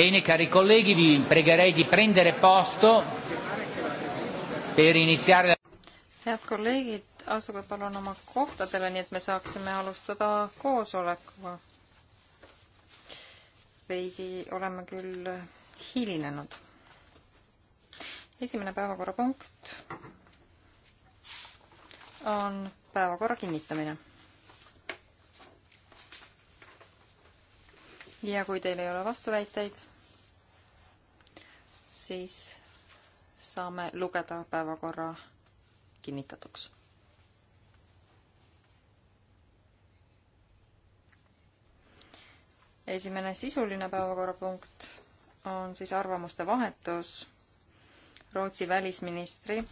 Bene, cari colleghi, vi pregherei di prendere posto per iniziare la... Head kolleegid, asuge palun oma kohtadele, nii et me saaksime alustada koosolekuga. Veidi oleme küll hilinenud. Esimene päevakorrapunkt on päevakorra kinnitamine. ja kui teil ei ole vastuväiteid siis saame lugeda päevakorra kinnitatuks. esimene sisuline päevakorrapunkt on siis arvamuste vahetus Rootsi välisministri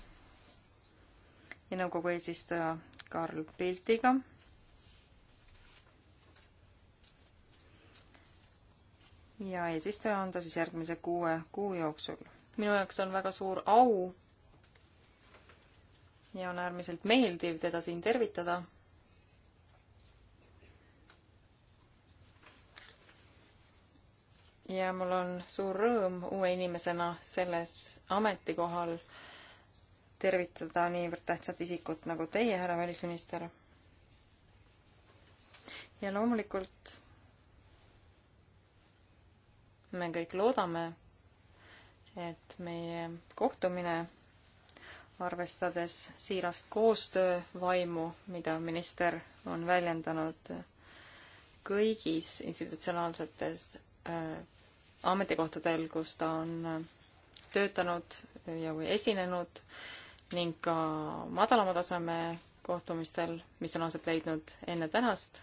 ja nõukogu eesistuja Karl Piltiga ja eesistuja on ta siis järgmise kuue kuu jooksul. minu jaoks on väga suur au ja on äärmiselt meeldiv teda siin tervitada. ja mul on suur rõõm uue inimesena selles ametikohal tervitada niivõrd tähtsat isikut nagu teie, härra välisminister. ja loomulikult me kõik loodame, et meie kohtumine, arvestades siirast koostöövaimu, mida minister on väljendanud kõigis institutsionaalsetes äh, ametikohtadel, kus ta on äh, töötanud ja või esinenud ning ka madalama taseme kohtumistel, mis on aset leidnud enne tänast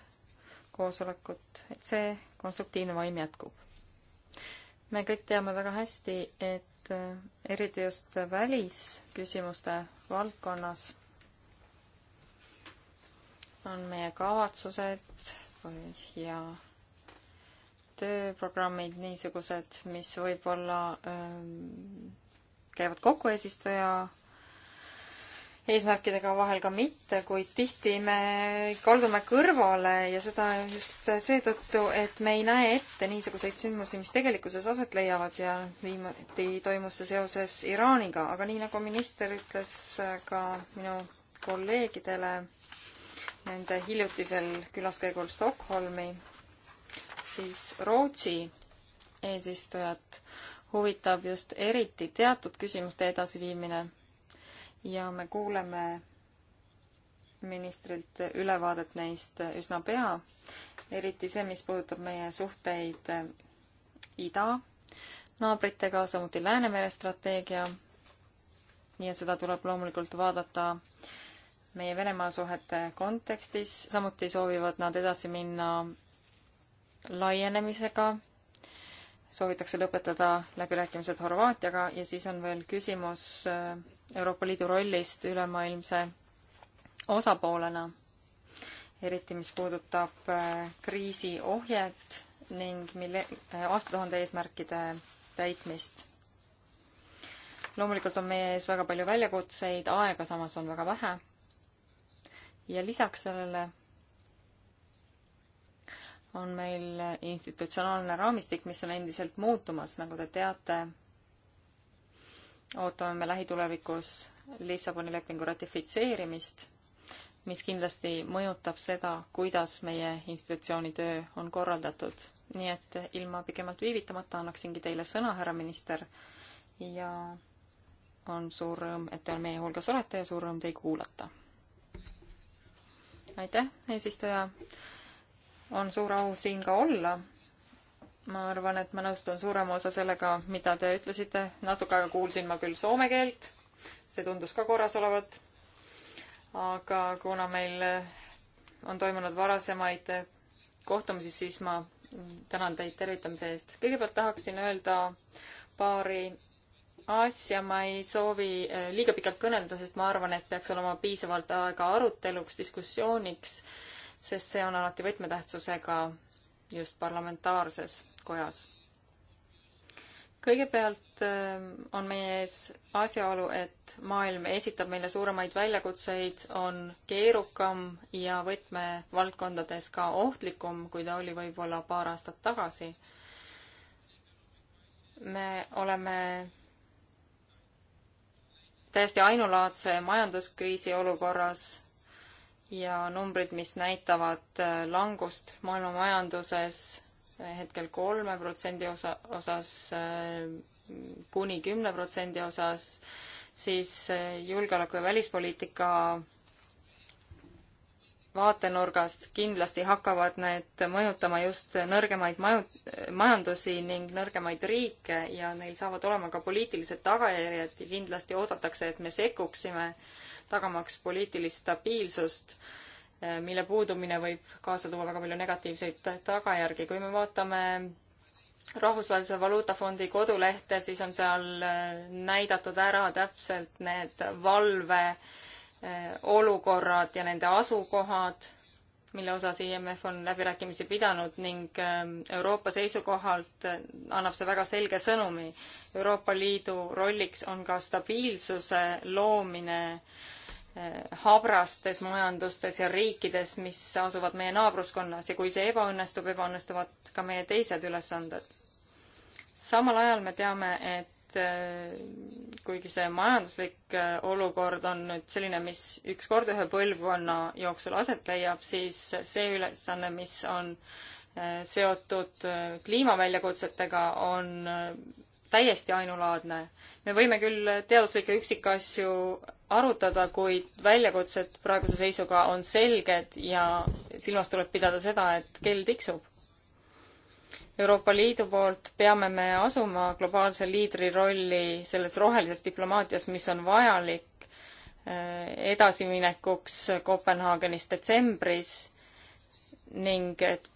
koosolekut, et see konstruktiivne vaim jätkub me kõik teame väga hästi, et äh, eriti just välisküsimuste valdkonnas on meie kavatsused või ja tööprogrammid niisugused, mis võib-olla ähm, käivad kokku eesistuja eesmärkidega, vahel ka mitte, kuid tihti me kaldume kõrvale ja seda just seetõttu, et me ei näe ette niisuguseid sündmusi, mis tegelikkuses aset leiavad ja viimati toimus see seoses Iraaniga, aga nii nagu minister ütles ka minu kolleegidele nende hiljutisel külaskäigul Stockholmi, siis Rootsi eesistujat huvitab just eriti teatud küsimuste edasiviimine ja me kuuleme ministrilt ülevaadet neist üsna pea, eriti see, mis puudutab meie suhteid äh, ida naabritega, samuti Läänemere strateegia ja seda tuleb loomulikult vaadata meie Venemaa suhete kontekstis, samuti soovivad nad edasi minna laienemisega, soovitakse lõpetada läbirääkimised Horvaatiaga ja siis on veel küsimus äh, Euroopa Liidu rollist ülemaailmse osapoolena, eriti mis puudutab äh, kriisiohjet ning mille, äh, aastatuhande eesmärkide täitmist. loomulikult on meie ees väga palju väljakutseid, aega samas on väga vähe. ja lisaks sellele on meil institutsionaalne raamistik, mis on endiselt muutumas, nagu te teate ootame me lähitulevikus Lissaboni lepingu ratifitseerimist, mis kindlasti mõjutab seda, kuidas meie institutsiooni töö on korraldatud. nii et ilma pikemalt viivitamata annaksingi teile sõna, härra minister, ja on suur rõõm, et te meie hulgas olete ja suur rõõm teid kuulata. aitäh, eesistuja! on suur au siin ka olla ma arvan, et ma nõustun suurema osa sellega, mida te ütlesite. natuke aega kuulsin ma küll soome keelt, see tundus ka korras olevat. aga kuna meil on toimunud varasemaid kohtumisi, siis ma tänan teid tervitamise eest. kõigepealt tahaksin öelda paari asja, ma ei soovi eh, liiga pikalt kõnelda, sest ma arvan, et peaks olema piisavalt aega aruteluks, diskussiooniks, sest see on alati võtmetähtsusega just parlamentaarses kojas. kõigepealt ähm, on meie ees asjaolu, et maailm esitab meile suuremaid väljakutseid, on keerukam ja võtmevaldkondades ka ohtlikum, kui ta oli võib-olla paar aastat tagasi. me oleme täiesti ainulaadse majanduskriisi olukorras ja numbrid, mis näitavad äh, langust maailma majanduses, hetkel kolme protsendi osa, osas äh, kuni kümne protsendi osas, siis äh, julgeoleku ja välispoliitika vaatenurgast kindlasti hakkavad need mõjutama just nõrgemaid maju-, majandusi ning nõrgemaid riike ja neil saavad olema ka poliitilised tagajärjed ja kindlasti oodatakse, et me sekkuksime, tagamaks poliitilist stabiilsust Äh, mille puudumine võib kaasa tuua väga palju negatiivseid tagajärgi. kui me vaatame Rahvusvahelise Valuutafondi kodulehte, siis on seal äh, näidatud ära täpselt need valve äh, olukorrad ja nende asukohad, mille osas IMF on läbirääkimisi pidanud ning ähm, Euroopa seisukohalt annab see väga selge sõnumi. Euroopa Liidu rolliks on ka stabiilsuse loomine äh, Äh, habrastes majandustes ja riikides, mis asuvad meie naabruskonnas ja kui see ebaõnnestub, ebaõnnestuvad ka meie teised ülesanded. samal ajal me teame, et äh, kuigi see majanduslik äh, olukord on nüüd selline, mis ükskord ühe põlvkonna jooksul aset leiab, siis see ülesanne, mis on seotud kliimaväljakutsetega, on täiesti ainulaadne. me võime küll teaduslikke üksikasju arutada, kuid väljakutsed praeguse seisuga on selged ja silmas tuleb pidada seda, et kell tiksub. Euroopa Liidu poolt peame me asuma globaalse liidri rolli selles rohelises diplomaatias, mis on vajalik äh, edasiminekuks Kopenhaagenis detsembris ning et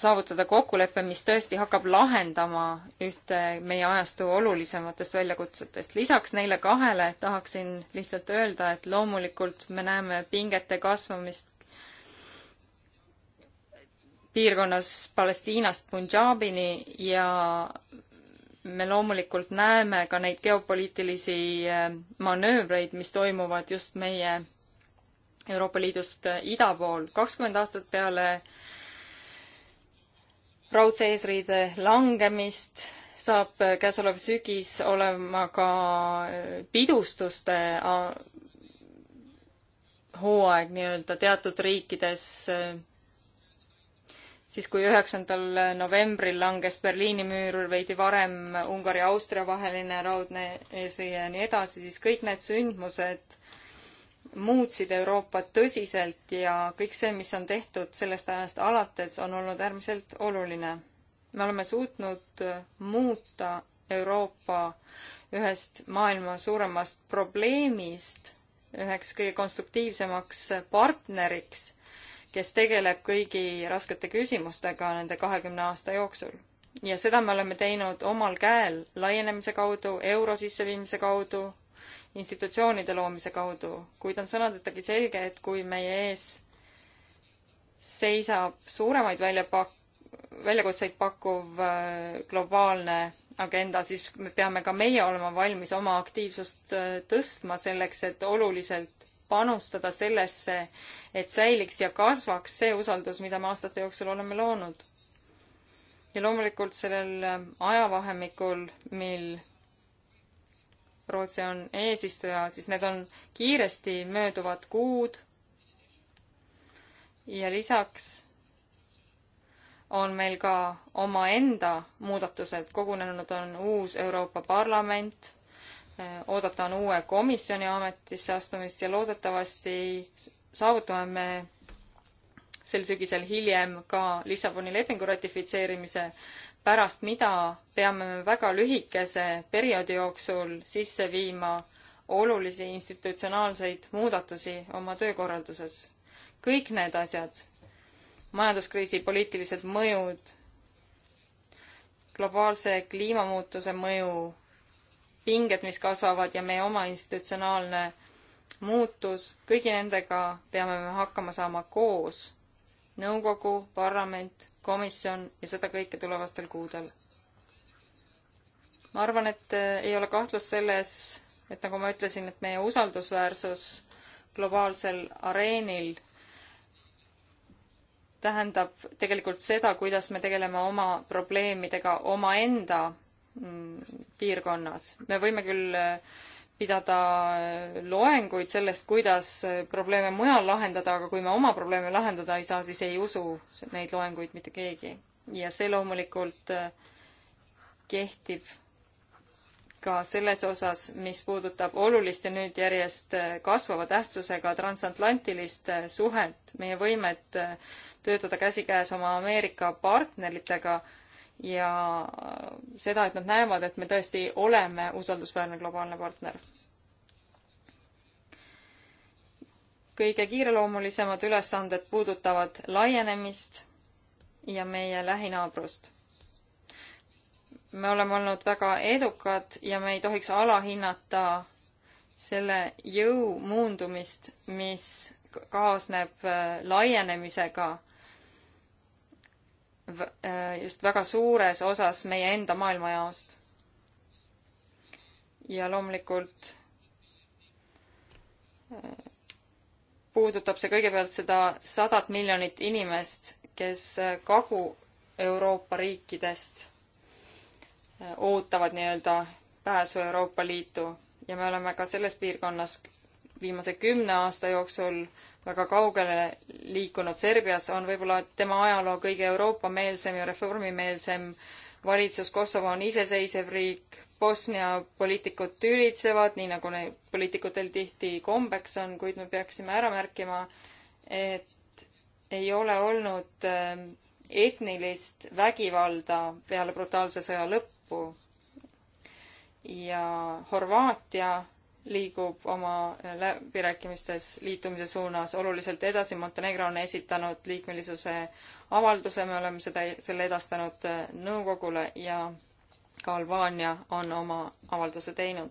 saavutada kokkulepe, mis tõesti hakkab lahendama ühte meie ajastu olulisematest väljakutsetest. lisaks neile kahele tahaksin lihtsalt öelda, et loomulikult me näeme pingete kasvamist piirkonnas Palestiinast Punjabini ja me loomulikult näeme ka neid geopoliitilisi eh, manöövreid, mis toimuvad just meie Euroopa Liidust ida pool. kakskümmend aastat peale äh, raudse eesriide langemist, saab käesolev sügis olema ka äh, pidustuste äh, hooaeg nii-öelda teatud riikides, äh, siis kui üheksandal novembril langes Berliini müür, veidi varem Ungari-Austria vaheline raudne eesriie ja nii edasi, siis kõik need sündmused muutsid Euroopat tõsiselt ja kõik see, mis on tehtud sellest ajast alates, on olnud äärmiselt oluline. me oleme suutnud muuta Euroopa ühest maailma suuremast probleemist üheks kõige konstruktiivsemaks partneriks, kes tegeleb kõigi raskete küsimustega nende kahekümne aasta jooksul. ja seda me oleme teinud omal käel laienemise kaudu, euro sisseviimise kaudu, institutsioonide loomise kaudu, kuid on sõnadetagi selge, et kui meie ees seisab suuremaid väljapakk-, väljakutseid pakkuv äh, globaalne agenda, siis me peame ka meie olema valmis oma aktiivsust äh, tõstma selleks, et oluliselt panustada sellesse, et säiliks ja kasvaks see usaldus, mida me aastate jooksul oleme loonud. ja loomulikult sellel äh, ajavahemikul, mil Rootsi on eesistuja, siis need on kiiresti mööduvad kuud. ja lisaks on meil ka omaenda muudatused, kogunenud on uus Euroopa Parlament, oodata on uue komisjoni ametisse astumist ja loodetavasti saavutame me sel sügisel hiljem ka Lissaboni lepingu ratifitseerimise, pärast mida peame me väga lühikese perioodi jooksul sisse viima olulisi institutsionaalseid muudatusi oma töökorralduses. kõik need asjad, majanduskriisi poliitilised mõjud, globaalse kliimamuutuse mõju, pinged, mis kasvavad ja meie oma institutsionaalne muutus, kõigi nendega peame me hakkama saama koos nõukogu, parlament, komisjon ja seda kõike tulevastel kuudel. ma arvan, et äh, ei ole kahtlust selles, et nagu ma ütlesin, et meie usaldusväärsus globaalsel areenil tähendab tegelikult seda, kuidas me tegeleme oma probleemidega omaenda mm, piirkonnas. me võime küll äh, pidada loenguid sellest, kuidas probleeme mujal lahendada, aga kui me oma probleeme lahendada ei saa, siis ei usu neid loenguid mitte keegi. ja see loomulikult äh, kehtib ka selles osas, mis puudutab olulist ja nüüd järjest äh, kasvava tähtsusega transatlantilist äh, suhet, meie võimet töötada käsikäes oma Ameerika partneritega ja äh, seda, et nad näevad, et me tõesti oleme usaldusväärne globaalne partner. kõige kiireloomulisemad ülesanded puudutavad laienemist ja meie lähinaabrust. me oleme olnud väga edukad ja me ei tohiks alahinnata selle jõu muundumist, mis kaasneb äh, laienemisega Äh, just väga suures osas meie enda maailmajaost. ja loomulikult äh, puudutab see kõigepealt seda sadat miljonit inimest, kes äh, Kagu-Euroopa riikidest ootavad nii-öelda pääsu Euroopa Liitu ja me oleme ka selles piirkonnas viimase kümne aasta jooksul väga kaugele liikunud Serbias, on võib-olla tema ajaloo kõige Euroopa-meelsem ja reformimeelsem valitsus. Kosovo on iseseisev riik, Bosnia poliitikud tülitsevad, nii nagu neil poliitikutel tihti kombeks on, kuid me peaksime ära märkima, et ei ole olnud äh, etnilist vägivalda peale brutaalse sõja lõppu. ja Horvaatia liigub oma läbirääkimistes liitumise suunas oluliselt edasi. Montenegro on esitanud liikmelisuse avalduse, me oleme seda, selle edastanud äh, nõukogule ja ka Albaania on oma avalduse teinud.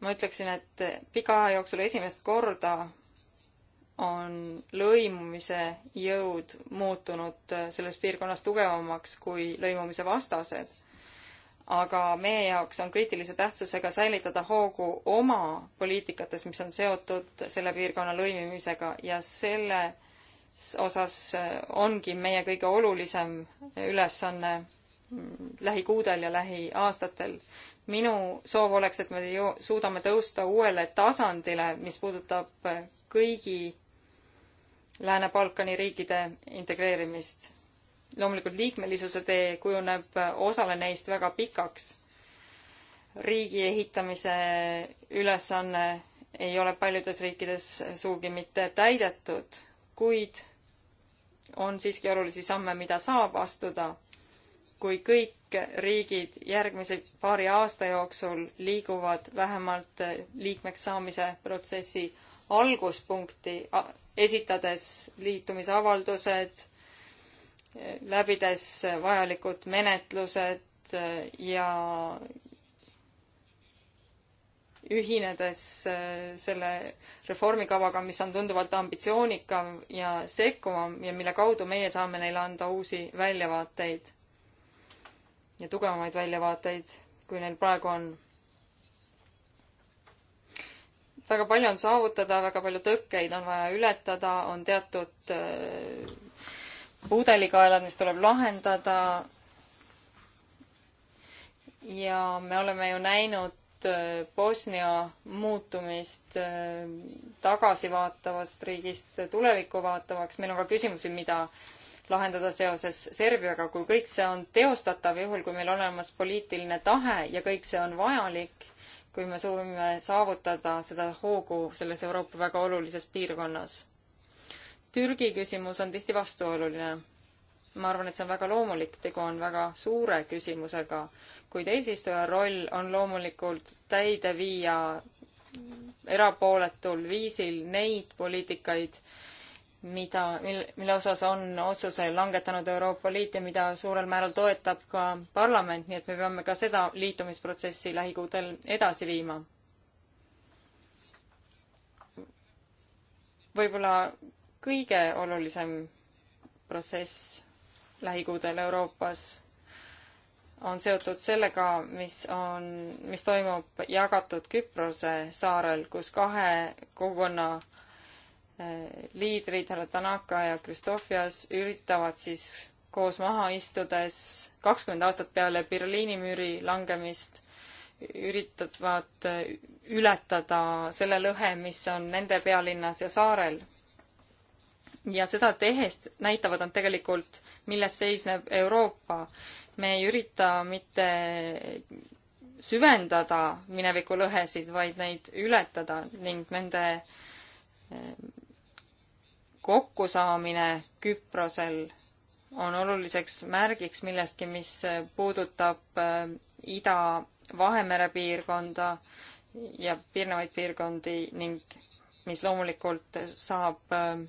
ma ütleksin, et äh, pika aja jooksul esimest korda on lõimumise jõud muutunud äh, selles piirkonnas tugevamaks kui lõimumise vastased aga meie jaoks on kriitilise tähtsusega säilitada hoogu oma poliitikates, mis on seotud selle piirkonna lõimimisega ja selles osas äh, ongi meie kõige olulisem ülesanne mm, lähikuudel ja lähiaastatel. minu soov oleks, et me suudame tõusta uuele tasandile, mis puudutab äh, kõigi Lääne-Balkani riikide integreerimist loomulikult liikmelisuse tee kujuneb osale neist väga pikaks. riigi ehitamise ülesanne ei ole paljudes riikides sugugi mitte täidetud, kuid on siiski olulisi samme, mida saab astuda, kui kõik riigid järgmise paari aasta jooksul liiguvad vähemalt liikmeks saamise protsessi alguspunkti, esitades liitumisavaldused läbides vajalikud menetlused ja ühinedes äh, selle reformikavaga, mis on tunduvalt ambitsioonikam ja sekkuvam ja mille kaudu meie saame neile anda uusi väljavaateid ja tugevamaid väljavaateid, kui neil praegu on. väga palju on saavutada, väga palju tõkkeid on vaja ületada, on teatud äh, pudelikaelad, mis tuleb lahendada. ja me oleme ju näinud äh, Bosnia muutumist äh, tagasivaatavast riigist tulevikku vaatavaks. meil on ka küsimusi, mida lahendada seoses Serbiaga, kui kõik see on teostatav, juhul kui meil on olemas poliitiline tahe ja kõik see on vajalik, kui me soovime saavutada seda hoogu selles Euroopa väga olulises piirkonnas. Türgi küsimus on tihti vastuoluline. ma arvan, et see on väga loomulik, tegu on väga suure küsimusega, kuid eesistuja roll on loomulikult täide viia erapooletul viisil neid poliitikaid, mida, mil, mille osas on otsuse langetanud Euroopa Liit ja mida suurel määral toetab ka parlament, nii et me peame ka seda liitumisprotsessi lähikuudel edasi viima. võib-olla kõige olulisem protsess lähikuudel Euroopas on seotud sellega, mis on, mis toimub jagatud Küprose saarel, kus kahe kogukonna eh, liidrid, härra Tanaka ja Kristofias, üritavad siis koos maha istudes kakskümmend aastat peale Berliini müüri langemist üritavad eh, ületada selle lõhe, mis on nende pealinnas ja saarel ja seda tehes näitavad nad tegelikult, milles seisneb Euroopa. me ei ürita mitte süvendada mineviku lõhesid, vaid neid ületada ning nende eh, kokkusaamine Küprosel on oluliseks märgiks millestki, mis puudutab eh, Ida-Vahemere piirkonda ja piirnevaid piirkondi ning mis loomulikult saab eh,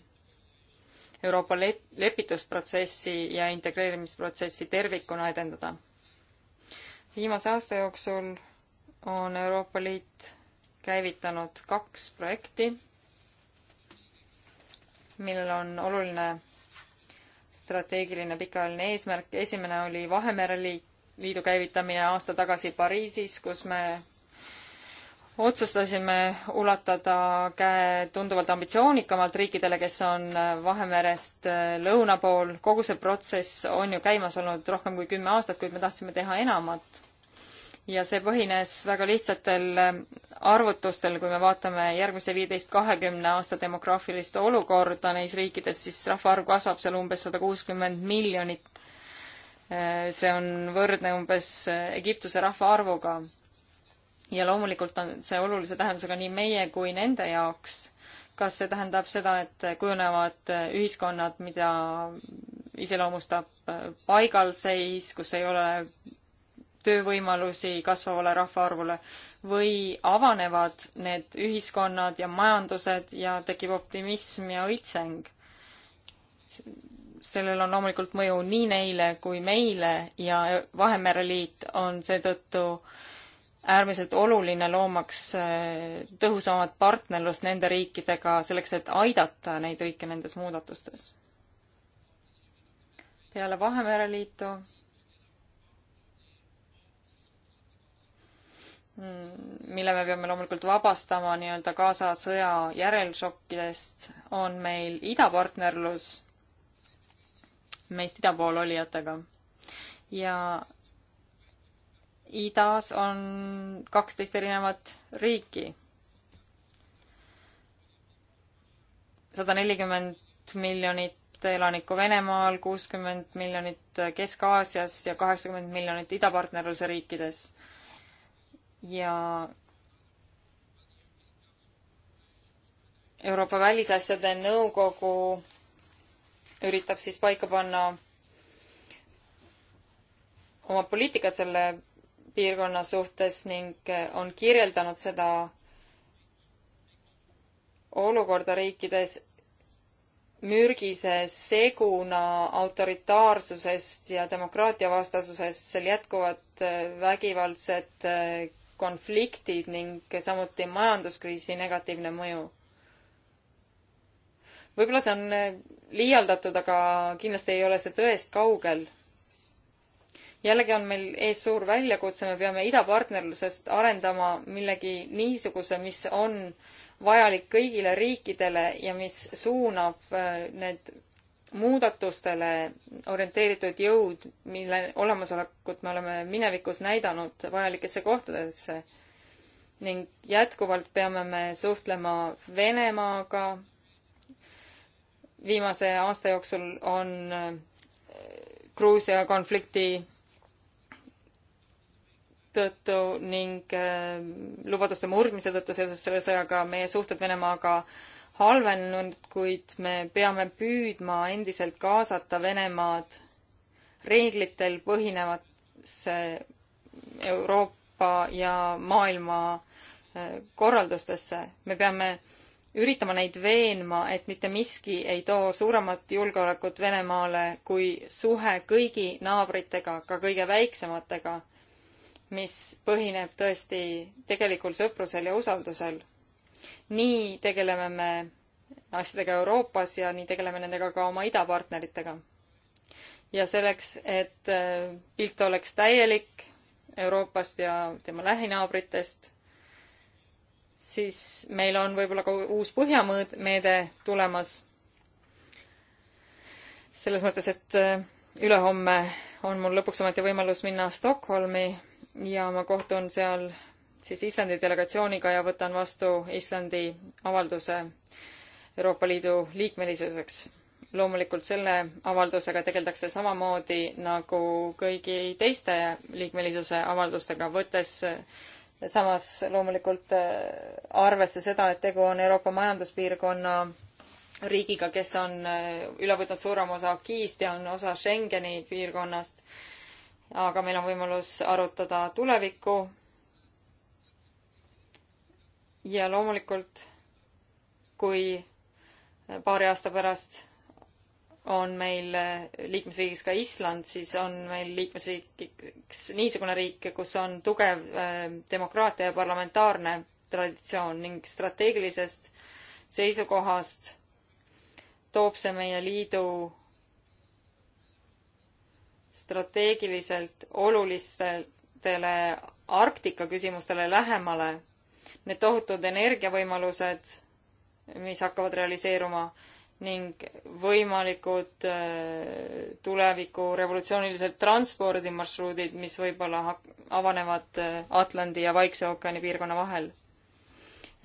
Euroopa lepitusprotsessi ja integreerimisprotsessi tervikuna edendada. viimase aasta jooksul on Euroopa Liit käivitanud kaks projekti, millel on oluline strateegiline pikaajaline eesmärk. esimene oli Vahemere liidu käivitamine aasta tagasi Pariisis, kus me otsustasime ulatada käe tunduvalt ambitsioonikamalt riikidele, kes on Vahemerest äh, lõuna pool. kogu see protsess on ju käimas olnud rohkem kui kümme aastat, kuid me tahtsime teha enamat. ja see põhines väga lihtsatel äh, arvutustel, kui me vaatame järgmise viieteist, kahekümne aasta demograafilist olukorda neis riikides, siis rahvaarv kasvab seal umbes sada kuuskümmend miljonit. Äh, see on võrdne umbes Egiptuse rahvaarvuga ja loomulikult on see olulise tähendusega nii meie kui nende jaoks. kas see tähendab seda, et kujunevad äh, ühiskonnad, mida iseloomustab äh, paigalseis, kus ei ole töövõimalusi kasvavale rahvaarvule või avanevad need ühiskonnad ja majandused ja tekib optimism ja õitseng? sellel on loomulikult mõju nii neile kui meile ja Vahemere Liit on seetõttu äh, äärmiselt oluline, loomaks äh, tõhusamat partnerlust nende riikidega selleks, et aidata neid riike nendes muudatustes. peale Vahemere liitu mm, mille me peame loomulikult vabastama nii-öelda Gaza sõja järelšokkidest, on meil idapartnerlus meist ida pool olijatega. ja idas on kaksteist erinevat riiki. sada nelikümmend miljonit elanikku Venemaal, kuuskümmend miljonit Kesk-Aasias ja kaheksakümmend miljonit idapartnerluse riikides. ja Euroopa Välisasjade Nõukogu üritab siis paika panna oma poliitikat selle piirkonna suhtes ning eh, on kirjeldanud seda olukorda riikides mürgise seguna autoritaarsusest ja demokraatiavastasusest, seal jätkuvad eh, vägivaldsed eh, konfliktid ning samuti majanduskriisi negatiivne mõju. võib-olla see on liialdatud, aga kindlasti ei ole see tõest kaugel jällegi on meil ees suur väljakutse, me peame idapartnerlusest arendama millegi niisuguse, mis on vajalik kõigile riikidele ja mis suunab äh, need muudatustele orienteeritud jõud, mille olemasolekut me oleme minevikus näidanud vajalikesse kohtadesse. ning jätkuvalt peame me suhtlema Venemaaga. viimase aasta jooksul on äh, Gruusia konflikti tõttu ning äh, lubaduste murdmise tõttu seoses selle sõjaga meie suhted Venemaaga halvenenud, kuid me peame püüdma endiselt kaasata Venemaad reeglitel põhinevatesse Euroopa ja maailma äh, korraldustesse. me peame üritama neid veenma, et mitte miski ei too suuremat julgeolekut Venemaale kui suhe kõigi naabritega, ka kõige väiksematega mis põhineb tõesti tegelikul sõprusel ja usaldusel. nii tegeleme me asjadega Euroopas ja nii tegeleme nendega ka oma idapartneritega. ja selleks, et äh, pilt oleks täielik Euroopast ja tema lähinaabritest, siis meil on võib-olla ka uus Põhjamõõd meede tulemas. selles mõttes, et äh, ülehomme on mul lõpuks ometi võimalus minna Stockholmi ja ma kohtun seal siis Islandi delegatsiooniga ja võtan vastu Islandi avalduse Euroopa Liidu liikmelisuseks. loomulikult selle avaldusega tegeldakse samamoodi nagu kõigi teiste liikmelisuse avaldustega, võttes samas loomulikult äh, arvesse seda, et tegu on Euroopa Majanduspiirkonna riigiga, kes on äh, üle võtnud suurema osa Kiist ja on osa Schengeni piirkonnast aga meil on võimalus arutada tulevikku. ja loomulikult, kui paari aasta pärast on meil liikmesriigiks ka Island, siis on meil liikmesriigiks niisugune riik, kus on tugev äh, demokraatia ja parlamentaarne traditsioon ning strateegilisest seisukohast toob see meie liidu strateegiliselt olulistele Arktika küsimustele lähemale. Need tohutud energiavõimalused, mis hakkavad realiseeruma ning võimalikud äh, tuleviku revolutsioonilised transpordimarsruudid, mis võib-olla avanevad äh, Atlandi ja Vaikse ookeani piirkonna vahel.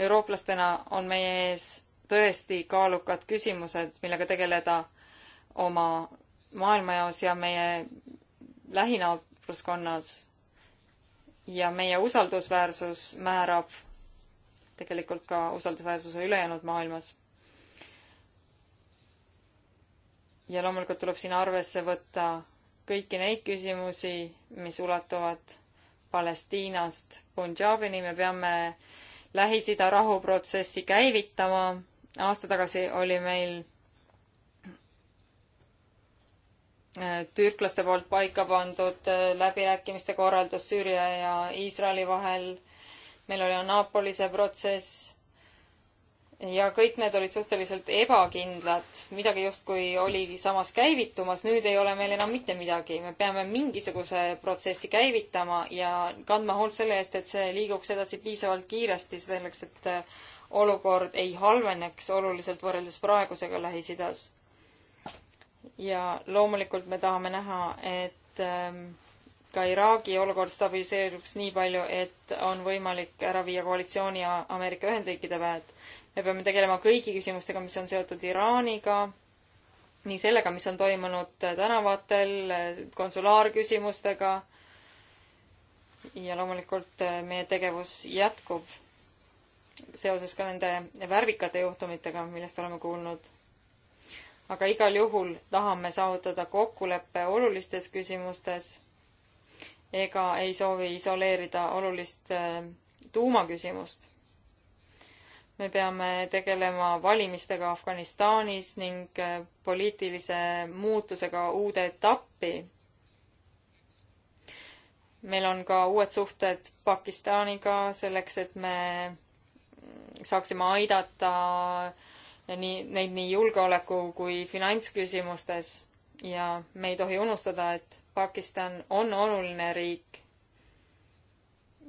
eurooplastena on meie ees tõesti kaalukad küsimused, millega tegeleda oma maailmajaos ja meie lähinaabruskonnas ja meie usaldusväärsus määrab tegelikult ka usaldusväärsuse ülejäänud maailmas. ja loomulikult tuleb siin arvesse võtta kõiki neid küsimusi, mis ulatuvad Palestiinast Punjabini, me peame Lähis-Ida rahuprotsessi käivitama. aasta tagasi oli meil Äh, türklaste poolt paika pandud äh, läbirääkimiste korraldus Süüria ja Iisraeli vahel. meil oli Napoli see protsess. ja kõik need olid suhteliselt ebakindlad, midagi justkui oligi samas käivitumas, nüüd ei ole meil enam mitte midagi, me peame mingisuguse protsessi käivitama ja kandma hoolt selle eest, et see liiguks edasi piisavalt kiiresti selleks, et äh, olukord ei halveneks oluliselt võrreldes praegusega Lähis-Idas ja loomulikult me tahame näha, et ähm, ka Iraagi olukord stabiliseeruks nii palju, et on võimalik ära viia koalitsiooni ja Ameerika Ühendriikide väed. me peame tegelema kõigi küsimustega, mis on seotud Iraaniga, nii sellega, mis on toimunud tänavatel, konsulaarküsimustega ja loomulikult äh, meie tegevus jätkub seoses ka nende värvikate juhtumitega, millest oleme kuulnud aga igal juhul tahame saavutada kokkuleppe olulistes küsimustes ega ei soovi isoleerida olulist äh, tuumaküsimust. me peame tegelema valimistega Afganistanis ning äh, poliitilise muutusega uude etappi. meil on ka uued suhted Pakistaniga selleks, et me saaksime aidata äh, nii, neid nii julgeoleku kui finantsküsimustes ja me ei tohi unustada, et Pakistan on oluline riik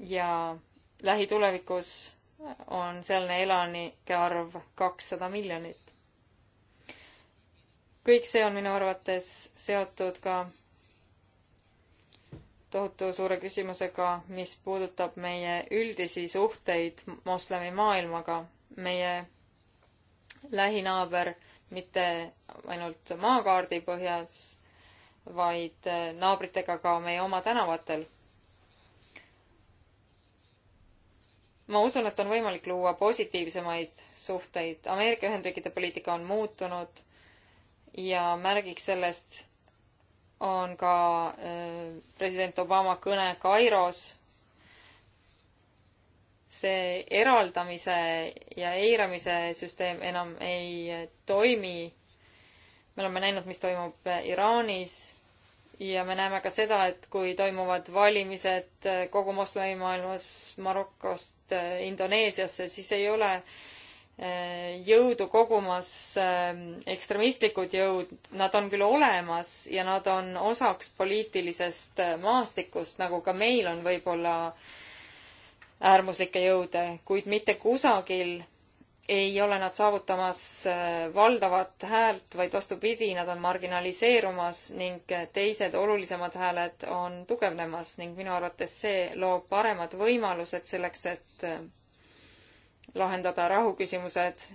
ja lähitulevikus on sealne elanike arv kakssada miljonit. kõik see on minu arvates seotud ka tohutu suure küsimusega, mis puudutab meie üldisi suhteid moslemi maailmaga, meie lähinaaber mitte ainult maakaardi põhjas, vaid eh, naabritega ka meie oma tänavatel. ma usun, et on võimalik luua positiivsemaid suhteid. Ameerika Ühendriikide poliitika on muutunud ja märgiks sellest on ka eh, president Obama kõne Kairos see eraldamise ja eiramise süsteem enam ei toimi. me oleme näinud, mis toimub Iraanis ja me näeme ka seda, et kui toimuvad valimised kogu moslemi maailmas Marokost eh, Indoneesiasse, siis ei ole eh, jõudu kogumas eh, ekstremistlikud jõud, nad on küll olemas ja nad on osaks poliitilisest maastikust, nagu ka meil on võib-olla äh, äärmuslikke jõude, kuid mitte kusagil ei ole nad saavutamas äh, valdavat häält, vaid vastupidi, nad on marginaliseerumas ning äh, teised olulisemad hääled on tugevnemas ning minu arvates see loob paremad võimalused selleks, et äh, lahendada rahuküsimused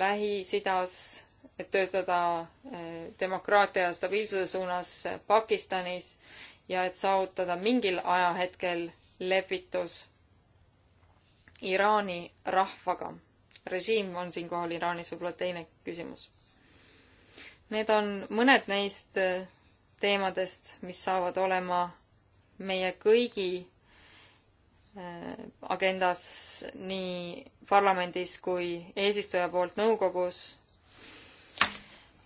Lähis-Idas, et töötada demokraatia ja stabiilsuse suunas Pakistanis ja et saavutada mingil ajahetkel lepitus Iraani rahvaga. režiim on siinkohal Iraanis võib-olla teine küsimus. Need on mõned neist äh, teemadest, mis saavad olema meie kõigi äh, agendas nii parlamendis kui eesistuja poolt nõukogus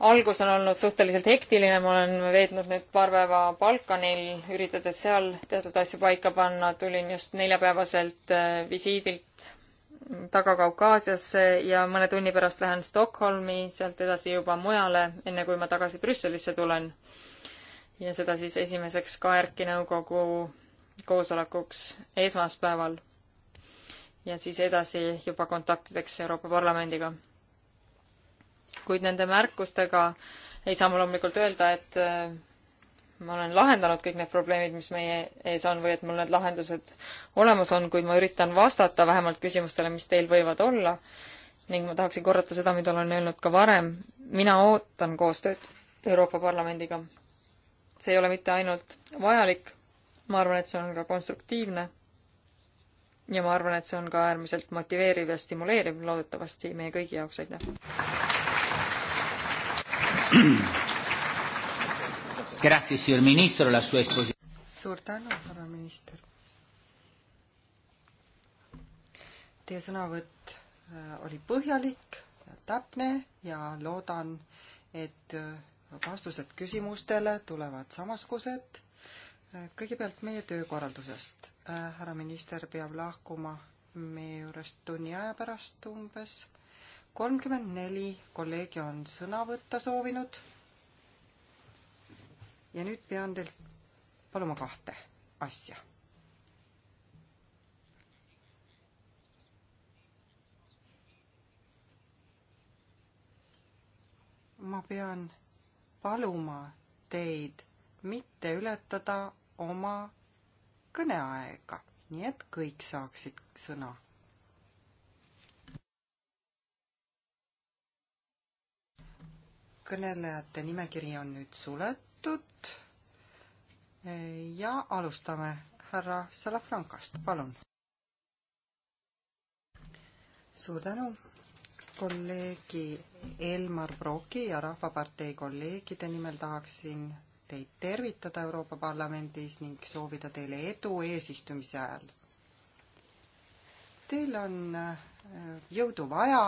algus on olnud suhteliselt hektiline, ma olen veetnud nüüd paar päeva Balkanil, üritades seal teatud asju paika panna, tulin just neljapäevaselt äh, visiidilt Taga-Kaukaasiasse ja mõne tunni pärast lähen Stockholmi, sealt edasi juba mujale, enne kui ma tagasi Brüsselisse tulen. ja seda siis esimeseks KAERK-i nõukogu koosolekuks esmaspäeval. ja siis edasi juba kontaktideks Euroopa Parlamendiga kuid nende märkustega ei saa ma loomulikult öelda, et äh, ma olen lahendanud kõik need probleemid, mis meie ees on või et mul need lahendused olemas on, kuid ma üritan vastata vähemalt küsimustele, mis teil võivad olla. ning ma tahaksin korrata seda, mida olen öelnud ka varem. mina ootan koostööd Euroopa Parlamendiga. see ei ole mitte ainult vajalik, ma arvan, et see on ka konstruktiivne ja ma arvan, et see on ka äärmiselt motiveeriv ja stimuleeriv loodetavasti meie kõigi jaoks, aitäh! Grazie, signor ministro, la sua esposizione. suur tänu, härra minister. Teie sõnavõtt äh, oli põhjalik ja täpne ja loodan, et äh, vastused küsimustele tulevad samasugused. Äh, kõigepealt meie töökorraldusest. härra minister peab lahkuma meie juurest tunni aja pärast umbes kolmkümmend neli kolleegi on sõna võtta soovinud. ja nüüd pean teilt paluma kahte asja. ma pean paluma teid mitte ületada oma kõneaega, nii et kõik saaksid sõna kõnelejate nimekiri on nüüd suletud. ja alustame härra Salafrankast, palun. suur tänu kolleegi Elmar Broki ja Rahvapartei kolleegide nimel tahaksin teid tervitada Euroopa Parlamendis ning soovida teile edu eesistumise ajal. Teil on äh, jõudu vaja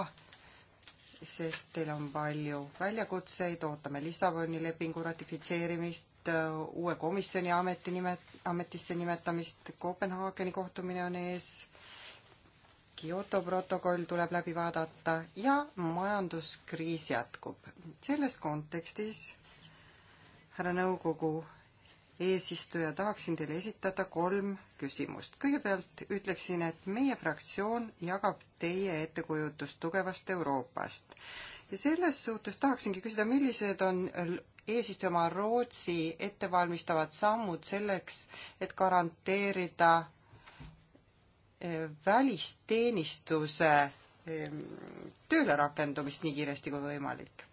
sest teil on palju väljakutseid, ootame Lissaboni lepingu ratifitseerimist, äh, uue komisjoni ameti nimet-, ametisse nimetamist, Kopenhaageni kohtumine on ees, Kyoto protokoll tuleb läbi vaadata ja majanduskriis jätkub. selles kontekstis härra nõukogu eesistuja, tahaksin teile esitada kolm küsimust. kõigepealt ütleksin, et meie fraktsioon jagab teie ettekujutust tugevast Euroopast. ja selles suhtes tahaksingi küsida, millised on eesistujamaa Rootsi ettevalmistavad sammud selleks, et garanteerida eh, välisteenistuse eh, tööle rakendumist nii kiiresti kui võimalik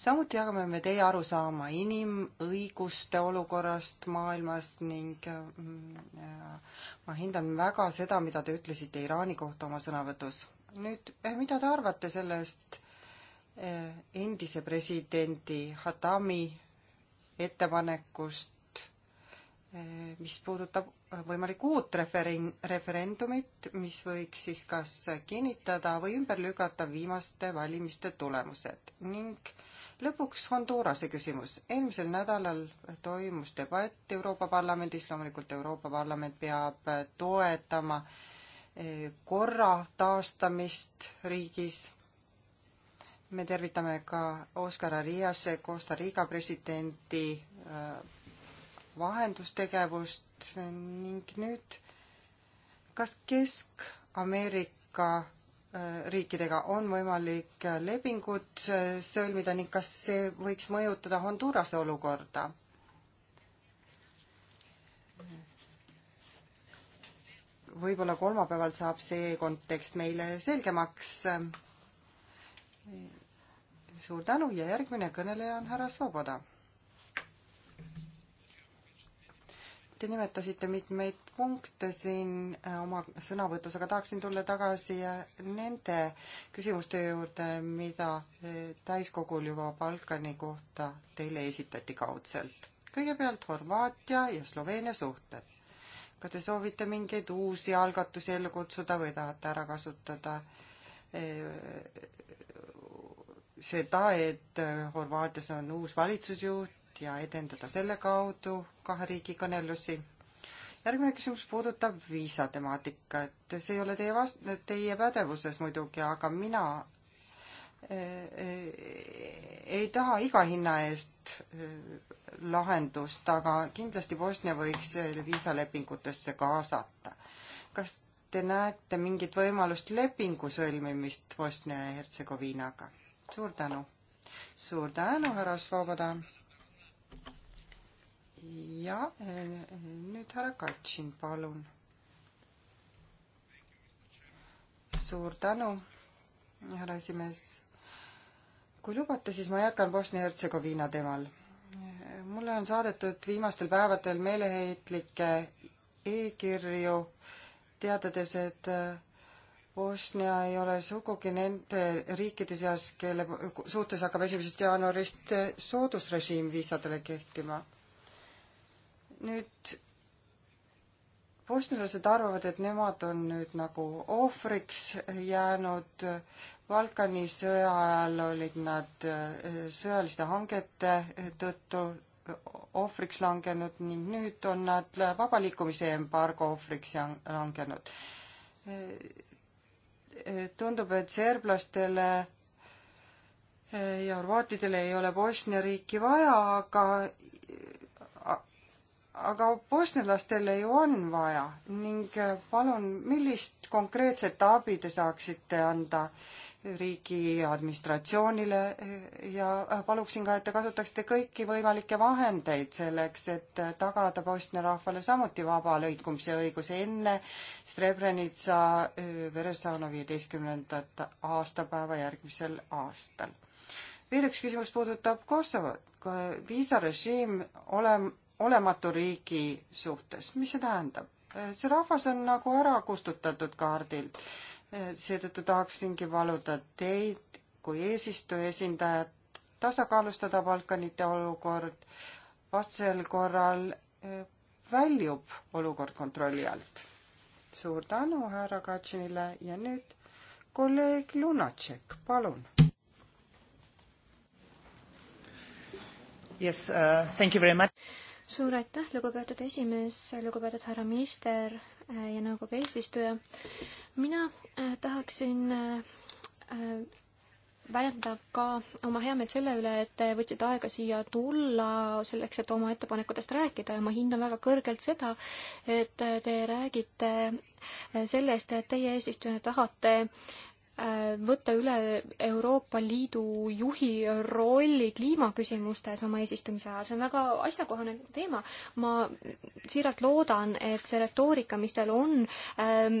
samuti jagame me teie arusaama inimõiguste olukorrast maailmas ning mm, ma hindan väga seda, mida te ütlesite Iraani kohta oma sõnavõtus. nüüd, eh, mida te arvate sellest eh, endise presidendi Hatami ettepanekust, eh, mis puudutab võimalikku uut referen-, referendumit, mis võiks siis kas kinnitada või ümber lükata viimaste valimiste tulemused ning äh, lõpuks Hondurase küsimus. eelmisel nädalal toimus debatt Euroopa Parlamendis, loomulikult Euroopa Parlament peab toetama eh, korra taastamist riigis. me tervitame ka Oscar Ariase, Costa Rica presidenti eh, vahendustegevust ning nüüd kas Kesk-Ameerika riikidega on võimalik lepingud sõlmida ning kas see võiks mõjutada Hondurase olukorda? võib-olla kolmapäeval saab see kontekst meile selgemaks. suur tänu ja järgmine kõneleja on härra Svoboda Te nimetasite mitmeid punkte siin äh, oma sõnavõtus, aga tahaksin tulla tagasi äh, nende küsimuste juurde, mida äh, täiskogul juba Balkani kohta teile esitati kaudselt. kõigepealt Horvaatia ja Sloveenia suhted. kas te soovite mingeid uusi algatusi ellu kutsuda või tahate ära kasutada seda, et Horvaatias on uus valitsusjuht, ja edendada selle kaudu kahe riigi kõnelusi. järgmine küsimus puudutab viisatemaatikat. see ei ole teie vast-, teie pädevuses muidugi, aga mina eh, eh, ei taha iga hinna eest eh, lahendust, aga kindlasti Bosnia võiks viisalepingutesse kaasata. kas te näete mingit võimalust lepingu sõlmimist Bosnia ja Hertsegoviinaga? suur tänu! suur tänu, härra Svoboda! ja nüüd härra Katšin, palun. suur tänu, härra esimees. kui lubate, siis ma jätkan Bosnia-Hertsegoviina teemal. mulle on saadetud viimastel päevadel meeleheitlikke e-kirju, teadades, et Bosnia ei ole sugugi nende riikide seas, kelle suhtes hakkab esimesest jaanuarist soodusrežiim viisadele kehtima nüüd bosnialased arvavad, et nemad on nüüd nagu ohvriks jäänud. Balkani sõja ajal olid nad eh, sõjaliste hangete tõttu ohvriks langenud ning nüüd on nad vaba liikumise embargo ohvriks langenud. Eh, tundub, et serblastele eh, ja horvaatidele ei ole Bosnia riiki vaja, aga aga bosnialastel ju on vaja ning äh, palun, millist konkreetset abi te saaksite anda riigi administratsioonile äh, ja äh, paluksin ka, et te kasutaksite kõiki võimalikke vahendeid selleks, et tagada Bosnia rahvale samuti vaba lõikumise õigus enne Srebrenica veresauna viieteistkümnendat aastapäeva järgmisel aastal. veel üks küsimus puudutab Kosovot. viisarežiim ole-, olematu riigi suhtes. mis see tähendab? see rahvas on nagu ära kustutatud kaardilt. seetõttu tahaksingi paluda teid kui eesistuja esindajat tasakaalustada Balkanite olukord. vastasel korral eh, väljub olukord kontrolli alt. suur tänu härra Katšinile ja nüüd kolleeg Lunatšek, palun. Yes, uh, thank you very much suur aitäh, lugupeetud esimees, lugupeetud härra minister äh, ja nõukogu eesistuja. mina äh, tahaksin äh, väljendada ka oma heameelt selle üle, et te võtsite aega siia tulla selleks, et oma ettepanekutest rääkida ja ma hindan väga kõrgelt seda, et te räägite sellest, et teie eesistujana tahate äh, Äh, võtta üle Euroopa Liidu juhi rolli kliimaküsimustes oma eesistumise ajal, see on väga asjakohane teema. ma siiralt loodan, et see retoorika, mis teil on, ähm,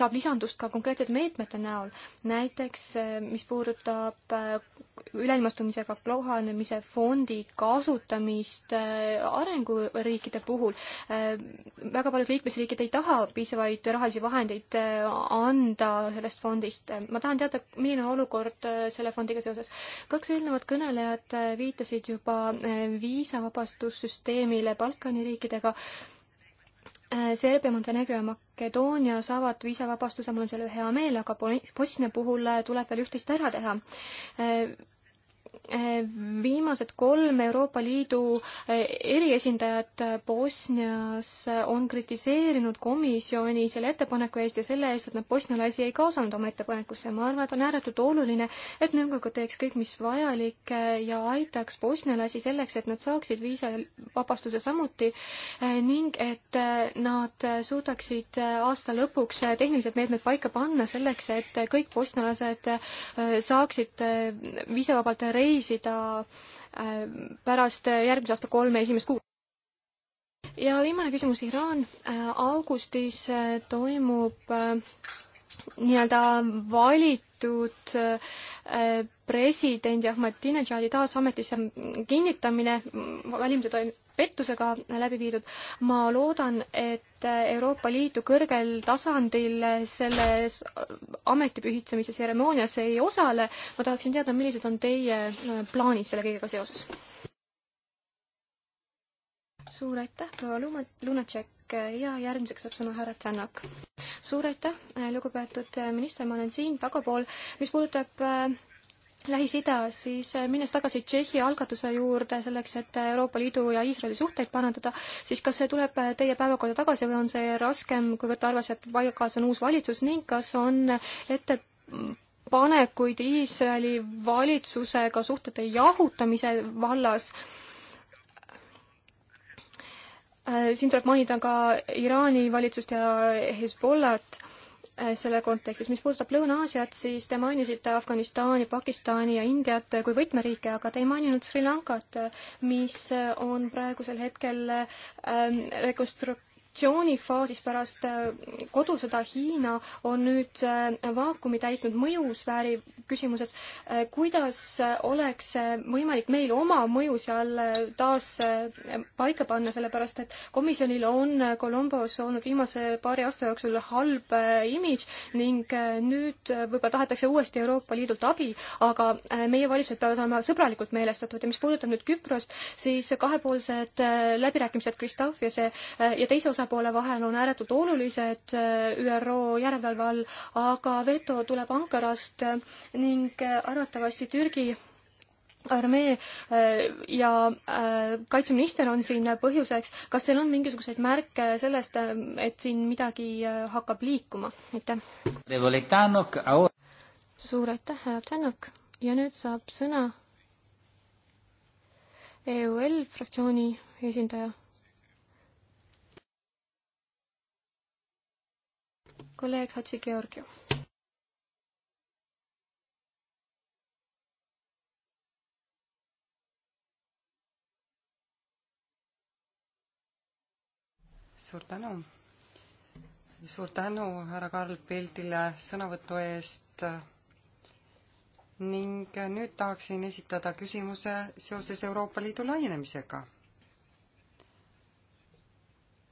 saab lisandust ka konkreetsete meetmete näol. näiteks äh, mis puudutab äh, üleilmastumisega kohanemise fondi kasutamist äh, arenguriikide puhul. Äh, väga paljud liikmesriigid ei taha piisavaid rahalisi vahendeid äh, anda sellest fondist. ma tahan teada, milline on olukord selle fondiga seoses. kaks eelnevat kõnelejat viitasid juba viisavabastussüsteemile Balkani riikidega. Serbia, Montenegro ja Makedoonia saavad viisavabastuse, mul on selle üle hea meel, aga Bosnia puhul tuleb veel üht-teist ära teha Eh, viimased kolm Euroopa Liidu eh, eriesindajat eh, Bosnias on kritiseerinud komisjoni selle ettepaneku eest ja selle eest, et nad bosnialasi ei kaasanud oma ettepanekusse. ma arvan, et on ääretult oluline, et nõukogu teeks kõik, mis vajalik ja aitaks bosnialasi selleks, et nad saaksid viisavabastuse samuti ning et nad suudaksid aasta lõpuks tehnilised meetmed paika panna selleks, et kõik bosnialased saaksid viisavabalt reisida reisida äh, pärast äh, järgmise aasta kolme esimest kuud. ja viimane küsimus, Iraan. Äh, augustis toimub nii-öelda valitud presidendi Ahmadinejadi taas ametisse kinnitamine, valimised on pettusega läbi viidud. ma loodan, et et Euroopa Liidu kõrgel tasandil selles ametipühitsemise tseremoonias ei osale. ma tahaksin teada, millised on teie äh, plaanid selle kõigega seoses? suur aitäh, proua Luna-, Lunatšek ja järgmiseks saab sõna härra Tänak. suur aitäh, äh, lugupeetud äh, minister, ma olen siin tagapool. mis puudutab äh, Lähis-Ida, siis äh, minnes tagasi Tšehhi algatuse juurde selleks, et äh, Euroopa Liidu ja Iisraeli suhteid parandada, siis kas see tuleb äh, teie päevakorda tagasi või on see raskem, kui võtta arvesse, et paigas on uus valitsus ning kas on ettepanekuid Iisraeli valitsusega suhtete jahutamise vallas? siin tuleb mainida ka Iraani valitsust ja Hezbollat Äh, selle kontekstis. mis puudutab Lõuna-Aasiat, siis te mainisite Afganistani, Pakistani ja Indiat kui võtmeriike, aga te ei maininud Sri Lankat, mis on praegusel hetkel ähm, rekonstru-, konstruktsioonifaasis pärast äh, kodusõda Hiina on nüüd äh, vaakumi täitnud mõjusfääri küsimuses. Äh, kuidas oleks võimalik meil oma mõju seal taas paika panna, sellepärast et komisjonil on Colombos olnud viimase paari aasta jooksul halb imidž ning nüüd võib-olla tahetakse uuesti Euroopa Liidult abi, aga meie valitsused peavad olema sõbralikult meelestatud ja mis puudutab nüüd Küprost, siis kahepoolsed läbirääkimised Kristafiase ja teise osa osapoole vahel on ääretult olulised äh, ÜRO järelevalve all, aga veto tuleb Ankarast äh, ning äh, arvatavasti Türgi armee ja kaitseminister on siin põhjuseks. kas teil on mingisuguseid märke sellest, et siin midagi hakkab liikuma? aitäh. suur aitäh, härra Tšanok ja nüüd saab sõna EUL fraktsiooni esindaja kolleeg Hatsi Georgiu. suur tänu. suur tänu härra Karl Pildile sõnavõtu eest. ning nüüd tahaksin esitada küsimuse seoses Euroopa Liidu laienemisega.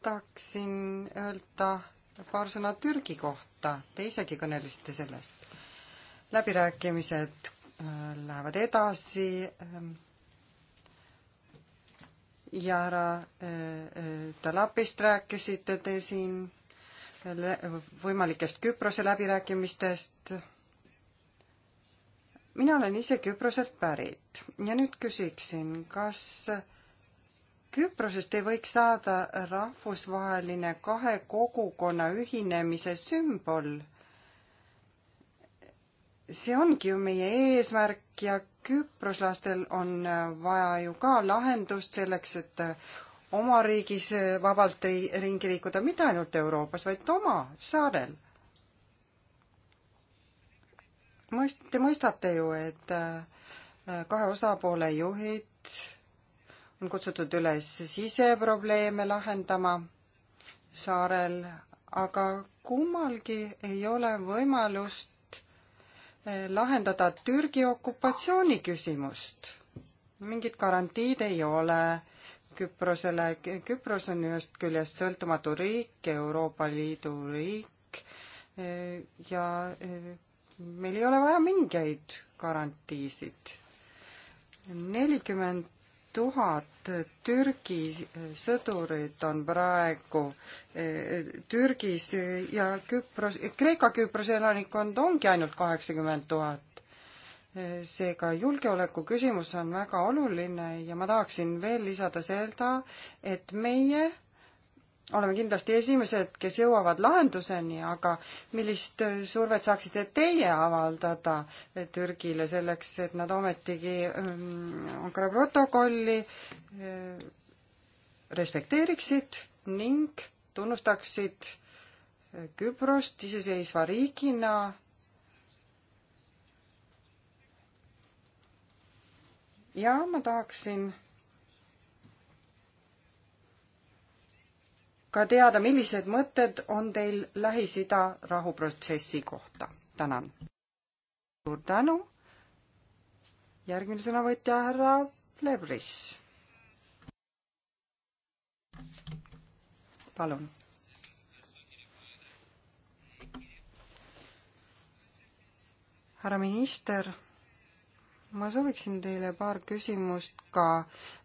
tahaksin öelda paar sõna Türgi kohta, te isegi kõnelesite sellest. läbirääkimised äh, lähevad edasi ja ähm, härra äh, äh, Talapist rääkisite te siin võimalikest Küprose läbirääkimistest. mina olen ise Küproselt pärit ja nüüd küsiksin, kas Küprosest ei võiks saada rahvusvaheline kahe kogukonna ühinemise sümbol. see ongi ju meie eesmärk ja küproslastel on vaja ju ka lahendust selleks, et oma riigis vabalt ri ringi liikuda, mitte ainult Euroopas, vaid oma saarel. mõist-, te mõistate ju, et äh, kahe osapoole juhid on kutsutud üles siseprobleeme lahendama saarel, aga kummalgi ei ole võimalust eh, lahendada Türgi okupatsiooni küsimust. mingit garantiid ei ole Küprosele, Küpros on ühest küljest sõltumatu riik, Euroopa Liidu riik eh, ja eh, meil ei ole vaja mingeid garantiisid. nelikümmend tuhat Türgi sõdurit on praegu eh, Türgis ja Küpros, Kreeka Küprose elanikkond ongi ainult kaheksakümmend tuhat. seega julgeoleku küsimus on väga oluline ja ma tahaksin veel lisada seda, et meie oleme kindlasti esimesed, kes jõuavad lahenduseni, aga millist survet saaksite teie avaldada Türgile selleks, et nad ometigi mm, Ankara protokolli eh, respekteeriksid ning tunnustaksid Küprost iseseisva riigina, ja ma tahaksin ka teada, millised mõtted on teil Lähis-Ida rahuprotsessi kohta. tänan. suur tänu. järgmine sõnavõtja, härra Plevris. palun härra minister, ma sooviksin teile paar küsimust ka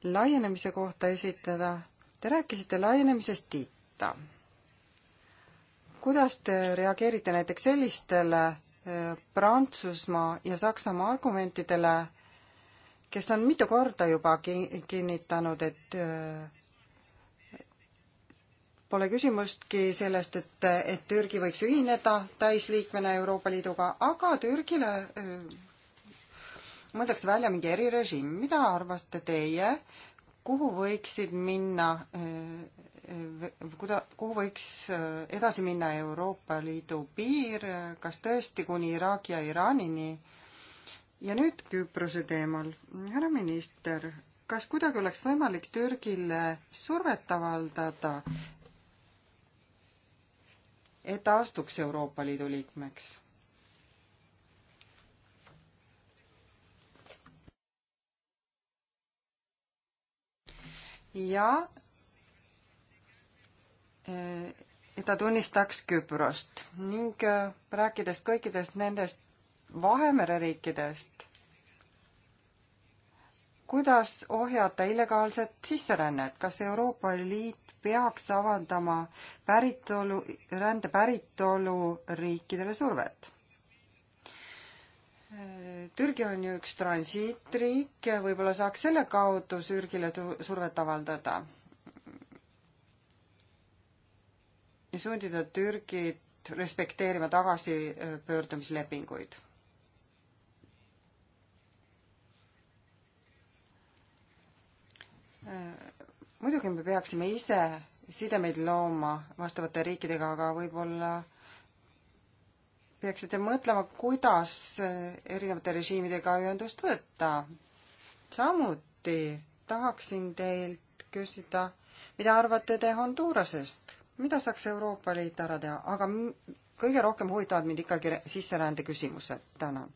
laienemise kohta esitada. Te rääkisite laienemisest tiitliga võtta. kuidas te reageerite näiteks sellistele eh, Prantsusmaa ja Saksamaa argumentidele, kes on mitu korda juba kinnitanud, et eh, pole küsimustki sellest, et, et Türgi võiks ühineda täisliikmena Euroopa Liiduga, aga Türgile eh, mõeldakse välja mingi erirežiim. mida arvate teie, kuhu võiksid minna kuda-, kuhu võiks äh, edasi minna Euroopa Liidu piir, kas tõesti kuni Iraagi ja Iraanini? ja nüüd Küprose teemal. härra minister, kas kuidagi oleks võimalik Türgile survet avaldada, et ta astuks Euroopa Liidu liikmeks? ja et ta tunnistaks Küprost ning äh, rääkides kõikidest nendest Vahemere riikidest, kuidas ohjata illegaalset sisserännet, kas Euroopa Liit peaks avaldama päritolu, rände päritolu riikidele survet? Türgi on ju üks transiitriik, võib-olla saaks selle kaudu Sürgile survet avaldada ja sundida Türgit respekteerima tagasipöördumislepinguid. muidugi me peaksime ise sidemeid looma vastavate riikidega, aga võib-olla peaksite mõtlema, kuidas erinevate režiimidega ühendust võtta. samuti tahaksin teilt küsida, mida arvate te Hondurasest? mida saaks Euroopa Liit ära teha, aga kõige rohkem huvitavad mind ikkagi sisserände küsimused, tänan.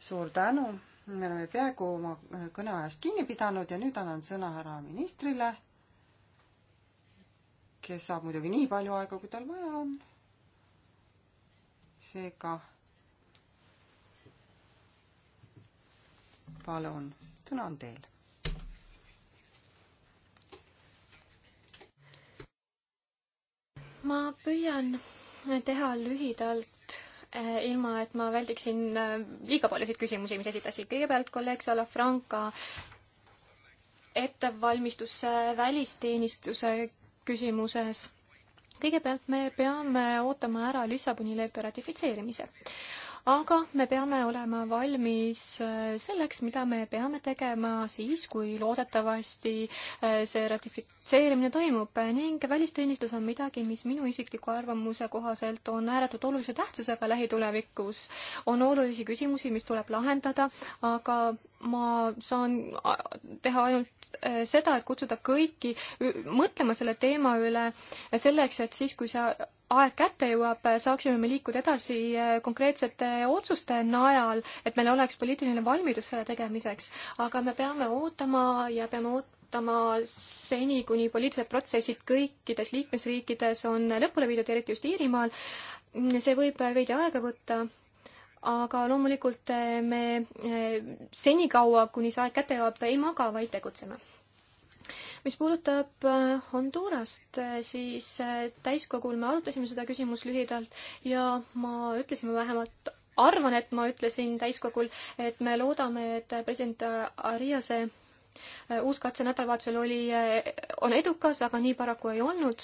suur tänu, me oleme peaaegu oma kõneajast kinni pidanud ja nüüd annan sõna härra ministrile, kes saab muidugi nii palju aega, kui tal vaja on. seega palun, sõna on teil ma püüan teha lühidalt, eh, ilma et ma väldiksin eh, liiga paljusid küsimusi, mis esitasid. kõigepealt kolleeg Salafranca ettevalmistusse välisteenistuse küsimuses. kõigepealt me peame ootama ära Lissaboni leppe ratifitseerimise aga me peame olema valmis eh, selleks, mida me peame tegema siis, kui loodetavasti see ratifik-, ratifitseerimine toimub ning välisteenistus on midagi, mis minu isikliku arvamuse kohaselt on ääretult olulise tähtsusega lähitulevikus. on olulisi küsimusi, mis tuleb lahendada, aga ma saan teha ainult äh, seda, et kutsuda kõiki mõtlema selle teema üle selleks, et siis, kui see aeg kätte jõuab, saaksime me liikuda edasi äh, konkreetsete otsuste najal, et meil oleks poliitiline valmidus selle tegemiseks. aga me peame ootama ja peame oot-, ootama seni, kuni poliitilised protsessid kõikides liikmesriikides on lõpule viidud, eriti just Iirimaal. see võib veidi aega võtta, aga loomulikult eh, me eh, senikaua, kuni see aeg kätte jõuab, ei maga, vaid tegutseme mis puudutab eh, Hondurast, siis täiskogul me arutasime seda küsimust lühidalt ja ma ütlesin vähemalt arvan, et ma ütlesin täiskogul, et me loodame, et president Ariase uus katse nädalavahetusel oli, eh, on edukas, aga nii paraku ei olnud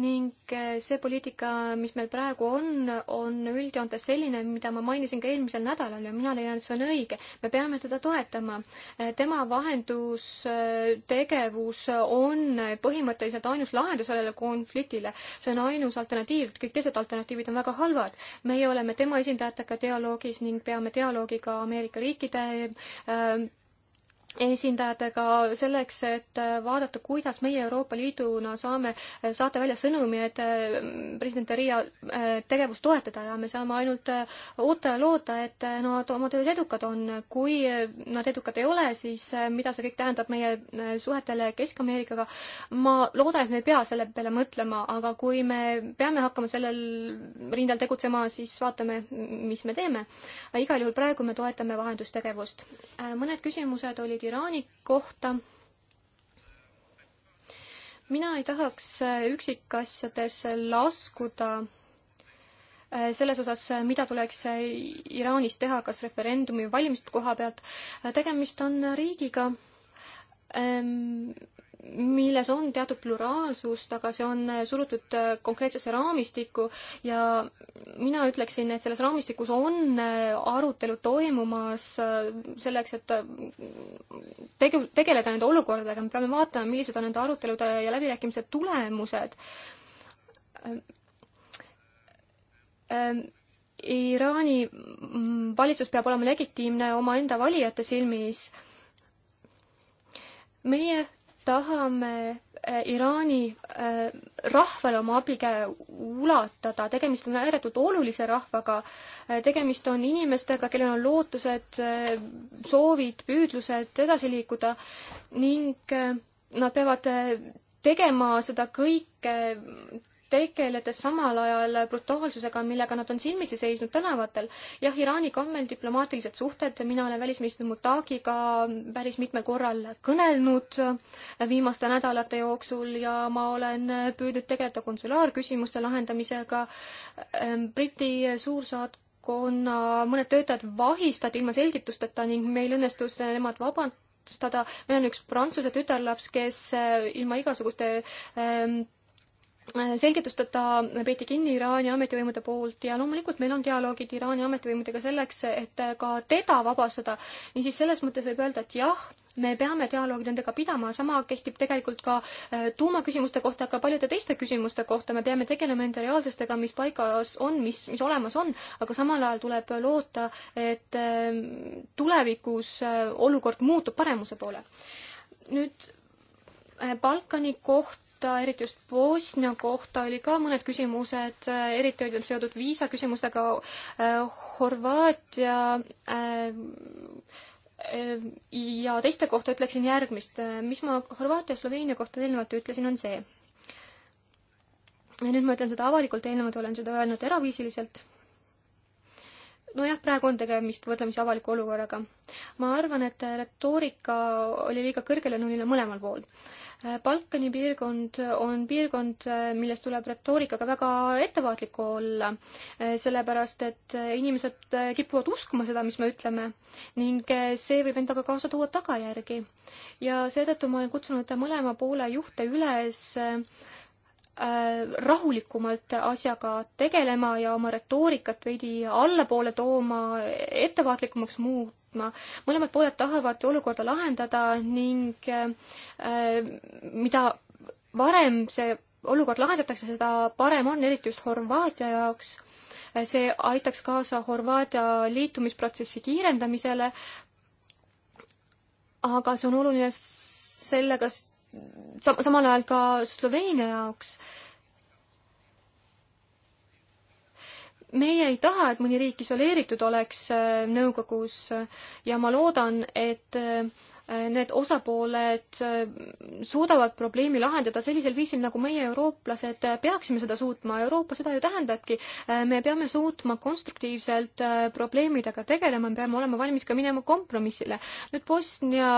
ning eh, see poliitika, mis meil praegu on, on üldjoontes selline, mida ma mainisin ka eelmisel nädalal ja mina leian, et see on õige. me peame teda toetama. Eh, tema vahendustegevus on põhimõtteliselt ainus lahendus sellele konfliktile. see on ainus alternatiiv, kõik teised alternatiivid on väga halvad. meie oleme tema esindajatega dialoogis ning peame dialoogi ka Ameerika riikide esindajatega selleks, et äh, vaadata, kuidas meie Euroopa Liiduna saame äh, saata välja sõnumi, et äh, president Riia tegevust toetada ja me saame ainult oota ja loota, et nad oma töös edukad on. kui nad edukad ei ole, siis mida see kõik tähendab meie suhetele Kesk-Ameerikaga? ma loodan, et me ei pea selle peale mõtlema, aga kui me peame hakkama sellel rindel tegutsema, siis vaatame, mis me teeme. igal juhul praegu me toetame vahendustegevust. mõned küsimused olid ettepanekuid Iraani kohta. mina ei tahaks äh, üksikasjades laskuda äh, selles osas, äh, mida tuleks Iraanis teha, kas referendumi või valimiste koha pealt. tegemist on riigiga, ähm, milles on teatud pluraalsust, aga see on surutud äh, konkreetsesse raamistikku ja mina ütleksin, et selles raamistikus on äh, arutelud toimumas äh, selleks, et tegu-, tegeleda nende olukordadega, me peame vaatama, millised on nende arutelude ja läbirääkimiste tulemused. Iraani mm, valitsus peab olema legitiimne omaenda valijate silmis meie tahame äh, Iraani äh, rahvale oma abikäe ulatada, tegemist on ääretult olulise rahvaga, äh, tegemist on inimestega, kellel on lootused, soovid, püüdlused edasi liikuda ning nad peavad tegema seda kõike tegeledes samal ajal brutaalsusega, millega nad on silmitsi seisnud tänavatel. jah, Iraaniga on meil diplomaatilised suhted, mina olen välisminister Mutagiga päris mitmel korral kõnelnud viimaste nädalate jooksul ja ma olen püüdnud tegeleda konsulaarküsimuste lahendamisega. Ehm, Briti suursaatkonna mõned töötajad vahistati ilma selgitusteta ning meil õnnestus nemad vabandada vastustada. meil on üks prantsuse tütarlaps, kes ehm, ilma igasuguste ähm, Äh, selgitusteta peeti kinni Iraani ametivõimude poolt ja loomulikult meil on dialoogid Iraani ametivõimudega selleks, et äh, ka teda vabastada. niisiis, selles mõttes võib öelda, et jah, me peame dialoogi nendega pidama, sama kehtib tegelikult ka äh, tuumaküsimuste kohta, aga paljude teiste küsimuste kohta, me peame tegelema nende reaalsustega, mis paigas on, mis, mis olemas on, aga samal ajal tuleb loota, et tulevikus olukord muutub paremuse poole. nüüd Balkani kohta kohta, eriti just Bosnia kohta oli ka mõned küsimused, äh, eriti olid seotud viisaküsimustega äh, Horvaatia äh, ja teiste kohta ütleksin järgmist. mis ma Horvaatia ja Sloveenia kohta eelnevalt ütlesin, on see. nüüd ma ütlen seda avalikult, eelnevalt olen seda öelnud eraviisiliselt nojah, praegu on tegemist võrdlemisi avaliku olukorraga. ma arvan, et retoorika oli liiga kõrgelennuline mõlemal pool. Balkani piirkond on piirkond, milles tuleb retoorikaga väga ettevaatlik olla, sellepärast et inimesed kipuvad uskuma seda, mis me ütleme ning see võib endaga kaasa tuua tagajärgi. ja seetõttu ma olen kutsunud mõlema poole juhte üles Äh, rahulikumalt asjaga tegelema ja oma retoorikat veidi allapoole tooma, ettevaatlikumaks muutma. mõlemad pooled tahavad olukorda lahendada ning äh, mida varem see olukord lahendatakse, seda parem on, eriti just Horvaatia jaoks. see aitaks kaasa Horvaatia liitumisprotsessi kiirendamisele, aga see on oluline sellega sam-, samal ajal ka Sloveenia jaoks. meie ei taha, et mõni riik isoleeritud oleks äh, nõukogus ja ma loodan, et äh, need osapooled äh, suudavad probleemi lahendada sellisel viisil, nagu meie, eurooplased, äh, peaksime seda suutma. Euroopa seda ju tähendabki. Äh, me peame suutma konstruktiivselt probleemidega tegelema, me peame olema valmis ka minema kompromissile. nüüd Bosnia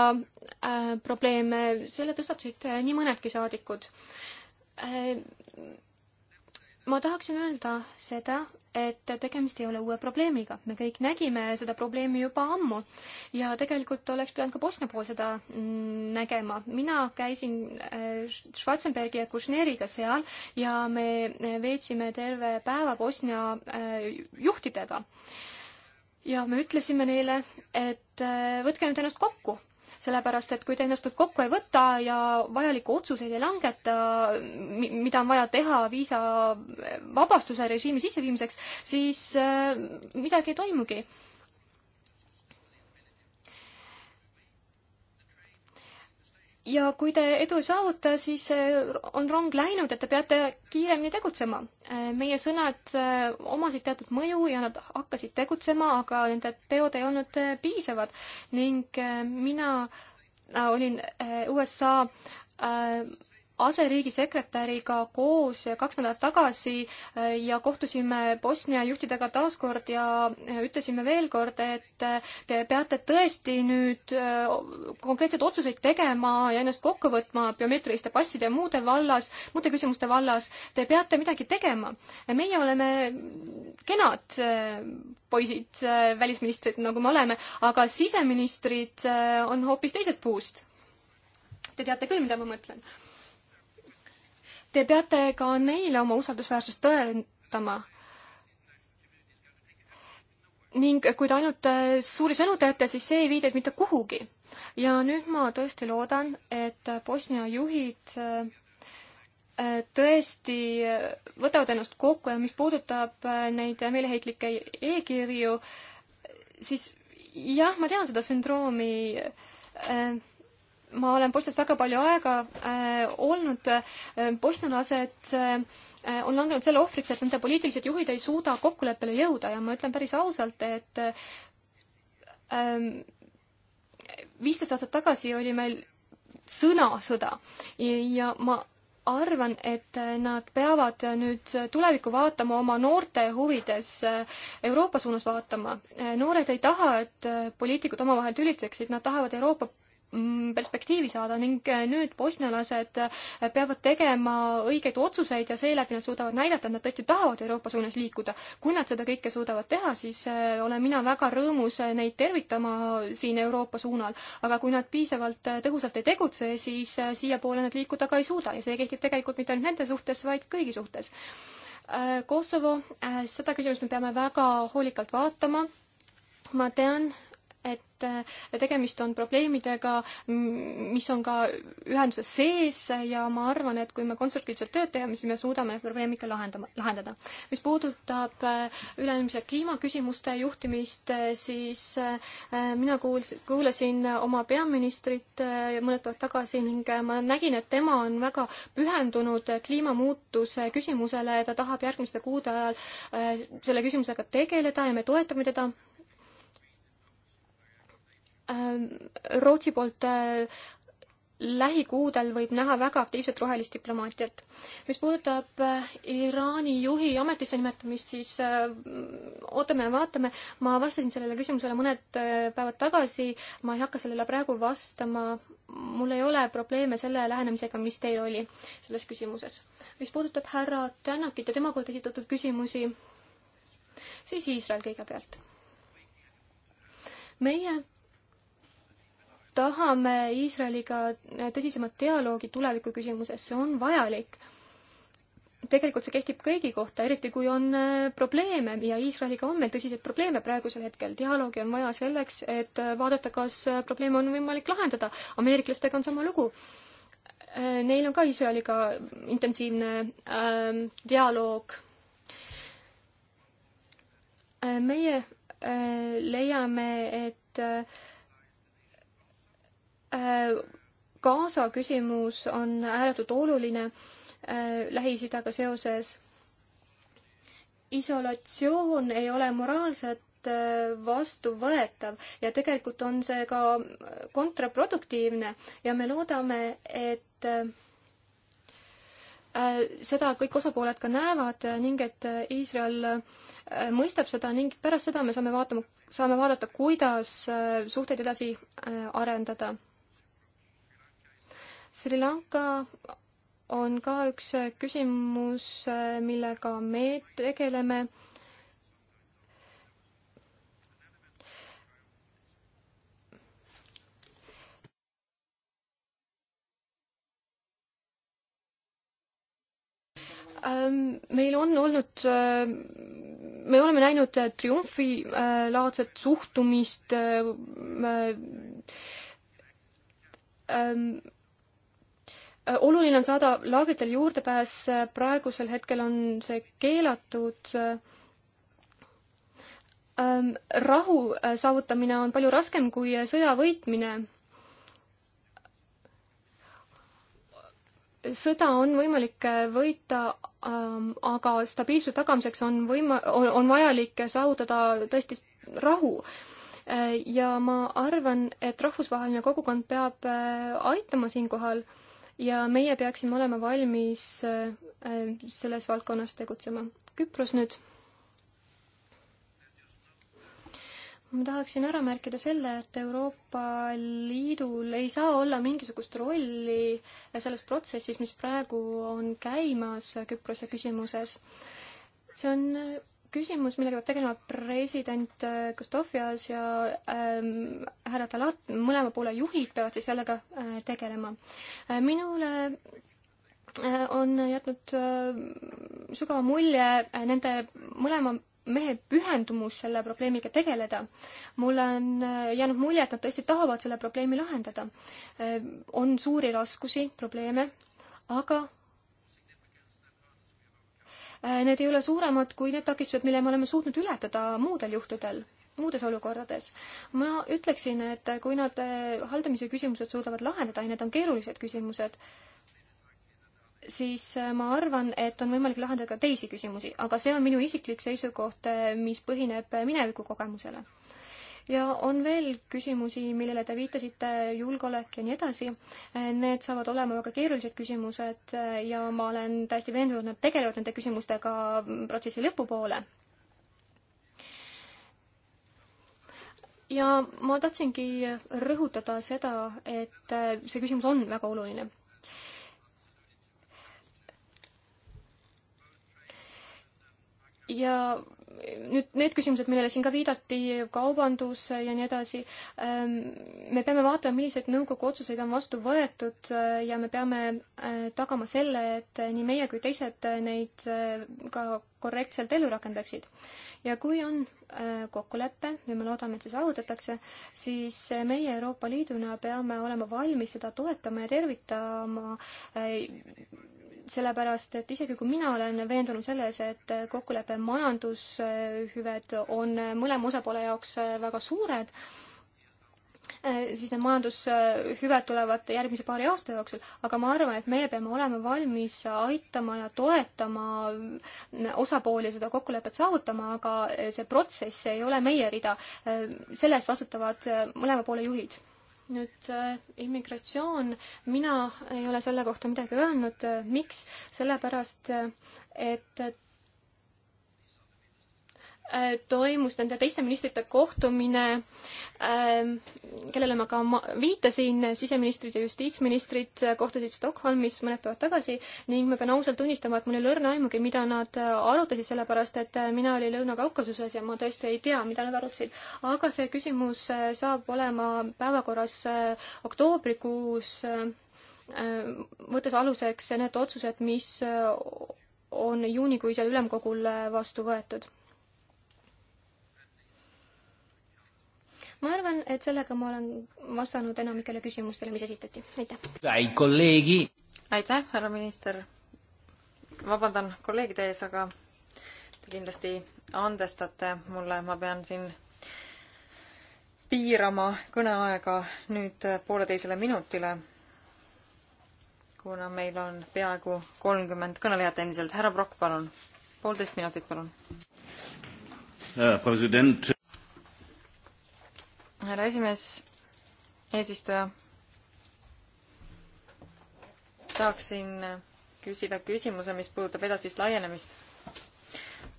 probleeme, selle tõstatasid nii mõnedki saadikud ma tahaksin öelda seda, et tegemist ei ole uue probleemiga, me kõik nägime seda probleemi juba ammu ja tegelikult oleks pidanud ka Bosnia pool seda mm, nägema. mina käisin äh, Schwarzenbergi ja Kushneriga seal ja me äh, veetsime terve päeva Bosnia äh, juhtidega. ja me ütlesime neile, et võtke nüüd ennast kokku sellepärast et kui te ennast nüüd kokku ei võta ja vajalikke otsuseid ei langeta, mida on vaja teha viisavabastuse režiimi sisseviimiseks, siis äh, midagi ei toimugi ja kui te edu ei saavuta, siis eh, on rong läinud, et te peate kiiremini tegutsema. Eh, meie sõnad eh, omasid teatud mõju ja nad hakkasid tegutsema, aga nende teod ei olnud piisavad ning mina ah, olin USA aseriigisekretäriga koos kaks nädalat tagasi äh, ja kohtusime Bosnia juhtidega taas kord ja äh, ütlesime veel kord, et äh, te peate tõesti nüüd konkreetseid otsuseid tegema ja ennast kokku võtma biomeetriliste passide ja muude vallas, muude küsimuste vallas. Te peate midagi tegema. meie oleme kenad poisid, välisministrid, nagu me oleme, aga siseministrid on hoopis teisest puust. Te teate küll, mida ma mõtlen Te peate ka neile oma usaldusväärsust tõendama ning kui te ainult äh, suuri sõnu teete, siis see ei vii teid mitte kuhugi. ja nüüd ma tõesti loodan, et Bosnia juhid äh, äh, tõesti võtavad ennast kokku ja mis puudutab neid meeleheitlikke e-kirju, siis jah, ma tean seda sündroomi äh, ma olen postis väga palju aega äh, olnud äh,, postinalased äh, on langenud selle ohvriks, et nende poliitilised juhid ei suuda kokkuleppele jõuda ja ma ütlen päris ausalt, et ähm, viisteist äh, aastat tagasi oli meil sõnasõda ja, ja ma arvan, et nad peavad nüüd tulevikku vaatama oma noorte huvides, äh, Euroopa suunas vaatama. noored ei taha, et poliitikud omavahel tülitseksid, nad tahavad Euroopa Mm, perspektiivi saada ning äh, nüüd bosnialased äh, peavad tegema õigeid otsuseid ja seeläbi nad suudavad näidata, et nad tõesti tahavad Euroopa suunas liikuda. kui nad seda kõike suudavad teha, siis äh, olen mina väga rõõmus neid tervitama siin Euroopa suunal, aga kui nad piisavalt tõhusalt ei tegutse, siis siiapoole nad liikuda ka ei suuda ja see kehtib tegelikult mitte ainult nende suhtes, vaid kõigi suhtes. Kosovo, seda küsimust me peame väga hoolikalt vaatama ma tean, et tegemist on probleemidega, mis on ka ühenduse sees ja ma arvan, et kui me konstruktiivselt tööd teeme, siis me suudame probleemi ikka lahendama, lahendada. mis puudutab äh, üleilmse kliimaküsimuste juhtimist, äh, siis äh, mina kuuls-, kuulasin oma peaministrit mõned päevad tagasi ning ma nägin, et tema on väga pühendunud kliimamuutuse küsimusele, ta tahab järgmiste kuude ajal selle küsimusega tegeleda ja me toetame teda Ähm, Rootsi poolt äh, lähikuudel võib näha väga aktiivset rohelist diplomaatiat. mis puudutab äh, Iraani juhi ametisse nimetamist, siis äh, ootame ja vaatame. ma vastasin sellele küsimusele mõned päevad tagasi, ma ei hakka sellele praegu vastama. mul ei ole probleeme selle lähenemisega, mis teil oli selles küsimuses. mis puudutab härra Tänakit ja tema poolt esitatud küsimusi, siis Iisrael kõigepealt. meie tahame Iisraeliga tõsisemat dialoogi tuleviku küsimuses, see on vajalik. tegelikult see kehtib kõigi kohta, eriti kui on äh, probleeme ja Iisraeliga on meil tõsiseid probleeme praegusel hetkel. dialoogi on vaja selleks, et äh, vaadata, kas äh, probleeme on võimalik lahendada. ameeriklastega on sama lugu. Neil on ka Iisraeliga intensiivne ähm, dialoog. meie äh, leiame, et äh, Äh, Gaza küsimus on ääretult oluline äh, Lähis-Idaga seoses. isolatsioon ei ole moraalselt äh, vastuvõetav ja tegelikult on see ka kontraproduktiivne ja me loodame, et seda kõik osapooled ka näevad ning et Iisrael mõistab seda ning pärast seda me saame vaatama, saame vaadata, kuidas suhteid edasi arendada Sri Lanka on ka üks äh, küsimus, äh, millega me tegeleme. Ähm, meil on olnud, äh, me oleme näinud triumfilaadset suhtumist ähm, Äh, oluline on saada laagritel juurdepääs, äh, praegusel hetkel on see keelatud. Ähm, rahu äh, saavutamine on palju raskem kui sõja võitmine. sõda on võimalik võita, ähm, aga stabiilsuse tagamiseks on võima-, on vajalik saavutada tõesti rahu ja ma arvan, et rahvusvaheline kogukond peab aitama siinkohal äh, ja meie peaksime olema valmis äh, selles valdkonnas tegutsema. Küpros nüüd. ma tahaksin ära märkida selle, et Euroopa Liidul ei saa olla mingisugust rolli selles protsessis, mis praegu on käimas Küprose küsimuses. see on küsimus, millega peab tegelema president Kostovjas äh, ja ähm, härra Talat, mõlema poole juhid peavad siis sellega äh, tegelema äh,. minule äh, on jätnud äh, sügava mulje äh, nende mõlema mehe pühendumus selle probleemiga tegeleda. mulle on äh, jäänud mulje, et nad tõesti tahavad selle probleemi lahendada. Äh, on suuri raskusi, probleeme, aga Äh, need ei ole suuremad kui need takistused, mille me oleme suutnud ületada muudel juhtudel muudes olukordades. ma ütleksin, et kui nad äh, haldamise küsimused suudavad lahendada ja need on keerulised küsimused, siis äh, ma arvan, et on võimalik lahendada ka teisi küsimusi, aga see on minu isiklik seisukoht, mis põhineb mineviku kogemusele ja on veel küsimusi, millele te viitasite, julgeolek ja nii edasi. Need saavad olema väga keerulised küsimused ja ma olen täiesti veendunud, nad tegelevad nende küsimustega protsessi lõpupoole ja ma tahtsingi rõhutada seda, et see küsimus on väga oluline. ja nüüd need küsimused, millele siin ka viidati, kaubandus ja nii edasi, ähm, me peame vaatama, milliseid nõukogu otsuseid on vastu võetud äh, ja me peame äh, tagama selle, et nii meie kui teised äh, neid ka korrektselt ellu rakendaksid. ja kui on kokkulepe ja me loodame, et see saavutatakse, siis meie Euroopa Liiduna peame olema valmis seda toetama ja tervitama sellepärast et isegi kui mina olen veendunud selles, et kokkuleppe majandushüved on mõlema osapoole jaoks väga suured, siis need majandushüved tulevad järgmise paari aasta jooksul, aga ma arvan, et meie peame olema valmis aitama ja toetama osapooli seda kokkulepet saavutama, aga see protsess ei ole meie rida. selle eest vastutavad mõlema poole juhid nüüd äh, immigratsioon, mina ei ole selle kohta midagi öelnud äh,, miks, sellepärast äh, et Äh, toimus nende teiste ministrite kohtumine, ähm, kellele ma ka viitasin, siseministrid ja justiitsministrid äh, kohtusid Stockholmis mõned päevad tagasi ning ma pean ausalt tunnistama, et mul ei ole õrna aimugi, mida nad äh, arutasid, sellepärast et mina olin Lõuna-Kaukasuses ja ma tõesti ei tea, mida nad arutasid. aga see küsimus saab olema päevakorras oktoobrikuus, võttes aluseks need otsused, mis on juunikuisel ülemkogul vastu võetud ma arvan, et sellega ma olen vastanud enamikele küsimustele, mis esitati. aitäh! aitäh, härra minister! vabandan kolleegide ees, aga te kindlasti andestate mulle, ma pean siin piirama kõneaega nüüd pooleteisele minutile, kuna meil on peaaegu kolmkümmend kõnelejat endiselt. härra Brock, palun, poolteist minutit, palun. president, härra esimees, eesistuja, tahaksin küsida küsimuse, mis puudutab edasist laienemist.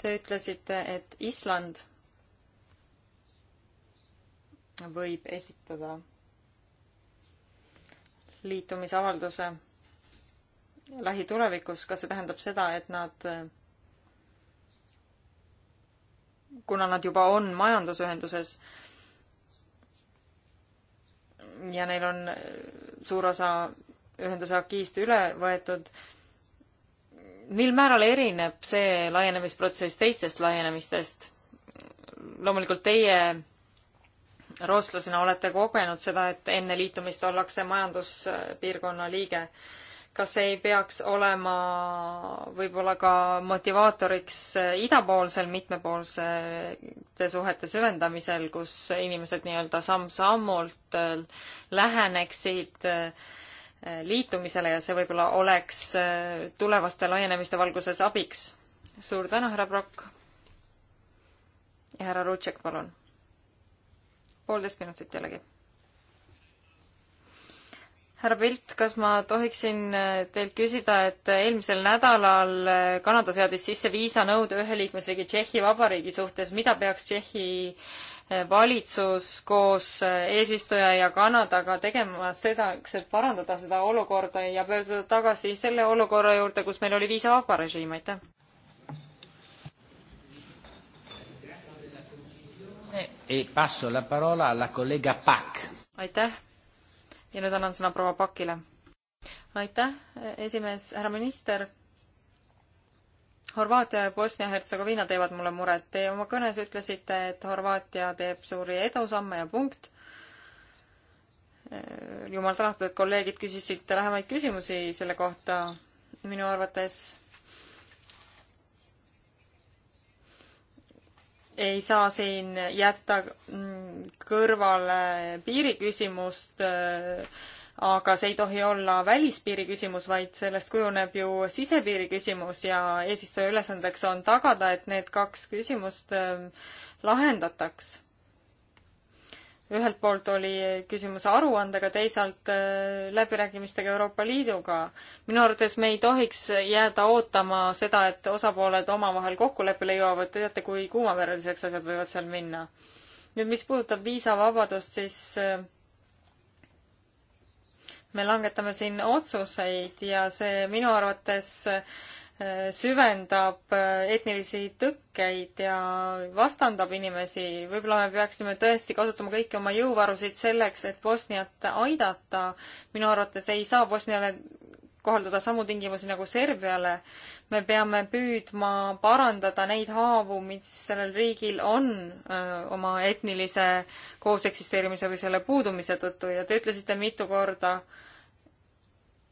Te ütlesite, et Island võib esitada liitumisavalduse lähitulevikus, kas see tähendab seda, et nad, kuna nad juba on majandusühenduses, ja neil on suur osa ühenduse akiist üle võetud. mil määral erineb see laienemisprotsess teistest laienemistest? loomulikult teie rootslasena olete kogenud seda, et enne liitumist ollakse majanduspiirkonna liige kas ei peaks olema võib-olla ka motivaatoriks idapoolsel mitmepoolsete suhete süvendamisel, kus inimesed nii-öelda samm-sammult äh, läheneksid äh, liitumisele ja see võib-olla oleks äh, tulevaste laienemiste valguses abiks. suur tänu, härra Brock. ja härra Rutšek, palun. poolteist minutit jällegi härra Pilt, kas ma tohiksin äh, teilt küsida, et äh, eelmisel nädalal äh, Kanada seadis sisse viisanõude ühe liikmesriigi Tšehhi Vabariigi suhtes, mida peaks Tšehhi valitsus koos eesistuja ja Kanadaga tegema seda, et parandada seda olukorda ja pöörduda tagasi selle olukorra juurde, kus meil oli viisavaba režiim, aitäh? E aitäh ja nüüd annan sõna proua Pakile. aitäh, esimees, härra minister. Horvaatia ja Bosnia-Hertsegoviina teevad mulle muret. Te oma kõnes ütlesite, et Horvaatia teeb suuri edusamme ja punkt. jumal tänatud, et kolleegid küsisid lähemaid küsimusi selle kohta. minu arvates ei saa siin jätta mm, kõrvale piiriküsimust, äh, aga see ei tohi olla välispiiri küsimus, vaid sellest kujuneb ju sisepiiri küsimus ja eesistuja ülesandeks on tagada, et need kaks küsimust äh, lahendataks ühelt poolt oli küsimus aruandega, teisalt äh, läbirääkimistega Euroopa Liiduga. minu arvates me ei tohiks jääda ootama seda, et osapooled omavahel kokkuleppele jõuavad, te teate, kui kuumavereliseks asjad võivad seal minna. nüüd, mis puudutab viisavabadust, siis äh, me langetame siin otsuseid ja see minu arvates äh, süvendab äh, etnilisi tõkkeid ja vastandab inimesi. võib-olla me peaksime tõesti kasutama kõiki oma jõuvarusid selleks, et Bosniat aidata. minu arvates ei saa Bosniale kohaldada samu tingimusi nagu Serbiale. me peame püüdma parandada neid haavu, mis sellel riigil on öö, äh, oma etnilise kooseksisteerimise või selle puudumise tõttu ja te ütlesite mitu korda öö,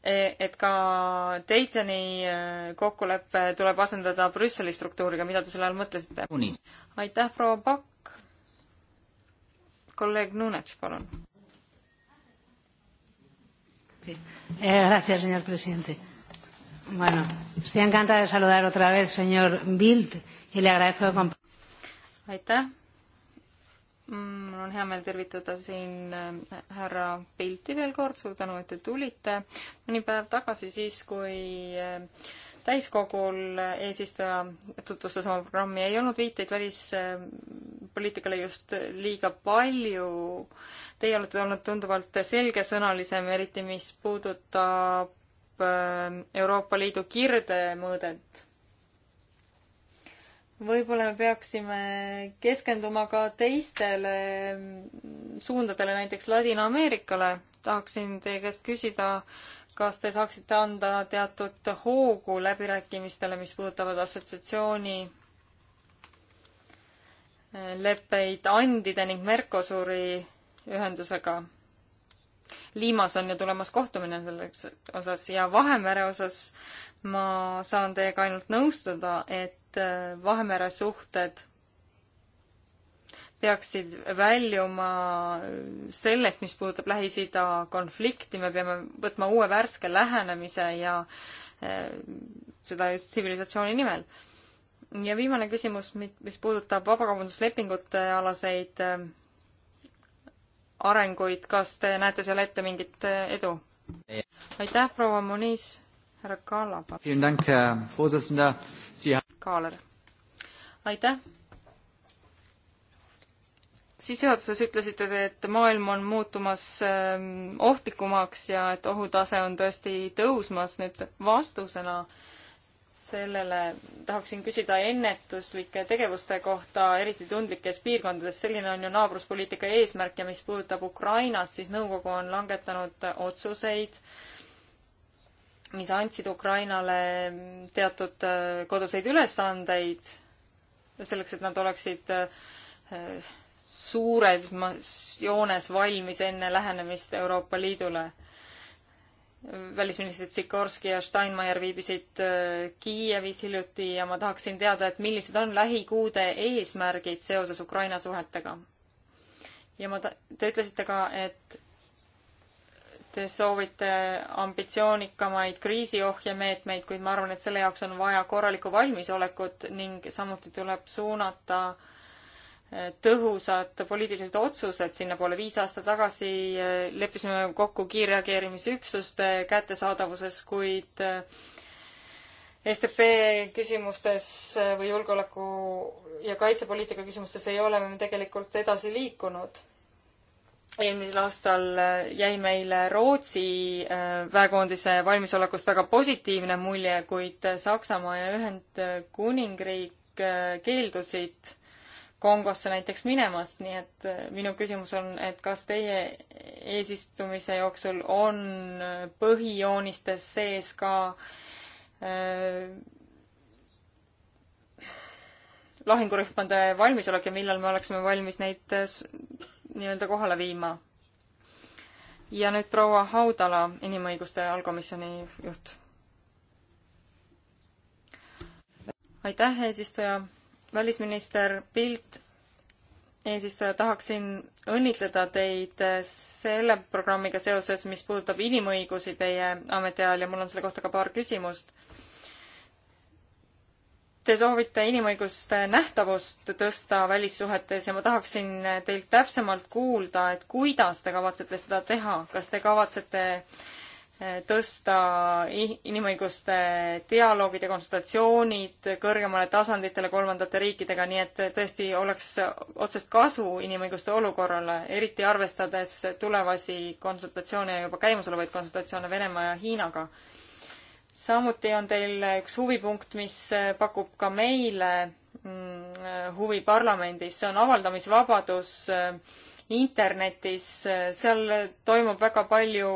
et ka Daytoni äh, kokkulepe tuleb asendada Brüsseli struktuuriga, mida te selle all mõtlesite? aitäh, proua Pakk. kolleeg Nunetš, palun. Eh, gracias, señor presidente. Bueno, estoy encantada de saludar otra vez, señor Bild, y le agradezco. aitäh Mm, mul on hea meel tervitada siin äh, härra Pilti veel kord, suur tänu, et te tulite. mõni päev tagasi siis, kui äh, täiskogul äh, eesistuja tutvustas oma programmi, ei olnud viiteid välispoliitikale just liiga palju. Teie olete olnud tunduvalt selgesõnalisem, eriti mis puudutab Euroopa Liidu kirdemõõdet võib-olla me peaksime keskenduma ka teistele suundadele, näiteks Ladina-Ameerikale. tahaksin teie käest küsida, kas te saaksite anda teatud hoogu läbirääkimistele, mis puudutavad assotsiatsiooni leppeid Andide ning Mercosuri ühendusega. Liimas on ju tulemas kohtumine selleks osas ja Vahemere osas ma saan teiega ainult nõustuda, et et äh, Vahemere suhted peaksid väljuma äh, sellest, mis puudutab Lähis-Ida konflikti, me peame võtma uue värske lähenemise ja äh, seda just tsivilisatsiooni nimel. ja viimane küsimus, mis puudutab vabakaubanduslepingute alaseid arenguid, kas te näete seal ette mingit edu? aitäh, proua Muniz! härra Kaala, palun. Kaaler. aitäh. sissejuhatuses ütlesite te, et maailm on muutumas ähm, ohtlikumaks ja et ohutase on tõesti tõusmas. nüüd vastusena sellele tahaksin küsida ennetuslike tegevuste kohta, eriti tundlikes piirkondades. selline on ju naabruspoliitika eesmärk ja mis puudutab Ukrainat, siis nõukogu on langetanud otsuseid äh, mis andsid Ukrainale teatud äh, koduseid ülesandeid selleks, et nad oleksid äh, suures joones valmis enne lähenemist Euroopa Liidule. välisministrid Sikorski ja Steinmeier viibisid äh, Kiievis hiljuti ja ma tahaksin teada, et millised on lähikuude eesmärgid seoses Ukraina suhetega? ja ma ta-, te ütlesite ka, et Te soovite ambitsioonikamaid kriisiohjemeetmeid, kuid ma arvan, et selle jaoks on vaja korralikku valmisolekut ning samuti tuleb suunata eh, tõhusad poliitilised otsused sinnapoole. viis aastat tagasi eh, leppisime kokku kiirreageerimisüksuste kättesaadavuses, kuid eh, STP küsimustes või julgeoleku ja kaitsepoliitika küsimustes ei ole me tegelikult edasi liikunud eelmisel aastal äh, jäi meile Rootsi äh, väekoondise valmisolekust väga positiivne mulje, kuid äh, Saksamaa ja Ühendkuningriik keeldusid Kongosse näiteks minemast, nii et minu küsimus on, et kas teie eesistumise jooksul on põhijoonistes sees ka äh, lahingurühmade valmisolek ja millal me oleksime valmis neid nii-öelda kohale viima. ja nüüd proua Haudala, inimõiguste allkomisjoni juht. aitäh, eesistuja. välisminister Pilt, eesistuja, tahaksin õnnitleda teid selle programmiga seoses, mis puudutab inimõigusi teie ametiajal ja mul on selle kohta ka paar küsimust Te soovite inimõiguste nähtavust tõsta välissuhetes ja ma tahaksin teilt täpsemalt kuulda, et kuidas te kavatsete seda teha, kas te kavatsete eh, tõsta inimõiguste dialoogid ja konsultatsioonid kõrgemale tasanditele kolmandate riikidega, nii et tõesti oleks otsest kasu inimõiguste olukorrale, eriti arvestades tulevasi konsultatsioone ja juba käimasolevaid konsultatsioone Venemaa ja Hiinaga samuti on teil üks huvipunkt, mis äh, pakub ka meile mm, äh, huvi parlamendis, see on avaldamisvabadus äh, internetis, seal toimub väga palju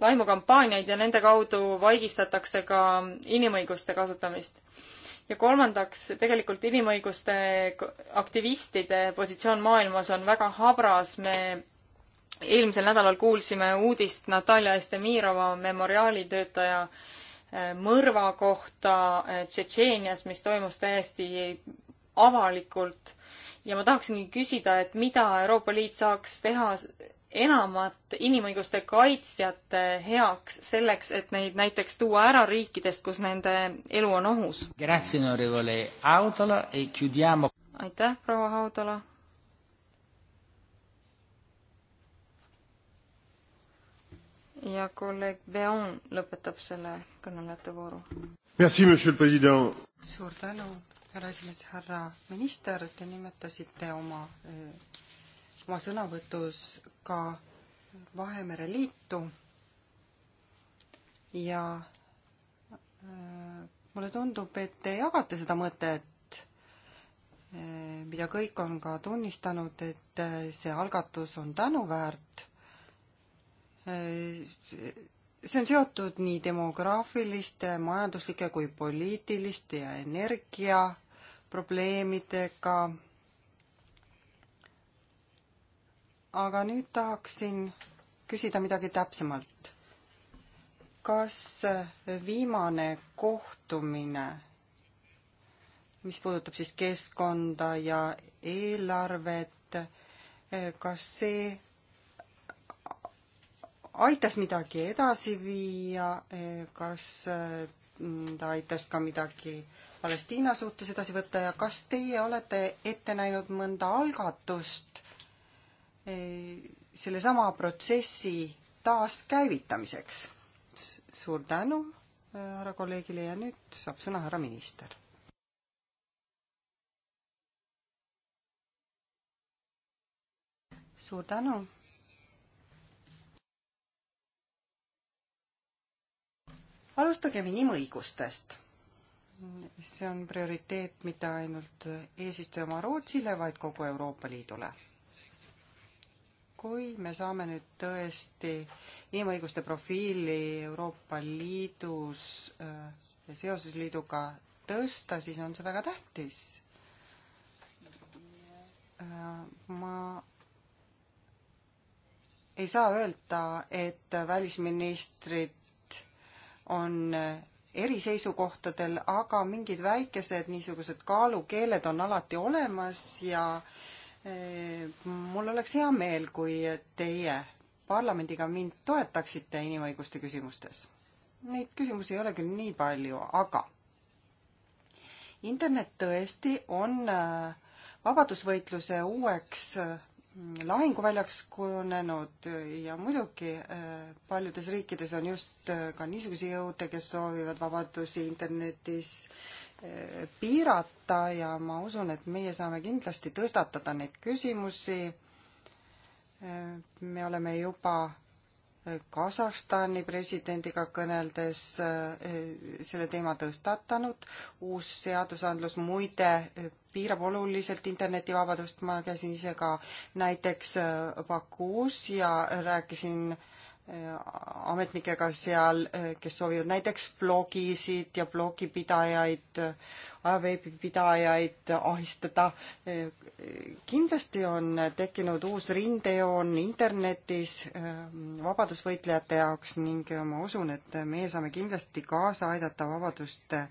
laimukampaaniaid ja nende kaudu vaigistatakse ka inimõiguste kasutamist. ja kolmandaks, tegelikult inimõiguste aktivistide positsioon maailmas on väga habras, me eelmisel nädalal kuulsime uudist Natalja Estemirova memoriaalitöötaja eh, mõrva kohta eh, Tšetšeenias, mis toimus täiesti avalikult. ja ma tahaksingi küsida, et mida Euroopa Liit saaks teha enamat inimõiguste kaitsjate heaks selleks, et neid näiteks tuua ära riikidest, kus nende elu on ohus? E aitäh, proua Haudala ja kolleeg Beon lõpetab selle kõnelejate vooru. suur tänu, härra esimees, härra minister, te nimetasite oma, eh, oma sõnavõtus ka Vahemere Liitu ja eh, mulle tundub, et te jagate seda mõtet, eh, mida kõik on ka tunnistanud, et see algatus on tänuväärt Äh, see on seotud nii demograafiliste, majanduslike kui poliitiliste ja energiaprobleemidega. aga nüüd tahaksin küsida midagi täpsemalt. kas äh, viimane kohtumine, mis puudutab siis keskkonda ja eelarvet, äh, kas see aitas midagi edasi viia, eh, kas mm, ta aitas ka midagi Palestiina suhtes edasi võtta ja kas teie olete ette näinud mõnda algatust eh, sellesama protsessi taaskäivitamiseks? suur tänu eh, härra kolleegile ja nüüd saab sõna härra minister. suur tänu alustagem inimõigustest. see on prioriteet mitte ainult eesistujamaa Rootsile, vaid kogu Euroopa Liidule. kui me saame nüüd tõesti inimõiguste profiili Euroopa Liidus äh, ja seoses liiduga tõsta, siis on see väga tähtis. Äh, ma ei saa öelda, et välisministrid on eriseisukohtadel, aga mingid väikesed niisugused kaalukeeled on alati olemas ja eh, mul oleks hea meel, kui teie parlamendiga mind toetaksite inimõiguste küsimustes. Neid küsimusi ei ole küll nii palju, aga internet tõesti on eh, vabadusvõitluse uueks eh, lahinguväljaks kujunenud ja muidugi äh, paljudes riikides on just äh, ka niisuguseid jõude, kes soovivad vabadusi internetis äh, piirata ja ma usun, et meie saame kindlasti tõstatada neid küsimusi. me oleme juba Kasahstani presidendiga kõneldes eh, selle teema tõstatanud. uus seadusandlus muide piirab oluliselt internetivabadust, ma käisin ise ka näiteks eh, Bakuus ja rääkisin Äh, ametnikega seal, äh, kes soovivad näiteks blogisid ja blogipidajaid, äh, veebipidajaid ahistada. kindlasti on tekkinud uus rindejoon internetis vabadusvõitlejate jaoks ning ma usun, et meie saame kindlasti kaasa aidata vabaduste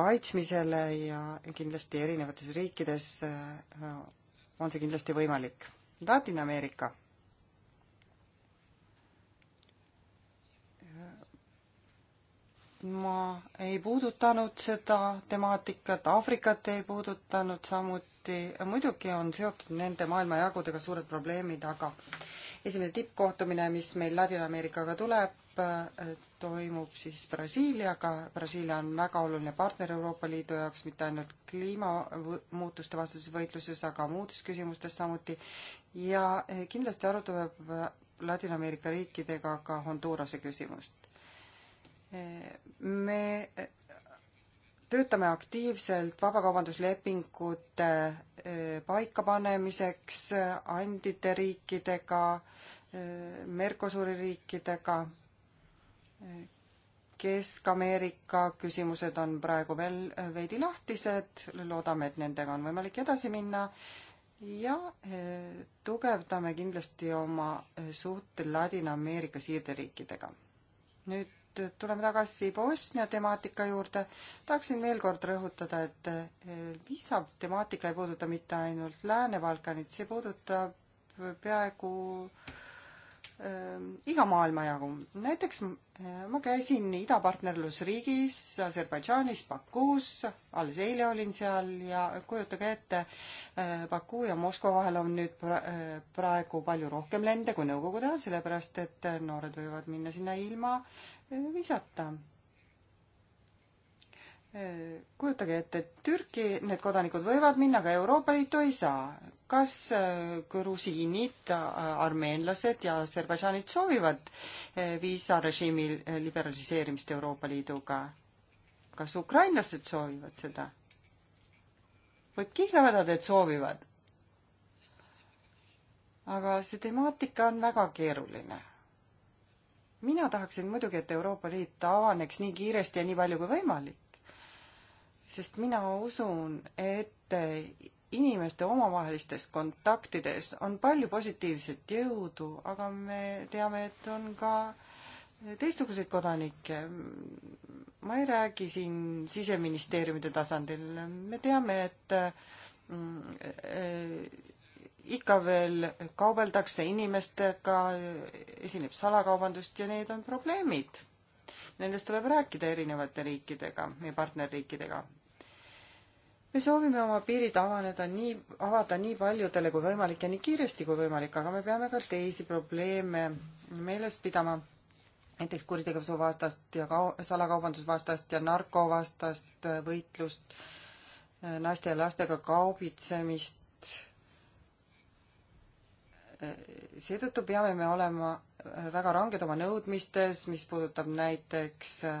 kaitsmisele ja kindlasti erinevates riikides on see kindlasti võimalik. Ladina-Ameerika ma ei puudutanud seda temaatikat, Aafrikat ei puudutanud samuti, muidugi on seotud nende maailmajagudega suured probleemid, aga esimene tippkohtumine, mis meil Ladina-Ameerikaga tuleb, toimub siis Brasiiliaga, Brasiilia on väga oluline partner Euroopa Liidu jaoks, mitte ainult kliimamuutuste vastases võitluses, aga muudes küsimustes samuti, ja kindlasti arutame Ladina-Ameerika riikidega ka Hondurase küsimust me töötame aktiivselt vabakaubanduslepingute eh, paikapanemiseks andide riikidega, eh, Mercosuri riikidega, eh, Kesk-Ameerika küsimused on praegu veel veidi lahtised, loodame, et nendega on võimalik edasi minna ja tugevdame kindlasti oma suhted Ladina-Ameerika siirderiikidega. nüüd tuleme tagasi Bosnia temaatika juurde, tahaksin veel kord rõhutada, et eh, viisa temaatika ei puuduta mitte ainult Lääne-Balkanit, see puudutab peaaegu äh, iga maailmajagu. näiteks äh, ma käisin idapartnerlusriigis Aserbaidžaanis, Bakuus, alles eile olin seal ja kujutage ette äh,, Baku ja Moskva vahel on nüüd pra, äh, praegu palju rohkem lende kui nõukogude ajal, sellepärast et noored võivad minna sinna ilma visata. kujutage ette, et Türki need kodanikud võivad minna, aga Euroopa Liitu ei saa. kas äh, grusiinid, äh, armeenlased ja aserbaidžaanid soovivad äh, viisarežiimi liberaliseerimist Euroopa Liiduga? kas ukrainlased soovivad seda? võib kihlavadad, et soovivad. aga see temaatika on väga keeruline mina tahaksin muidugi, et Euroopa Liit avaneks nii kiiresti ja nii palju kui võimalik. sest mina usun, et inimeste omavahelistes kontaktides on palju positiivset jõudu, aga me teame, et on ka teistsuguseid kodanikke. ma ei räägi siin siseministeeriumide tasandil, me teame, et mm, ikka veel kaubeldakse inimestega, esineb salakaubandust ja need on probleemid. Nendest tuleb rääkida erinevate riikidega, meie partnerriikidega. me soovime oma piirid avaneda nii, avada nii paljudele kui võimalik ja nii kiiresti kui võimalik, aga me peame ka teisi probleeme meeles pidama näiteks kuritegevusvastast ja ka salakaubandusvastast ja narkovastast võitlust, naiste ja lastega kaubitsemist, seetõttu peame me olema väga ranged oma nõudmistes, mis puudutab näiteks äh,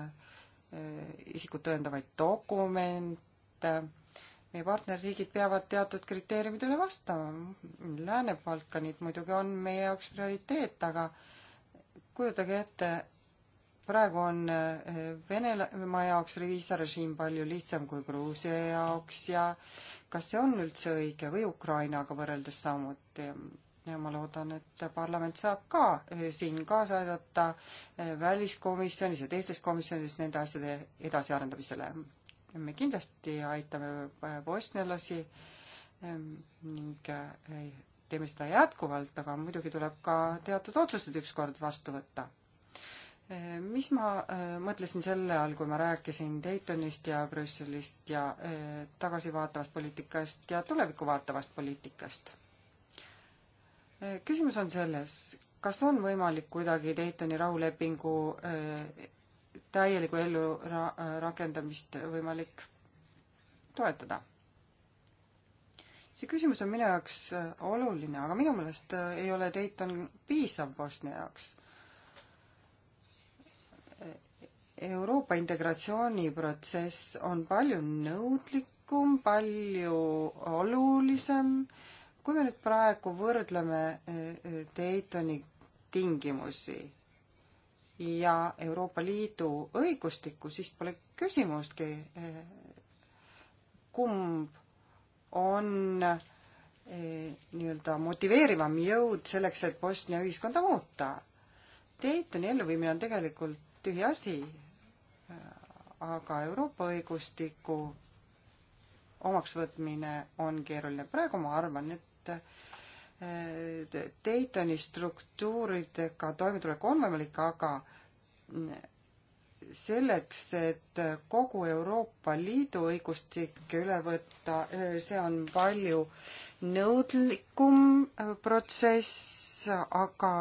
isikut tõendavaid dokumente, meie partnerriigid peavad teatud kriteeriumidele vastama. Lääne-Balkanid muidugi on meie jaoks prioriteet, aga kujutage ette, praegu on äh, Venemaa jaoks viisarežiim palju lihtsam kui Gruusia jaoks ja kas see on üldse õige või Ukrainaga võrreldes samuti ja ma loodan, et parlament saab ka eh, siin kaasa aidata eh, väliskomisjonis ja teistes komisjonides nende asjade edasiarendamisele. me kindlasti aitame eh, bosnialasi ehm, ning teeme seda jätkuvalt, aga muidugi tuleb ka teatud otsused ükskord vastu võtta. mis ma mõtlesin selle all, kui ma rääkisin Daytonist ja Brüsselist ja tagasivaatavast poliitikast ja tulevikku vaatavast poliitikast? küsimus on selles, kas on võimalik kuidagi Daytoni rahulepingu äh, täielikku ellu ra-, rakendamist võimalik toetada? see küsimus on minu jaoks äh, oluline, aga minu meelest äh, ei ole Dayton piisav Bosnia jaoks. Euroopa integratsiooniprotsess on palju nõudlikum, palju olulisem äh, kui me nüüd praegu võrdleme eh, eh, Daytoni tingimusi ja Euroopa Liidu õigustikku, siis pole küsimustki, eh, kumb on nii-öelda motiveerivam jõud selleks, et Bosnia ühiskonda muuta. Daytoni elluviimine on tegelikult tühi asi, aga Euroopa õigustiku omaksvõtmine on keeruline. praegu ma arvan, et et Daytoni struktuuridega toimetulek on võimalik, aga selleks, et kogu Euroopa Liidu õigustik üle võtta, see on palju nõudlikum protsess, aga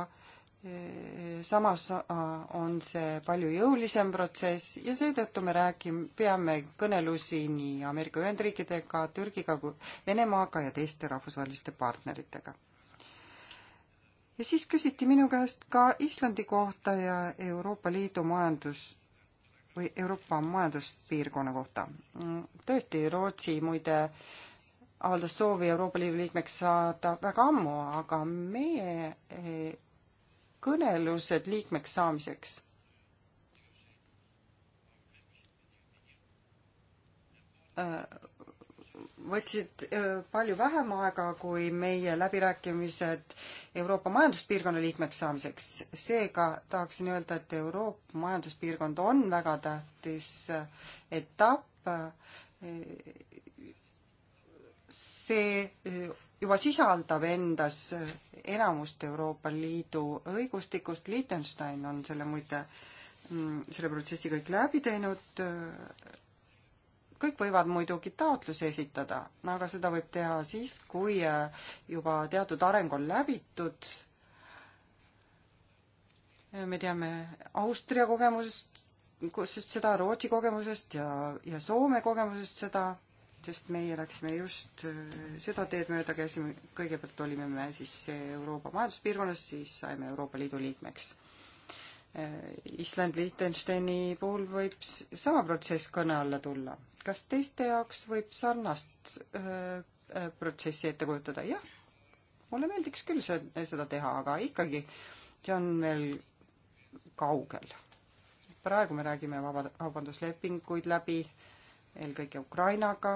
samas äh, on see palju jõulisem protsess ja seetõttu me räägime, peame kõnelusi nii Ameerika Ühendriikidega, Türgiga kui Venemaaga ja teiste rahvusvaheliste partneritega. ja siis küsiti minu käest ka Islandi kohta ja Euroopa Liidu majandus või Euroopa majanduspiirkonna kohta. tõesti, Rootsi muide avaldas soovi Euroopa Liidu liikmeks saada väga ammu, aga meie kõnelused liikmeks saamiseks? võtsid äh, palju vähem aega kui meie läbirääkimised Euroopa Majanduspiirkonna liikmeks saamiseks. seega tahaksin öelda, et Euroopa Majanduspiirkond on väga tähtis etapp äh, see eh, juba sisaldab endas enamust Euroopa Liidu õigustikust, Liechtenstein on selle muide, mm, selle protsessi kõik läbi teinud, kõik võivad muidugi taotluse esitada, aga seda võib teha siis, kui eh, juba teatud areng on läbitud. Eh, me teame Austria kogemusest, sest seda Rootsi kogemusest ja, ja Soome kogemusest seda sest meie läksime just äh, seda teed mööda, käisime, kõigepealt olime me siis Euroopa Majanduspiirkonnas, siis saime Euroopa Liidu liikmeks. Äh, Island Liechtensteini puhul võib sama protsess kõne alla tulla. kas teiste jaoks võib sarnast öö, äh, protsessi ette kujutada? jah, mulle meeldiks küll see, seda teha, aga ikkagi see on veel kaugel. praegu me räägime vaba, vabanduslepinguid läbi eelkõige Ukrainaga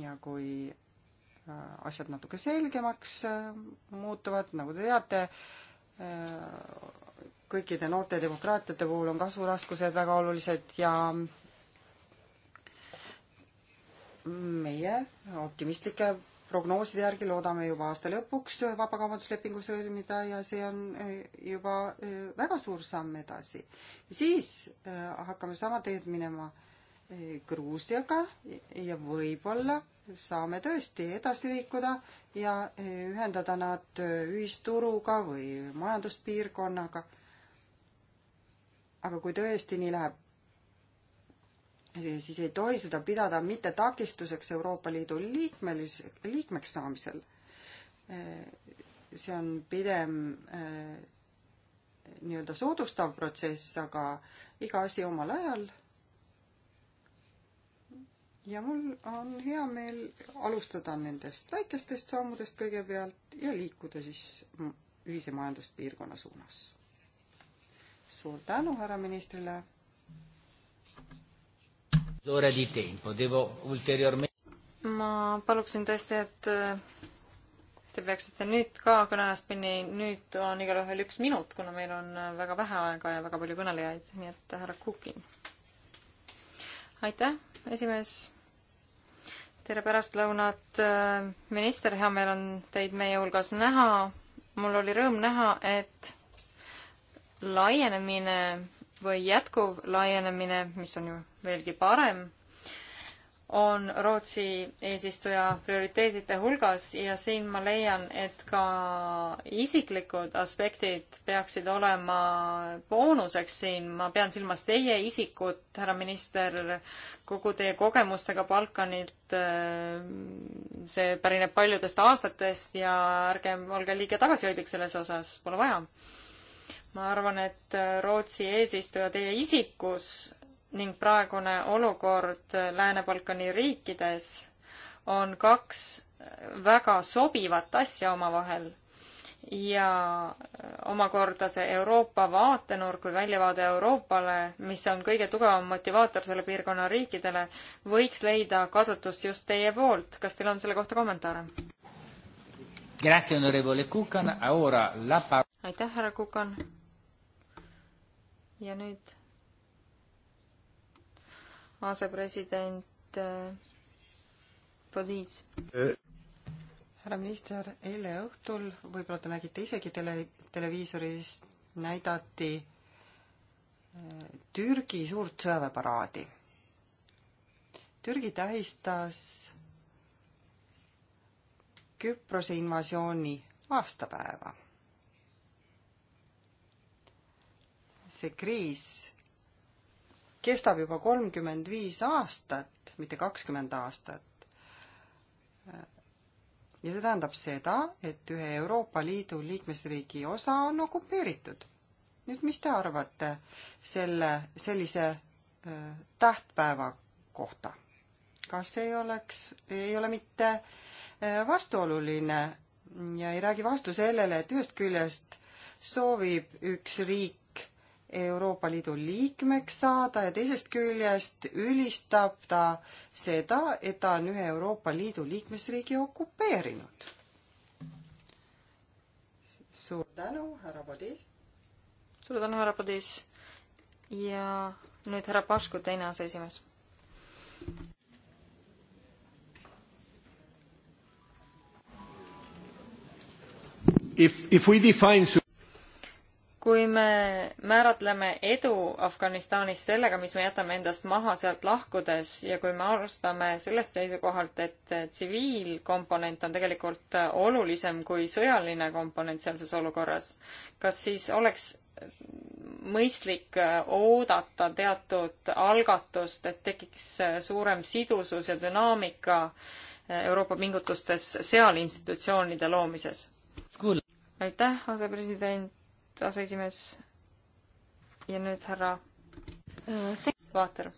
ja kui äh, asjad natuke selgemaks äh, muutuvad, nagu te teate, äh, kõikide noorte demokraatiate puhul on kasvuraskused väga olulised ja meie optimistlike prognooside järgi loodame juba aasta lõpuks vabakaubanduslepingu sõlmida ja see on juba väga suur samm edasi. siis hakkame sama teed minema Gruusiaga ja võib-olla saame tõesti edasi liikuda ja ühendada nad ühisturuga või majanduspiirkonnaga. aga kui tõesti nii läheb, siis ei tohi seda pidada mitte takistuseks Euroopa Liidu liikmelis, liikmeks saamisel. see on pigem eh, nii-öelda soodustav protsess, aga iga asi omal ajal ja mul on hea meel alustada nendest väikestest sammudest kõigepealt ja liikuda siis ühise majanduspiirkonna suunas. suur tänu härra ministrile. ma paluksin tõesti, et äh, te peaksite nüüd ka kõneajast kinni, nüüd on igalühel üks minut, kuna meil on äh, väga vähe aega ja väga palju kõnelejaid, nii et härra Kukin. aitäh, esimees tere pärastlõunat, äh, minister, hea meel on teid meie hulgas näha. mul oli rõõm näha, et laienemine või jätkuv laienemine, mis on ju veelgi parem on Rootsi eesistuja prioriteedide hulgas ja siin ma leian, et ka isiklikud aspektid peaksid olema boonuseks siin. ma pean silmas teie isikut, härra minister, kogu teie kogemustega Balkanilt. see pärineb paljudest aastatest ja ärgem olge liiga tagasihoidlik selles osas, pole vaja. ma arvan, et Rootsi eesistuja teie isikus ning praegune olukord Lääne-Balkani riikides on kaks väga sobivat asja omavahel ja omakorda see Euroopa vaatenurk või väljavaade Euroopale, mis on kõige tugevam motivaator selle piirkonna riikidele, võiks leida kasutust just teie poolt. kas teil on selle kohta kommentaare? aitäh, härra Kukan. ja nüüd asepresident äh, Poliis. härra minister, eile õhtul, võib-olla te nägite isegi tele, televiisorist, näidati äh, Türgi suurt sõjaväeparaadi. Türgi tähistas Küprose invasiooni aastapäeva. see kriis kestab juba kolmkümmend viis aastat, mitte kakskümmend aastat. ja see tähendab seda, et ühe Euroopa Liidu liikmesriigi osa on okupeeritud. nüüd, mis te arvate selle, sellise tähtpäeva kohta? kas ei oleks, ei ole mitte vastuoluline ja ei räägi vastu sellele, et ühest küljest soovib üks riik Euroopa Liidu liikmeks saada ja teisest küljest ülistab ta seda, et ta on ühe Euroopa Liidu liikmesriigi okupeerinud. suur tänu, härra Padis. suur tänu, härra Padis. ja nüüd härra Pašku, teine aseesimees. If, if we define kui me määratleme edu Afganistanis sellega, mis me jätame endast maha sealt lahkudes ja kui me alustame sellest seisukohalt, et tsiviilkomponent on tegelikult olulisem kui sõjaline komponent sealses olukorras, kas siis oleks mõistlik oodata teatud algatust, et tekiks suurem sidusus ja dünaamika Euroopa pingutustes seal institutsioonide loomises? aitäh, asepresident aseesimees ja nüüd härra Vaater.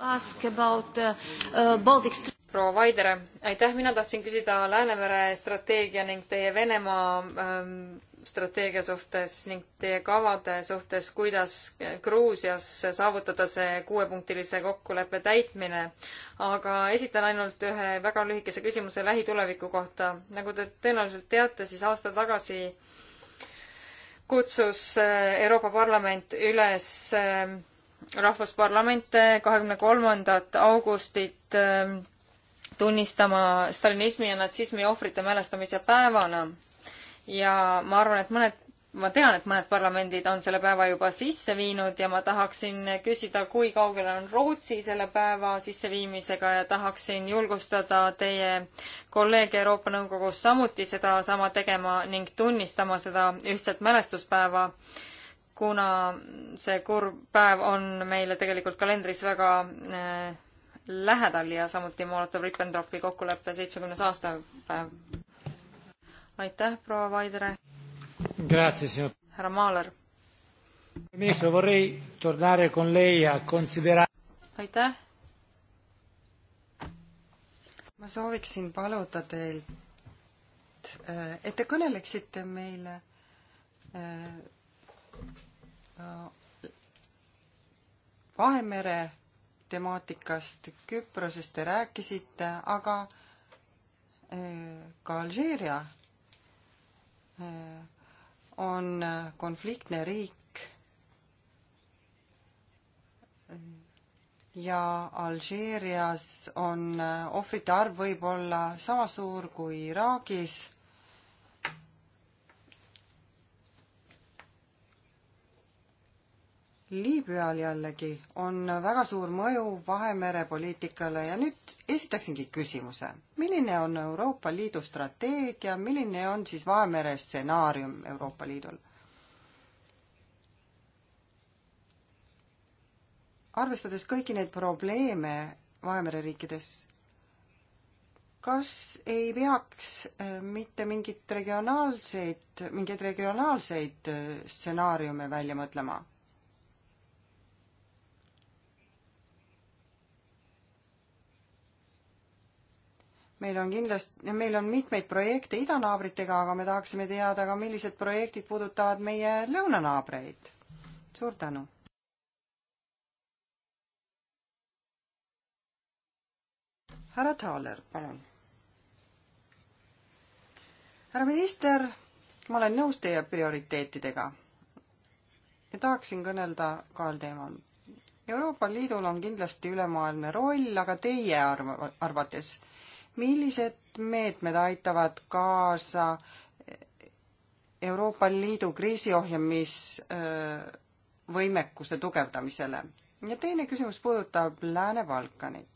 Ask about uh, uh Baltic proua Vaidere, aitäh, mina tahtsin küsida Läänemere strateegia ning teie Venemaa ähm, strateegia suhtes ning teie kavade suhtes, kuidas Gruusias saavutada see kuuepunktilise kokkuleppe täitmine. aga esitan ainult ühe väga lühikese küsimuse lähituleviku kohta. nagu te tõenäoliselt teate, siis aasta tagasi äh, kutsus eh, Euroopa Parlament üles eh, rahvusparlamente kahekümne kolmandat augustit eh, tunnistama stalinismi ja natsismi ohvrite mälestamise päevana. ja ma arvan, et mõned ma tean, et mõned parlamendid on selle päeva juba sisse viinud ja ma tahaksin küsida, kui kaugel on Rootsi selle päeva sisseviimisega ja tahaksin julgustada teie kolleege Euroopa Nõukogus samuti sedasama tegema ning tunnistama seda ühtset mälestuspäeva, kuna see kurb päev on meile tegelikult kalendris väga äh, lähedal ja samuti Molotov-Ribbentropi kokkuleppe seitsmekümnes aastapäev. aitäh, proua Vaidre! härra Maaler. aitäh. ma sooviksin paluda teilt, eh, et te kõneleksite meile eh, eh, Vahemere temaatikast, Küprosest te rääkisite, aga ka Alžeeria on konfliktne riik ja Alžeerias on ohvrite arv võib-olla sama suur kui Iraagis Liibüal jällegi on väga suur mõju Vahemere poliitikale ja nüüd esitaksingi küsimuse. milline on Euroopa Liidu strateegia, milline on siis Vahemere stsenaarium Euroopa Liidul? arvestades kõiki neid probleeme Vahemere riikides, kas ei peaks eh, mitte mingit regionaalseid, mingeid regionaalseid eh, stsenaariume välja mõtlema? meil on kindlasti, meil on mitmeid projekte idanaabritega, aga me tahaksime teada ka, millised projektid puudutavad meie lõunanaabreid. suur tänu! härra Taaler, palun! härra minister, ma olen nõus teie prioriteetidega. ja tahaksin kõnelda kahel teemal Euroopa Liidul on kindlasti ülemaailmne roll, aga teie arv-, arvates, millised meetmed aitavad kaasa Euroopa Liidu kriisiohjamisvõimekuse tugevdamisele? ja teine küsimus puudutab Lääne-Balkanit.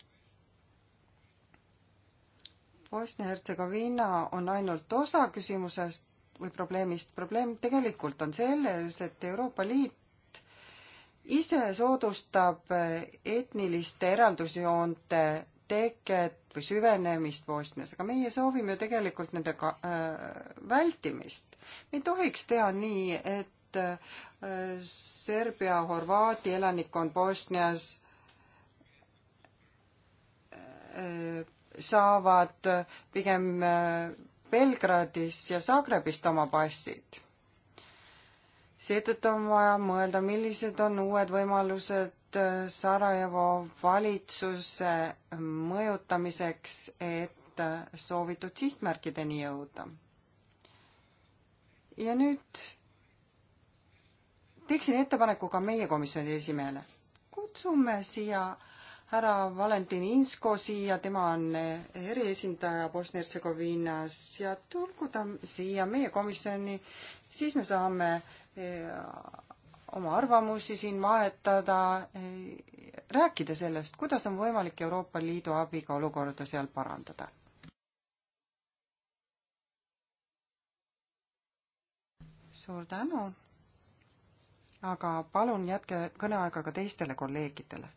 Bosnia-Hertsegoviina on ainult osa küsimusest või probleemist. probleem tegelikult on selles, et Euroopa Liit ise soodustab etniliste eraldusjoonte teket või süvenemist Bosnias, aga meie soovime tegelikult nende ka, äh, vältimist. me ei tohiks teha nii, et äh, Serbia, Horvaadi elanikkond Bosnias äh, saavad äh, pigem äh, Belgradis ja Zagrebist oma passid seetõttu on vaja mõelda, millised on uued võimalused Äh, Sarajevo valitsuse mõjutamiseks, et äh, soovitud sihtmärkideni jõuda. ja nüüd teeksin ettepaneku ka meie komisjoni esimehele. kutsume siia härra Valentin Insko siia, tema on äh, eriesindaja Bosnia-Hertsegoviinas ja tulgu ta siia meie komisjoni, siis me saame oma arvamusi siin vahetada, rääkida sellest, kuidas on võimalik Euroopa Liidu abiga olukorda seal parandada. suur tänu. aga palun jätke kõneaega ka teistele kolleegidele.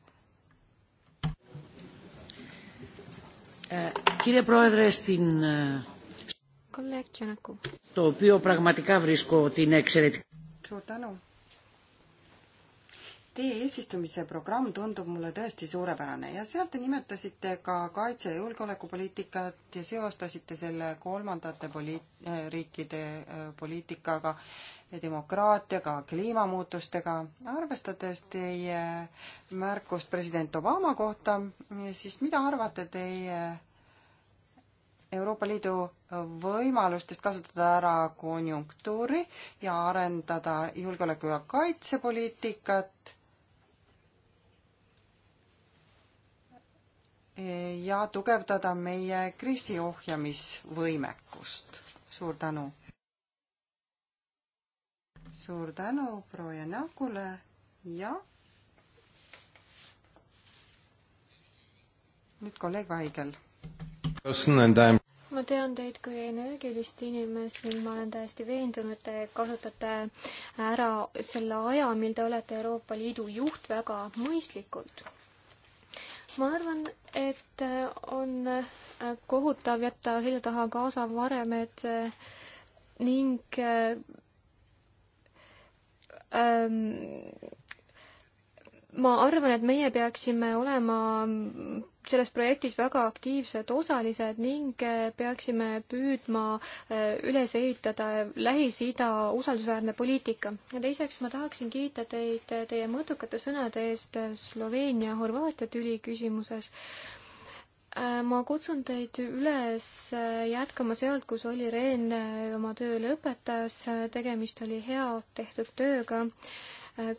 Eh, eh, kolleeg Tšenaku. suur tänu Teie eesistumise programm tundub mulle tõesti suurepärane ja seal te nimetasite ka kaitse- ja julgeolekupoliitikat ja seostasite selle kolmandate poliit-, eh, riikide eh, poliitikaga, demokraatiaga, kliimamuutustega. arvestades teie märkust president Obama kohta, siis mida arvate teie Euroopa Liidu võimalustest kasutada ära konjunktuuri ja arendada julgeoleku- ja kaitsepoliitikat ja tugevdada meie kriisi ohjamisvõimekust. suur tänu! suur tänu proua Janakule ja nüüd kolleeg Vaigel. ma tean teid kui energilist inimest ning ma olen täiesti veendunud, te kasutate ära selle aja, mil te olete Euroopa Liidu juht väga mõistlikult ma arvan, et on kohutav jätta selja taha Gaza varemed eh, ning ähm, ma arvan, et meie peaksime olema selles projektis väga aktiivsed osalised ning eh, peaksime püüdma eh, üles ehitada Lähis-Ida usaldusväärne poliitika. ja teiseks ma tahaksin kiita teid eh, teie mõõdukate sõnade eest Sloveenia-Horvaatia tüli küsimuses. ma kutsun teid üles jätkama sealt, kus oli Reen oma töö lõpetas, tegemist oli hea tehtud tööga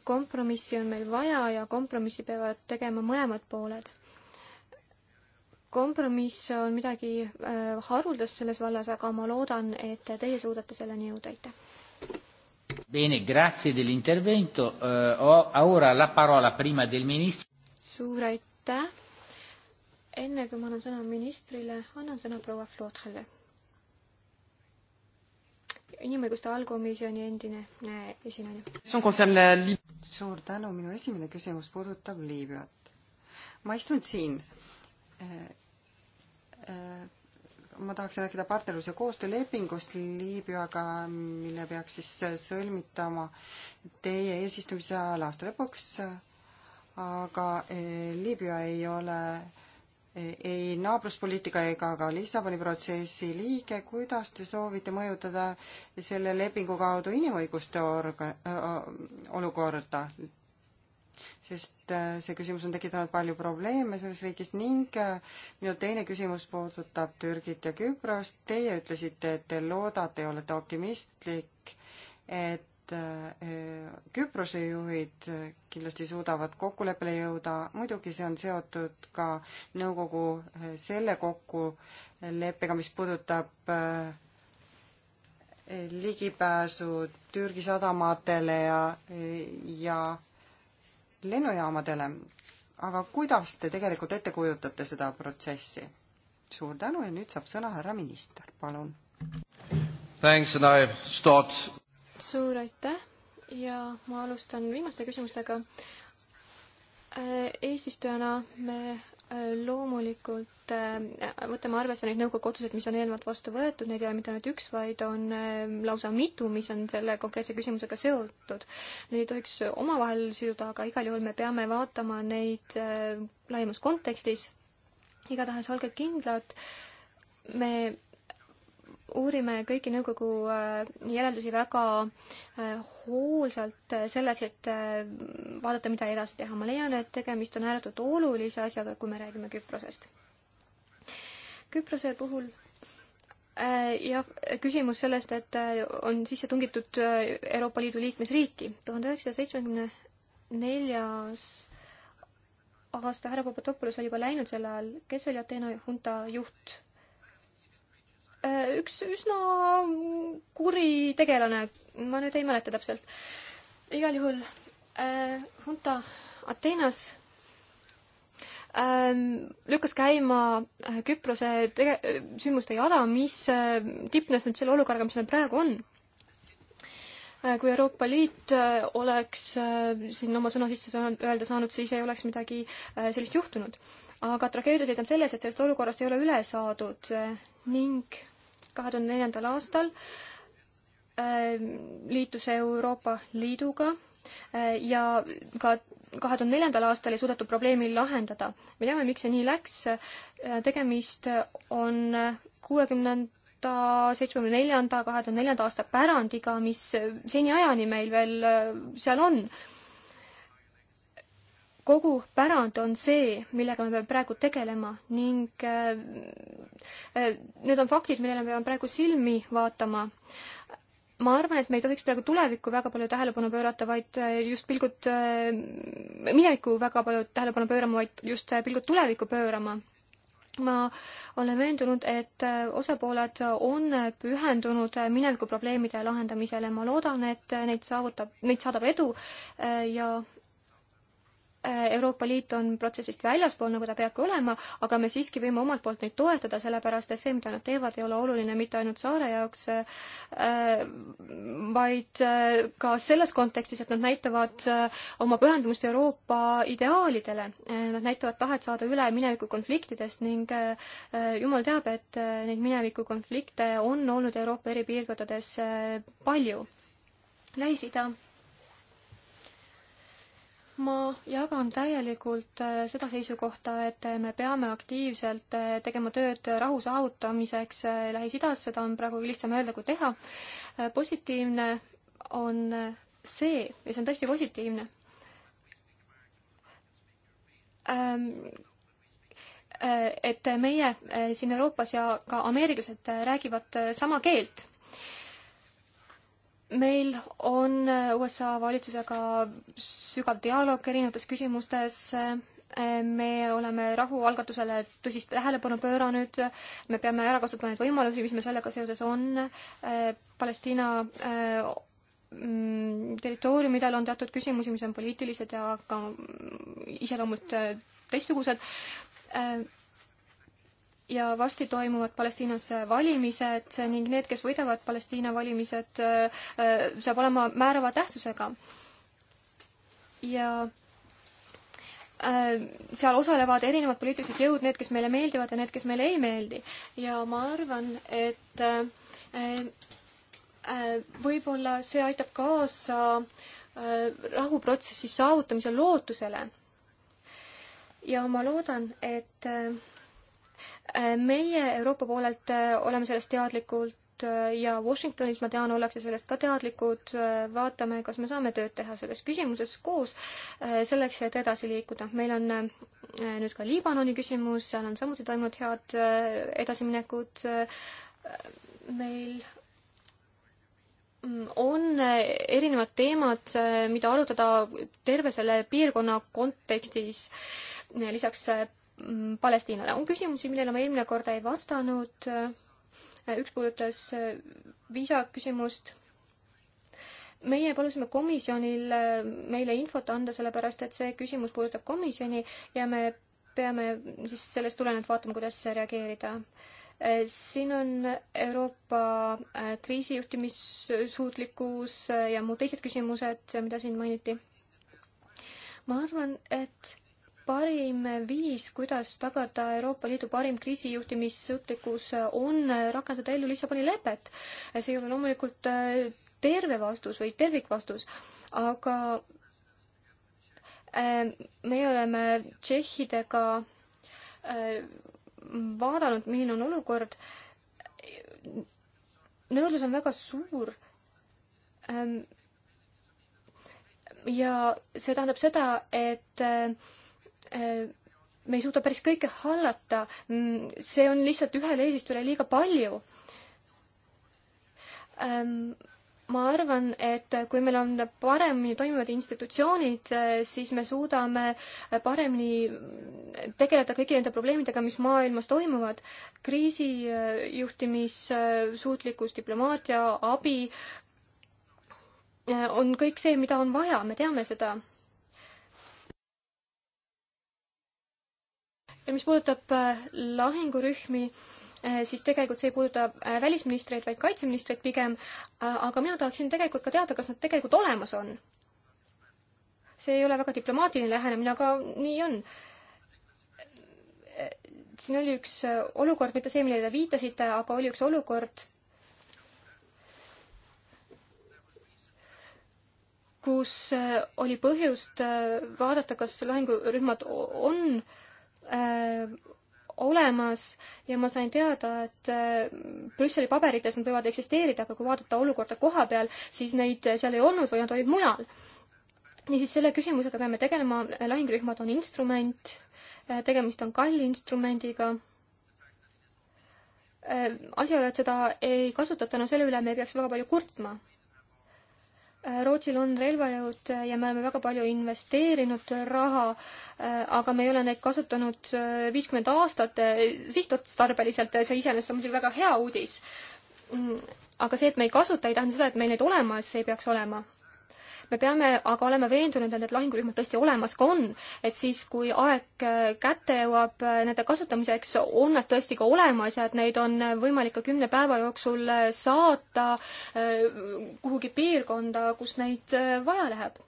kompromissi on meil vaja ja kompromissi peavad tegema mõlemad pooled. kompromiss on midagi äh, haruldast selles vallas, aga ma loodan, et teie suudate selleni jõuda, aitäh. Bene, grazie dell'intervento. Uh, ora la parola prima del ministro. Suur aitäh. Enne kui ma annan sõna ministrile, annan sõna proua Flootale inimõiguste allkomisjoni endine eh, esinaine. suur tänu, minu esimene küsimus puudutab Liibüat. ma istun siin. Eh, eh, ma tahaksin rääkida partnerluse koostöölepingust Liibüaga, mille peaks siis sõlmitama teie eesistumise ajal aasta lõpuks. aga Liibüa ei ole ei naabruspoliitika ega ka Lissaboni protsessi liige, kuidas te soovite mõjutada selle lepingu kaudu inimõiguste orga-, äh, olukorda? sest äh, see küsimus on tekitanud palju probleeme selles riigis ning äh, minu teine küsimus puudutab Türgit ja Küprost. Teie ütlesite, et te loodate ja olete optimistlik, et et eh, Küprose juhid kindlasti suudavad kokkuleppele jõuda, muidugi see on seotud ka nõukogu eh, selle kokkuleppega, mis puudutab eh, ligipääsu Türgi sadamatele ja, ja lennujaamadele. aga kuidas te tegelikult ette kujutate seda protsessi? suur tänu ja nüüd saab sõna härra minister, palun. Thanks and I start suur aitäh ja ma alustan viimaste küsimustega. Äh, eesistujana me äh, loomulikult äh, võtame arvesse neid nõukogu otsuseid, mis on eelnevalt vastu võetud, neid ei ole mitte ainult üks, vaid on lausa mitu, mis on selle konkreetse küsimusega seotud. Neid ei tohiks omavahel siduda, aga igal juhul me peame vaatama neid laiemas kontekstis. igatahes olge kindlad, me uurime kõiki nõukogu äh, järeldusi väga äh, hoolsalt äh, selleks, et vaadata, mida edasi teha. ma leian, et tegemist on ääretult olulise asjaga, kui me räägime Küprosest. Küprose puhul jah, küsimus sellest, et on sisse tungitud Euroopa Liidu liikmesriiki. tuhande üheksasaja seitsmekümne neljas aasta härra Papadopoulos oli juba läinud sel ajal, kes oli Ateena junta juht Äh, üks üsna kuri tegelane, ma nüüd ei mäleta täpselt. igal juhul äh, Hunta Ateenas ähm, lükkas käima äh, Küprose tege-, äh, sündmuste jada, mis äh, tipnes nüüd selle olukorraga, mis meil praegu on äh,. kui Euroopa Liit äh, oleks siin oma sõna sisse saanud, öelda saanud, siis ei oleks midagi sellist juhtunud. aga tragöödia seisneb selles, et sellest olukorrast ei ole üle saadud ning kahe tuhande neljandal aastal äh, liitus Euroopa Liiduga äh, ja ka kahe tuhande neljandal aastal ei suudetud probleemi lahendada. me teame, miks see nii läks, äh, tegemist on kuuekümnenda, seitsmekümne neljanda, kahe tuhande neljanda aasta pärandiga, mis seniajani meil veel seal on kogu pärand on see, millega me peame praegu tegelema ning äh, äh, need on faktid, millele me peame praegu silmi vaatama. ma arvan, et me ei tohiks praegu tulevikku väga palju tähelepanu pöörata, vaid äh, just pilgud, minevikku väga palju tähelepanu pöörama, vaid just pilgud tulevikku pöörama ma olen veendunud, et osapooled on pühendunud minevikuprobleemide lahendamisele, ma loodan, et neid saavutab, neid saadab edu ja Äh, Euroopa Liit on protsessist väljaspool, nagu ta peabki olema, aga me siiski võime omalt poolt neid toetada, sellepärast et see, mida nad teevad, ei ole oluline mitte ainult saare jaoks, äh, vaid äh, ka selles kontekstis, et nad näitavad oma pühendumust Euroopa ideaalidele. Nad näitavad tahet saada üle mineviku konfliktidest ning jumal teab, et neid mineviku konflikte on olnud Euroopa eri piirkondades palju. Lähis-Ida ma jagan täielikult äh, seda seisukohta, et me peame aktiivselt äh, tegema tööd rahu saavutamiseks äh, Lähis-Idas, seda on praegu lihtsam öelda kui teha. positiivne on see, ja see on tõesti positiivne ähm,, et meie siin Euroopas ja ka ameeriklased räägivad sama keelt meil on USA valitsusega sügav dialoog erinevates küsimustes, me oleme rahualgatusele tõsist tähelepanu pööranud, me peame ära kasutama neid võimalusi, mis meil sellega seoses on, Palestiina mm, territooriumidel on teatud küsimusi, mis on poliitilised ja ka iseloomult teistsugused, ja varsti toimuvad Palestiinas valimised ning need, kes võidavad Palestiina valimised, äh, saab olema määrava tähtsusega. ja äh, seal osalevad erinevad poliitilised jõud, need, kes meile meeldivad ja need, kes meile ei meeldi. ja ma arvan, et äh, võib-olla see aitab kaasa rahuprotsessi saavutamise lootusele. ja ma loodan, et meie Euroopa poolelt äh, oleme sellest teadlikud äh, ja Washingtonis, ma tean, ollakse sellest ka teadlikud, äh, vaatame, kas me saame tööd teha selles küsimuses koos, selleks, et edasi liikuda. meil on nüüd ka Liibanoni küsimus, seal on samuti toimunud head edasiminekud, meil mm, on erinevad teemad, mida arutada terve selle piirkonna kontekstis, lisaks Mm, Palestiinale. on küsimusi, millele ma eelmine kord ei vastanud. Äh, üks puudutas äh, viisaküsimust. meie palusime komisjonil äh, meile infot anda, sellepärast et see küsimus puudutab komisjoni ja me peame siis sellest tulenevalt vaatama, kuidas reageerida. siin on Euroopa kriisijuhtimissuutlikkus ja muud teised küsimused, mida siin mainiti. ma arvan, et parim viis, kuidas tagada Euroopa Liidu parim kriisijuhtimissuutlikkus, on rakendada ellu Lissaboni lepet. see ei ole loomulikult äh, terve vastus või tervikvastus, aga äh, me oleme tšehhidega äh, vaadanud, milline on olukord. nõudlus on väga suur. Ähm, ja see tähendab seda, et Äh, me ei suuda päris kõike hallata. Mm, see on lihtsalt ühele eesistujale liiga palju. Ähm, ma arvan, et kui meil on paremini toimivad institutsioonid, äh, siis me suudame paremini tegeleda kõigi nende probleemidega, mis maailmas toimuvad. kriisijuhtimissuutlikkus, diplomaatia, abi äh, on kõik see, mida on vaja, me teame seda mis puudutab äh, lahingurühmi, äh, siis tegelikult see ei puuduta äh, välisministreid, vaid kaitseministreid pigem, aga mina tahaksin tegelikult ka teada, kas nad tegelikult olemas on. see ei ole väga diplomaatiline lähenemine, aga nii on. siin oli üks olukord, mitte see, millele te viitasite, aga oli üks olukord, kus oli põhjust vaadata, kas lahingurühmad on äh, Äh, olemas ja ma sain teada, et äh, Brüsseli paberites nad võivad eksisteerida, aga kui vaadata olukorda koha peal, siis neid seal ei olnud või nad olid mujal. niisiis, selle küsimusega peame tegelema, lahingurühmad on instrument, äh, tegemist on kalli instrumendiga asjaolu, et seda ei kasutata, no selle üle me ei peaks väga palju kurtma. Rootsil on relvajõud ja me oleme väga palju investeerinud raha, aga me ei ole neid kasutanud äh, viiskümmend aastat äh, sihtotstarbeliselt, see iseenesest on muidugi väga hea uudis. Mm, aga see, et me ei kasuta, ei tähenda seda, et meil neid olemas ei peaks olema me peame aga olema veendunud, et need lahingurühmad tõesti olemas ka on, et siis, kui aeg äh, kätte jõuab äh, nende kasutamiseks, on nad tõesti ka olemas ja et neid on äh, võimalik ka kümne päeva jooksul saata kuhugi piirkonda, kus neid vaja läheb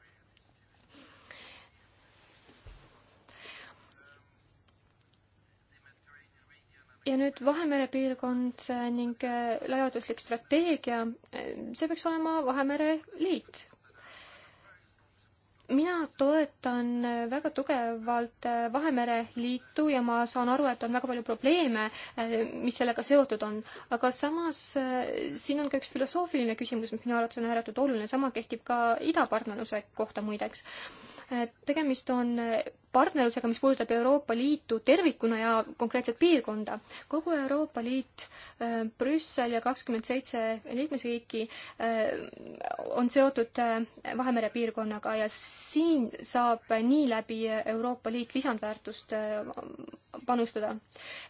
ja nüüd Vahemere piirkond ning laiatuslik strateegia, see peaks olema Vahemere liit mina toetan väga tugevalt äh, Vahemere Liitu ja ma saan aru, et on väga palju probleeme, äh, mis sellega seotud on. aga samas äh, siin on ka üks filosoofiline küsimus, mis minu arvates on ääretult oluline, sama kehtib ka idapartnerluse kohta muideks. tegemist on partnerlusega, mis puudutab Euroopa Liitu tervikuna ja konkreetset piirkonda. kogu Euroopa Liit, äh, Brüssel ja kakskümmend seitse liikmesriiki äh, on seotud äh, Vahemere piirkonnaga ja siin saab nii läbi Euroopa Liit lisandväärtust panustada.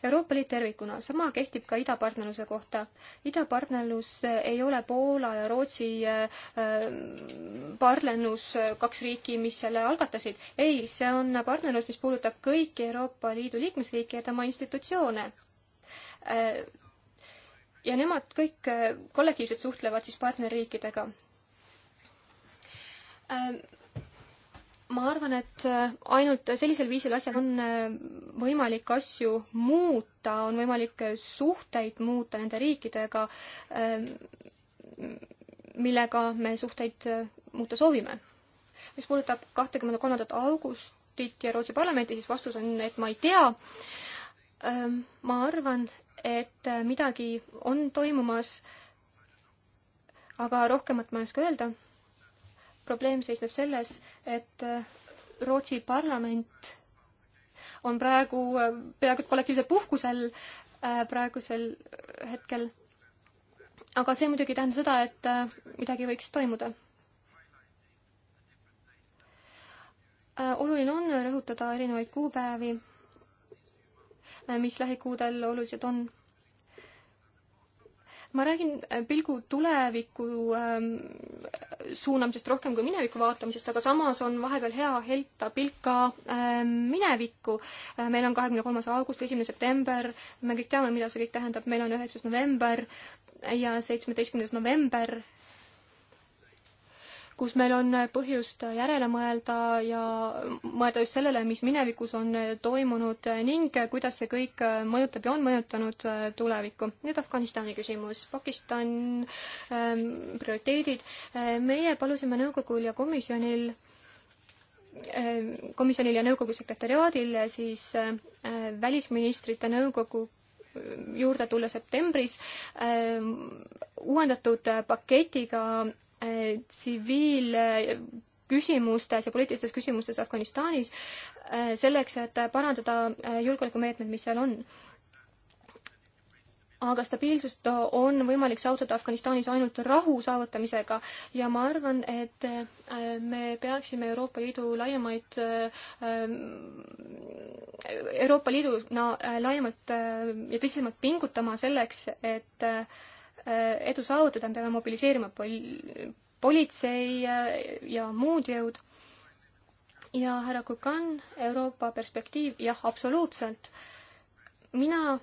Euroopa Liit tervikuna, sama kehtib ka idapartnerluse kohta. idapartnerlus ei ole Poola ja Rootsi partnerlus, kaks riiki, mis selle algatasid. ei, see on partnerlus, mis puudutab kõiki Euroopa Liidu liikmesriike ja tema institutsioone. Äh, ja nemad kõik äh, kollektiivselt suhtlevad siis partnerriikidega. Äh, ma arvan, et ainult sellisel viisil asjad on võimalik asju muuta, on võimalik suhteid muuta nende riikidega, millega me suhteid muuta soovime mis puudutab kahtekümne kolmandat august, raportit ja Rootsi parlamenti, siis vastus on, et ma ei tea. ma arvan, et midagi on toimumas, aga rohkemat ma ei oska öelda. probleem seisneb selles, et Rootsi parlament on praegu peaaegu et kollektiivsel puhkusel praegusel hetkel. aga see muidugi ei tähenda seda, et midagi võiks toimuda Äh, oluline on rõhutada erinevaid kuupäevi, äh, mis lähikuudel olulised on. ma räägin äh, pilgu tuleviku ähm, suunamisest rohkem kui mineviku vaatamisest, aga samas on vahepeal hea helta pilk ka ähm, minevikku. meil on kahekümne kolmas august, esimene september, me kõik teame, mida see kõik tähendab, meil on üheksas november ja seitsmeteistkümnes november kus meil on põhjust järele mõelda ja mõelda just sellele, mis minevikus on toimunud ning kuidas see kõik mõjutab ja on mõjutanud tulevikku. nüüd Afganistani küsimus, Pakistan ähm,, prioriteedid. Äh, meie palusime nõukogul ja komisjonil ähm, komisjonil ja nõukogu sekretäriaadil siis äh, välisministrite nõukogu juurde tulla septembris ehm, uuendatud paketiga eh, tsiviilküsimustes ja poliitilistes küsimustes Afganistanis eh, selleks, et parandada eh, julgeolekumeetmed, mis seal on aga stabiilsust on võimalik saavutada Afganistanis ainult rahu saavutamisega ja ma arvan, et äh, me peaksime Euroopa Liidu laiemaid, äh, Euroopa Liiduna äh, laiemalt ja tõsisemalt pingutama selleks, et edu saavutada, me peame mobiliseerima pol-, politsei ja muud jõud. ja härra Kukan, Euroopa perspektiiv, jah, absoluutselt. mina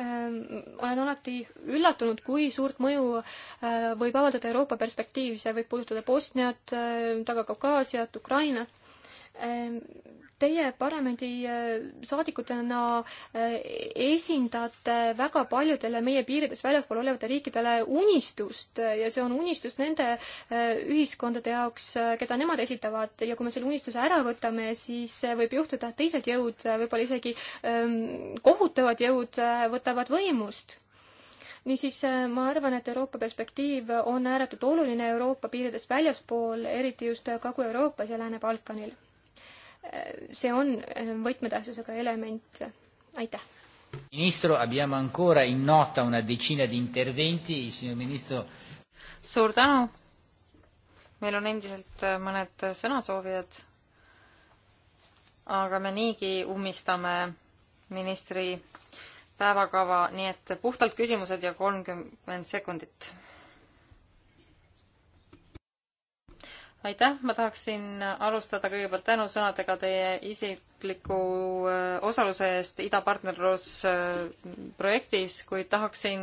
Ähm, olen alati üllatunud, kui suurt mõju äh, võib avaldada Euroopa perspektiiv, see võib puudutada Bosniat, äh, Taga-Kaukaasiat, Ukrainat ähm, Teie parlamendisaadikutena äh, äh, esindate väga paljudele meie piiridest väljaspool olevate riikidele unistust äh, ja see on unistus nende ühiskondade jaoks, keda nemad esitavad ja kui me selle unistuse ära võtame, siis võib juhtuda, et teised jõud, võib-olla isegi ähm, kohutavad jõud võtavad võimust niisiis ma arvan, et Euroopa perspektiiv on ääretult oluline Euroopa piiridest väljaspool, eriti just Kagu-Euroopas ja Lääne-Balkanil see on eh, võtmetähtsusega element. aitäh. ministro, abbiamo ancora in nota una decina di interventi, signor ministro. suur tänu. meil on endiselt eh, mõned sõnasoovijad. aga me niigi ummistame ministri päevakava, nii et puhtalt küsimused ja kolmkümmend sekundit aitäh, ma tahaksin alustada kõigepealt tänusõnadega teie isikliku äh, osaluse eest idapartnerlus äh, projektis, kuid tahaksin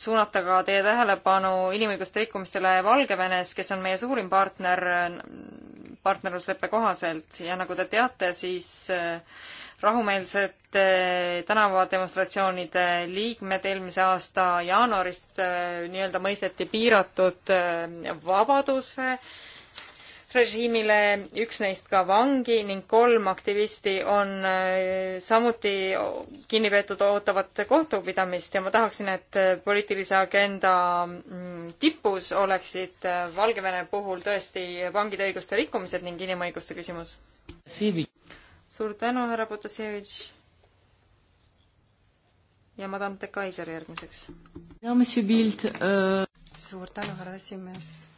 suunata ka teie tähelepanu inimõiguste rikkumistele Valgevenes, kes on meie suurim partner partnerlusleppe kohaselt ja nagu te teate, siis äh, rahumeelsete äh, tänavademonstratsioonide liikmed eelmise aasta jaanuarist äh, nii-öelda mõisteti piiratud vabaduse äh, režiimile, üks neist ka vangi ning kolm aktivisti on äh, samuti kinni peetud ootavat kohtupidamist ja ma tahaksin, et äh, poliitilise agenda mm, tipus oleksid äh, Valgevene puhul tõesti vangide õiguste rikkumised ning inimõiguste küsimus. suur tänu, härra Potasevitš. ja madam de Kaiser järgmiseks. suur tänu, härra esimees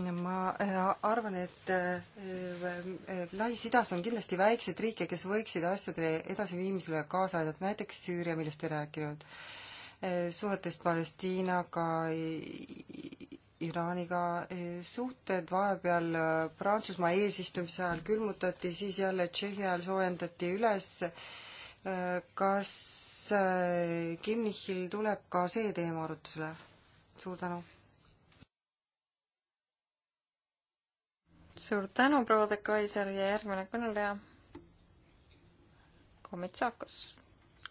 ma äh, arvan, et äh, äh, Lähis-Idas on kindlasti väikseid riike, kes võiksid asjade edasiviimisele kaasa aidata, näiteks Süüria, millest ei rääkinud, suhetest Palestiinaga, Iraaniga, suhted vahepeal Prantsusmaa eesistumise ajal külmutati, siis jälle Tšehhi ajal soojendati üles. kas Kimmichil tuleb ka see teema arutlusele? suur tänu suur tänu, proua de Kaiser ja järgmine kõneleja. Komitsakos,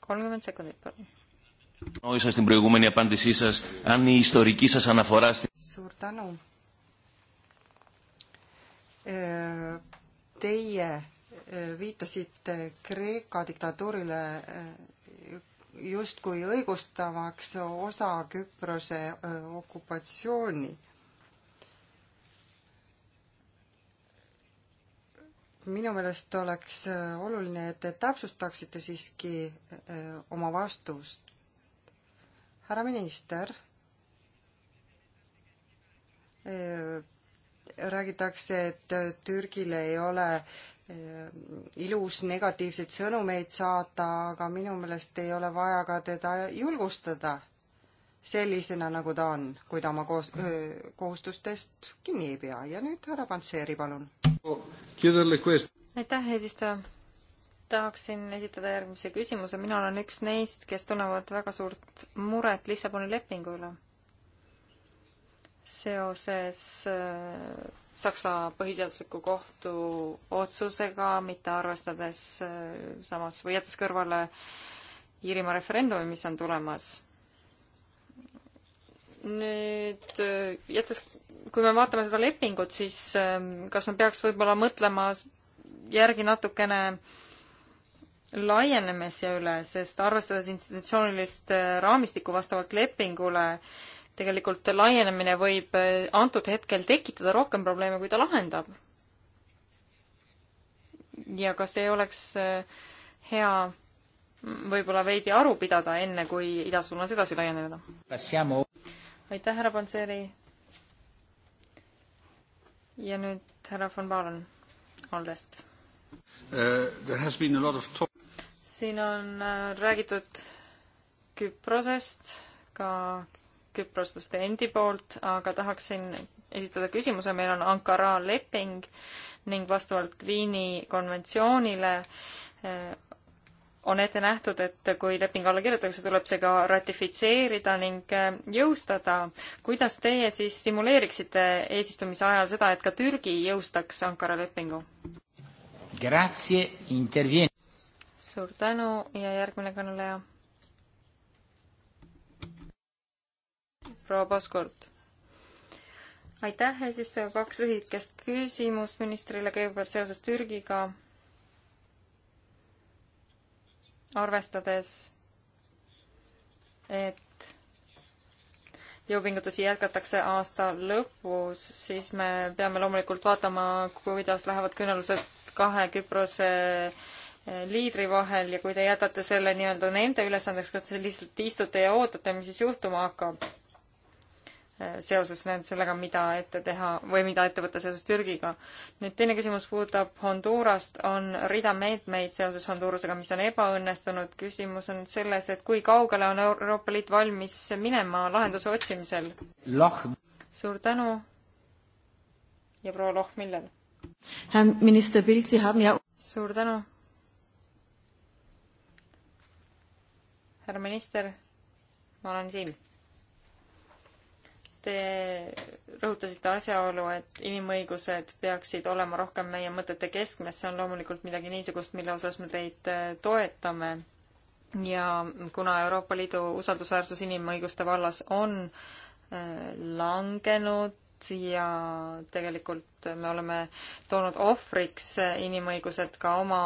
kolmkümmend sekundit, palun. Νόησα στην προηγούμενη απάντησή σας αν η ιστορική σας αναφορά στη... Suur tänu. Teie e, viitasite Kreeka diktatuurile e, justkui õigustamaks osa Küprose e, okupatsiooni minu meelest oleks äh, oluline, et te täpsustaksite siiski äh, oma vastust. härra minister, äh, räägitakse, et Türgile ei ole ilus negatiivseid sõnumeid saata, aga minu meelest ei ole vaja ka teda julgustada sellisena, nagu ta on, kui ta oma koos, öö, kohustustest kinni ei pea. ja nüüd härra Pantseri, palun aitäh, eesistuja. tahaksin esitada järgmise küsimuse. mina olen üks neist, kes tunnevad väga suurt muret Lissaboni lepingu üle seoses äh, Saksa põhiseadusliku kohtu otsusega, mitte arvestades äh, samas või jättes kõrvale Iirimaa referendumi, mis on tulemas. nüüd äh, jättes kui me vaatame seda lepingut, siis ähm, kas me peaks võib-olla mõtlema järgi natukene laienemise üle, sest arvestades institutsioonilist äh, raamistikku vastavalt lepingule, tegelikult laienemine võib äh, antud hetkel tekitada rohkem probleeme, kui ta lahendab. ja kas ei oleks äh, hea võib-olla veidi aru pidada, enne kui idasuunas edasi laieneda? aitäh, härra Panseri! ja nüüd härra von Baalen Aldest uh,. siin on uh, räägitud Küprosest ka küproslaste endi poolt, aga tahaksin esitada küsimuse, meil on Ankara leping ning vastavalt Viini konventsioonile uh, on ette nähtud, et kui leping alla kirjutatakse, tuleb see ka ratifitseerida ning äh, jõustada. kuidas teie siis stimuleeriksite eesistumise ajal seda, et ka Türgi jõustaks Ankara lepingu? suur tänu ja järgmine kõneleja. proua Poskurt. aitäh, eesistuja, kaks lühikest küsimust ministrile kõigepealt seoses Türgiga arvestades, et jõupingutusi jätkatakse aasta lõpus, siis me peame loomulikult vaatama, kuidas lähevad kõnelused kahe Küprose eh, liidri vahel ja kui te jätate selle nii-öelda nende ülesandeks, kas te lihtsalt istute ja ootate, mis siis juhtuma hakkab? Äh, seoses sellega, mida ette teha või mida ette võtta seoses Türgiga. nüüd teine küsimus puudutab Hondurast, on rida meetmeid seoses Hondurasega, mis on ebaõnnestunud. küsimus on selles, et kui kaugele on Euroopa Liit valmis minema lahenduse otsimisel? suur tänu ja proua Lohmiller. minister Pilt, Sie haben ja suur tänu. härra minister, ma olen siin Te rõhutasite asjaolu, et inimõigused peaksid olema rohkem meie mõtete keskmes, see on loomulikult midagi niisugust, mille osas me teid äh, toetame. ja kuna Euroopa Liidu usaldusväärsus inimõiguste vallas on äh, langenud ja tegelikult me oleme toonud ohvriks äh, inimõigused ka oma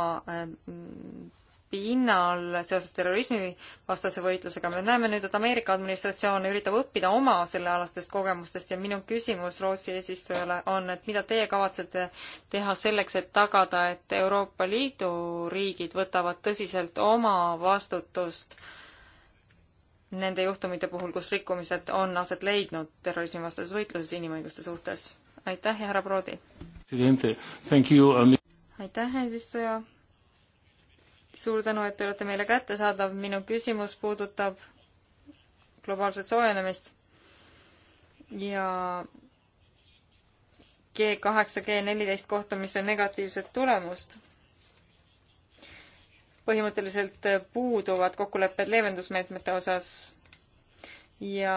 pinnal seoses terrorismivastase võitlusega. me näeme nüüd, et Ameerika administratsioon üritab õppida oma sellealastest kogemustest ja minu küsimus Rootsi eesistujale on, et mida teie kavatsete teha selleks, et tagada, et Euroopa Liidu riigid võtavad tõsiselt oma vastutust nende juhtumite puhul, kus rikkumised on aset leidnud terrorismivastases võitluses inimõiguste suhtes. aitäh ja härra Proodi! Uh, aitäh, eesistuja! suur tänu, et te olete meile kättesaadav, minu küsimus puudutab globaalset soojenemist ja G kaheksa, G neliteist kohtumise negatiivset tulemust. põhimõtteliselt puuduvad kokkulepped leevendusmeetmete osas ja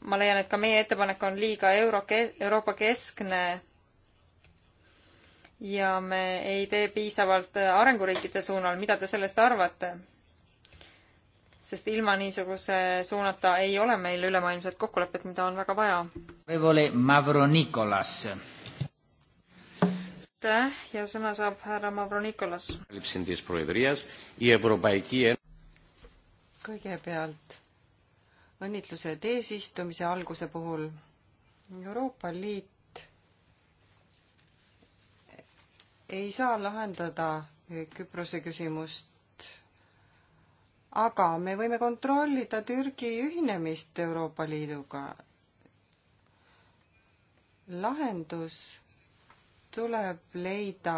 ma leian, et ka meie ettepanek on liiga euro-, Euroopa keskne ja me ei tee piisavalt arenguriikide suunal, mida te sellest arvate? sest ilma niisuguse suunata ei ole meil ülemaailmset kokkulepet, mida on väga vaja. aitäh ja sõna saab härra Mavronikolas. kõigepealt õnnitlused eesistumise alguse puhul. Euroopa Liit ei saa lahendada Küprose küsimust, aga me võime kontrollida Türgi ühinemist Euroopa Liiduga. lahendus tuleb leida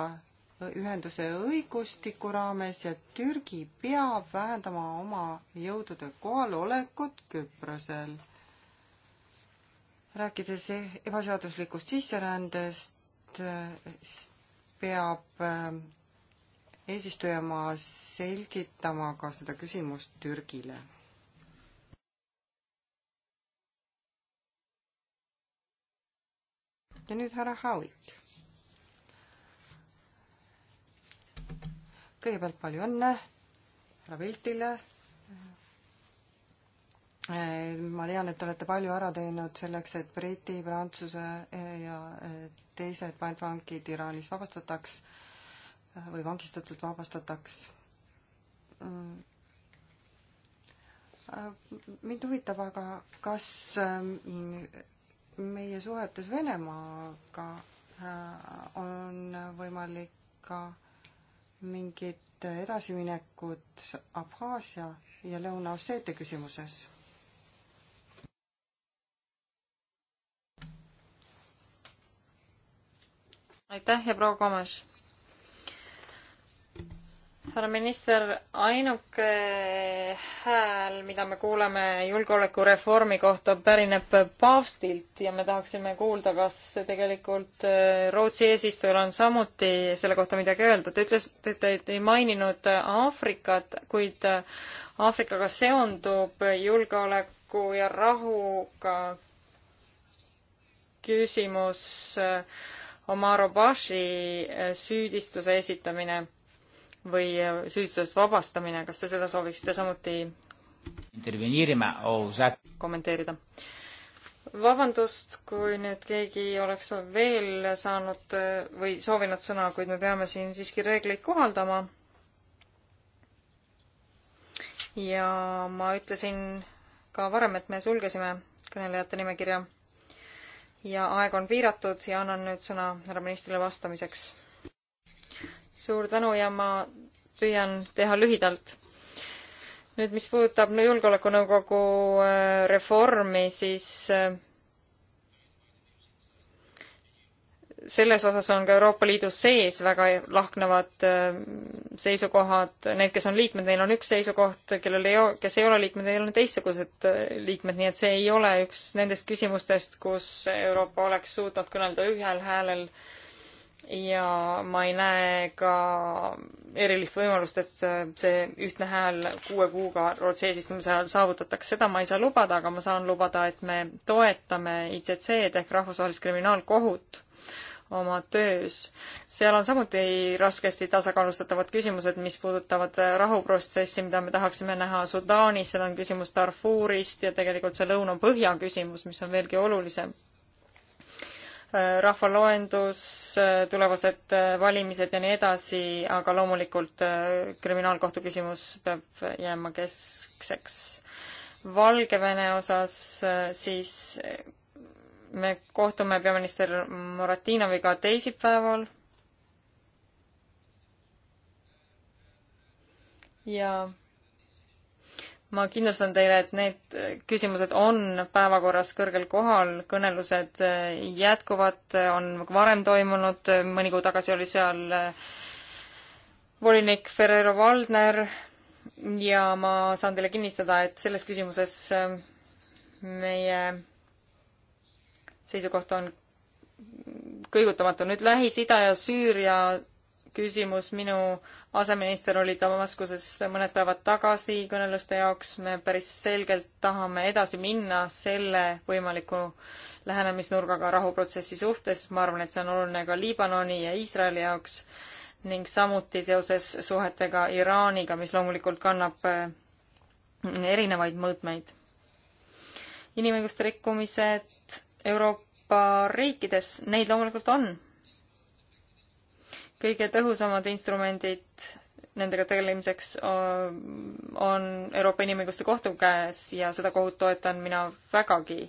ühenduse õigustiku raames ja Türgi peab vähendama oma jõudude kohalolekut Küprosel. rääkides ebaseaduslikust sisserändest, peab ähm, eesistujamaa selgitama ka seda küsimust Türgile. ja nüüd härra Howitt. kõigepealt palju õnne härra Viltile ma tean, et te olete palju ära teinud selleks, et Briti, Prantsuse eh, ja eh, teised pantvangid Iraanis vabastataks eh, või vangistatult vabastataks. Mm. mind huvitab aga, kas meie suhetes Venemaaga on võimalik ka mingit edasiminekut Abhaasia ja Lõuna-Osseetia küsimuses aitäh ja proua Komas. härra minister, ainuke hääl, mida me kuuleme julgeolekureformi kohta, pärineb paavstilt ja me tahaksime kuulda, kas tegelikult äh, Rootsi eesistujal on samuti selle kohta midagi öelda. Te ütlesite, et te ei maininud Aafrikat, kuid äh, Aafrikaga seondub julgeoleku ja rahuga küsimus äh, Omar Obashi eh, süüdistuse esitamine või eh, süüdistusest vabastamine, kas te seda sooviksite samuti kommenteerida? vabandust, kui nüüd keegi oleks veel saanud eh, või soovinud sõna, kuid me peame siin siiski reegleid kohaldama. ja ma ütlesin ka varem, et me sulgesime kõnelejate nimekirja ja aeg on piiratud ja annan nüüd sõna härra ministrile vastamiseks. suur tänu ja ma püüan teha lühidalt. nüüd, mis puudutab no, Julgeolekunõukogu äh, reformi, siis äh, selles osas on ka Euroopa Liidu sees väga lahknevad äh, seisukohad, need, kes on liikmed, neil on üks seisukoht, kellel ei, kes ei ole liikmed, neil on teistsugused äh, liikmed, nii et see ei ole üks nendest küsimustest, kus Euroopa oleks suutnud kõnelda ühel häälel ja ma ei näe ka erilist võimalust, et äh, see ühtne hääl kuue kuuga Rootsi eesistumise ajal saavutatakse, seda ma ei saa lubada, aga ma saan lubada, et me toetame ICC-d ehk Rahvusvahelist Kriminaalkohut oma töös. seal on samuti raskesti tasakaalustatavad küsimused, mis puudutavad äh, rahuprotsessi, mida me tahaksime näha Sudaanis, seal on küsimus Darfurist ja tegelikult see lõuna-põhja küsimus, mis on veelgi olulisem. Äh, rahvaloendus, äh, tulevased valimised ja nii edasi, aga loomulikult kriminaalkohtu küsimus peab jääma keskseks. Valgevene osas siis me kohtume peaminister Moratinoviga teisipäeval. ja ma kindlustan teile, et need küsimused on päevakorras kõrgel kohal, kõnelused jätkuvad, on varem toimunud, mõni kuu tagasi oli seal volinik Ferrero Valdner ja ma saan teile kinnitada, et selles küsimuses meie seisukoht on kõigutamatu. nüüd Lähis-Ida ja Süüria küsimus, minu aseminister oli Damaskuses mõned päevad tagasi kõneluste jaoks, me päris selgelt tahame edasi minna selle võimaliku lähenemisnurgaga rahuprotsessi suhtes, ma arvan, et see on oluline ka Liibanoni ja Iisraeli jaoks ning samuti seoses suhetega Iraaniga, mis loomulikult kannab äh, erinevaid mõõtmeid. inimõiguste rikkumised Euroopa riikides, neid loomulikult on. kõige tõhusamad instrumendid nendega tegelemiseks on Euroopa Inimõiguste Kohtu käes ja seda kohut toetan mina vägagi.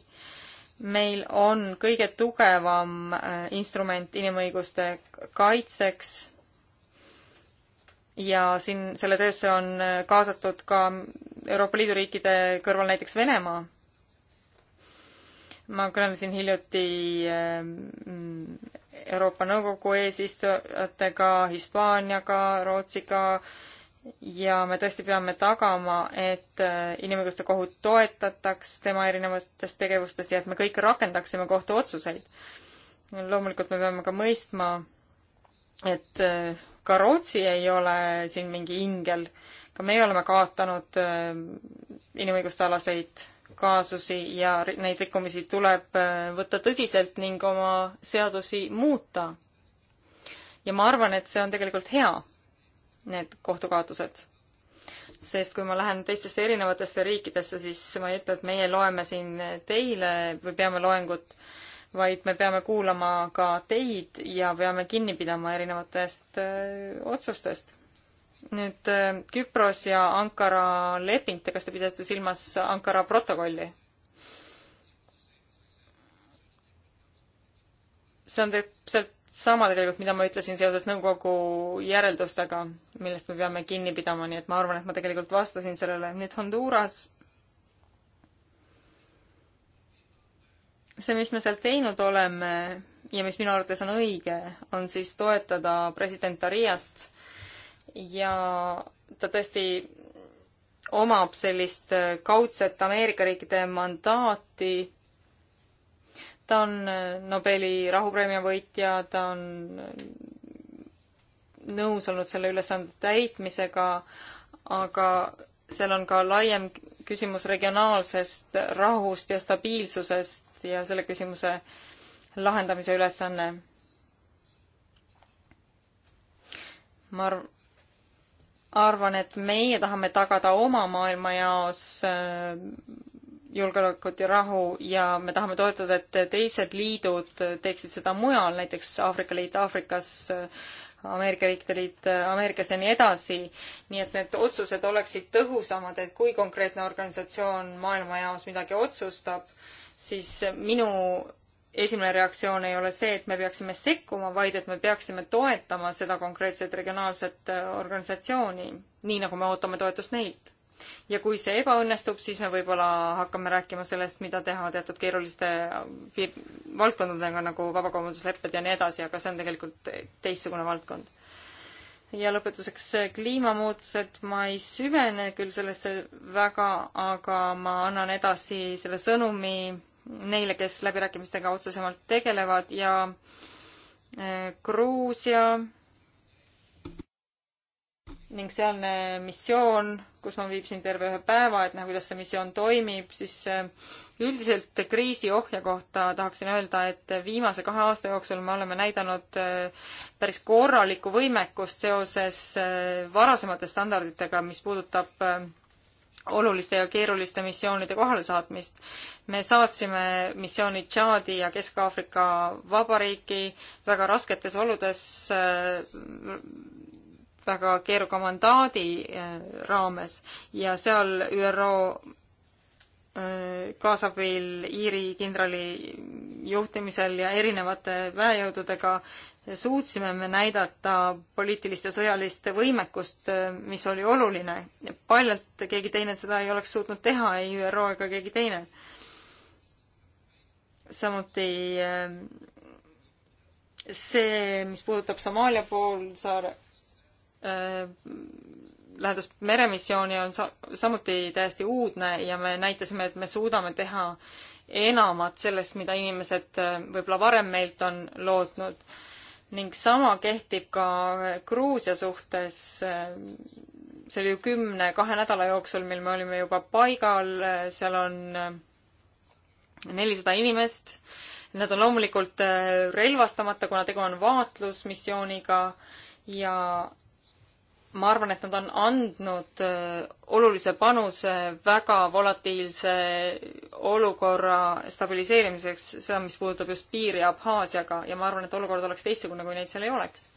meil on kõige tugevam instrument inimõiguste kaitseks ja siin selle töösse on kaasatud ka Euroopa Liidu riikide kõrval näiteks Venemaa ma kõnelesin hiljuti ehm, Euroopa Nõukogu eesistujatega, Hispaaniaga, Rootsiga ja me tõesti peame tagama, et eh, inimõiguste kohut toetataks tema erinevates tegevustes ja et me kõik rakendaksime kohtu otsuseid. loomulikult me peame ka mõistma, et eh, ka Rootsi ei ole siin mingi ingel, ka meie oleme kaotanud eh, inimõiguste alaseid kaasusi ja neid rikkumisi tuleb äh, võtta tõsiselt ning oma seadusi muuta. ja ma arvan, et see on tegelikult hea, need kohtukaotused. sest kui ma lähen teistesse erinevatesse riikidesse, siis ma ei ütle, et meie loeme siin teile või peame loengut, vaid me peame kuulama ka teid ja peame kinni pidama erinevatest öö, äh, otsustest nüüd äh, Küpros ja Ankara leping, kas te pidasite silmas Ankara protokolli? see on täpselt sama tegelikult, mida ma ütlesin seoses nõukogu järeldustega, millest me peame kinni pidama, nii et ma arvan, et ma tegelikult vastasin sellele. nüüd Honduras. see, mis me seal teinud oleme ja mis minu arvates on õige, on siis toetada president Ariast ja ta tõesti omab sellist äh, kaudset Ameerika riikide mandaati. ta on äh, Nobeli rahupreemia võitja, ta on äh, nõus olnud selle ülesande täitmisega, aga seal on ka laiem küsimus regionaalsest rahust ja stabiilsusest ja selle küsimuse lahendamise ülesanne. ma arv-, arvan, et meie tahame tagada oma maailmajaos äh, julgeolekut ja rahu ja me tahame toetada, et teised liidud teeksid seda mujal, näiteks Aafrika Liit Aafrikas, äh, Ameerika Riikide Liit äh, Ameerikas ja nii edasi. nii et need otsused oleksid tõhusamad, et kui konkreetne organisatsioon maailmajaos midagi otsustab, siis minu esimene reaktsioon ei ole see, et me peaksime sekkuma, vaid et me peaksime toetama seda konkreetset regionaalset äh, organisatsiooni, nii nagu me ootame toetust neilt. ja kui see ebaõnnestub, siis me võib-olla hakkame rääkima sellest, mida teha teatud keeruliste äh, piir-, valdkondadega nagu vabakaubanduslepped ja nii edasi, aga see on tegelikult teistsugune valdkond ja lõpetuseks äh, kliimamuutused, ma ei süvene küll sellesse väga, aga ma annan edasi selle sõnumi neile, kes läbirääkimistega otsesemalt tegelevad ja eh, Gruusia ning sealne missioon, kus ma viibisin terve ühe päeva, et näha, kuidas see missioon toimib, siis eh, üldiselt kriisiohje kohta tahaksin öelda, et viimase kahe aasta jooksul me oleme näidanud eh, päris korralikku võimekust seoses varasemate standarditega, mis puudutab oluliste ja keeruliste missioonide kohalesaatmist. me saatsime missiooni Tšaadi ja Kesk-Aafrika Vabariiki väga rasketes oludes äh, väga keeruka mandaadi äh, raames ja seal ÜRO kaasab veel Iiri kindrali juhtimisel ja erinevate väejõududega suutsime me näidata poliitilist ja sõjalist võimekust, mis oli oluline. paljalt keegi teine seda ei oleks suutnud teha, ei ÜRO ega keegi teine. samuti see, mis puudutab Somaalia poolsaare lähendas meremissiooni on sa-, samuti täiesti uudne ja me näitasime, et me suudame teha enamat sellest, mida inimesed äh, võib-olla varem meilt on lootnud. ning sama kehtib ka Gruusia suhtes. Äh, see oli ju kümne, kahe nädala jooksul, mil me olime juba paigal, äh, seal on nelisada inimest. Nad on loomulikult relvastamata, kuna tegu on vaatlusmissiooniga ja ma arvan, et nad on andnud äh, olulise panuse väga volatiilse olukorra stabiliseerimiseks, seda, mis puudutab just piiri Abhaasiaga ja ma arvan, et olukord oleks teistsugune, kui neid seal ei oleks.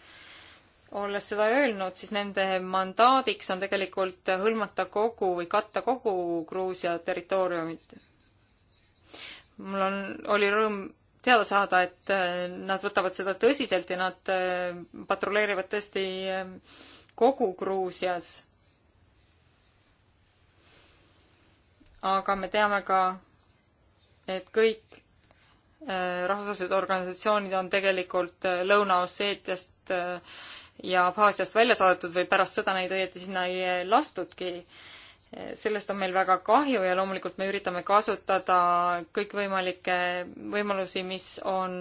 olles seda öelnud, siis nende mandaadiks on tegelikult hõlmata kogu või katta kogu Gruusia territooriumit. mul on, oli rõõm teada saada, et äh, nad võtavad seda tõsiselt ja nad äh, patrulleerivad tõesti äh, kogu Gruusias. aga me teame ka, et kõik äh, rahvusvahelised organisatsioonid on tegelikult äh, Lõuna-Osseetiast äh, ja Abhaasiast välja saadetud või pärast sõda neid õieti sinna ei lastudki sellest on meil väga kahju ja loomulikult me üritame kasutada kõikvõimalikke võimalusi, mis on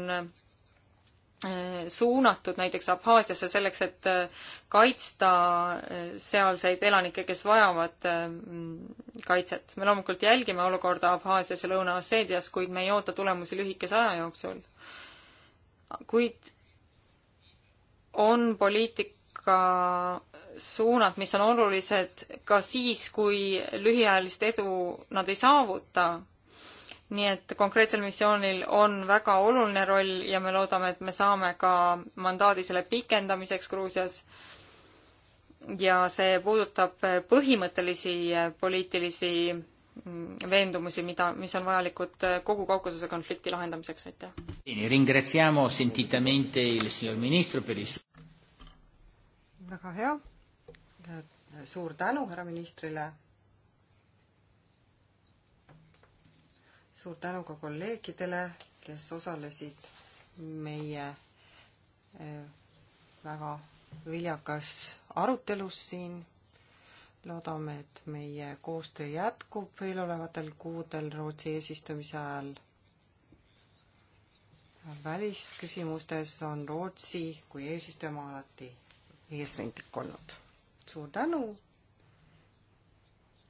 Eh, suunatud näiteks Abhaasiasse selleks, et eh, kaitsta eh, sealseid elanikke, kes vajavad kaitset. me loomulikult jälgime olukorda Abhaasias ja Lõuna-Osseedias, kuid me ei oota tulemusi lühikese aja jooksul. kuid on poliitika suunad, mis on olulised ka siis, kui lühiajalist edu nad ei saavuta, nii et konkreetsel missioonil on väga oluline roll ja me loodame, et me saame ka mandaadi selle pikendamiseks Gruusias. ja see puudutab põhimõttelisi poliitilisi mm, veendumusi, mida, mis on vajalikud kogu Kaukasuse konflikti lahendamiseks, aitäh. väga hea, suur tänu härra ministrile suur tänu ka kolleegidele, kes osalesid meie eh, väga viljakas arutelus siin. loodame, et meie koostöö jätkub eelolevatel kuudel Rootsi eesistumise ajal. välisküsimustes on Rootsi kui eesistujamaa alati eesrindlik olnud. suur tänu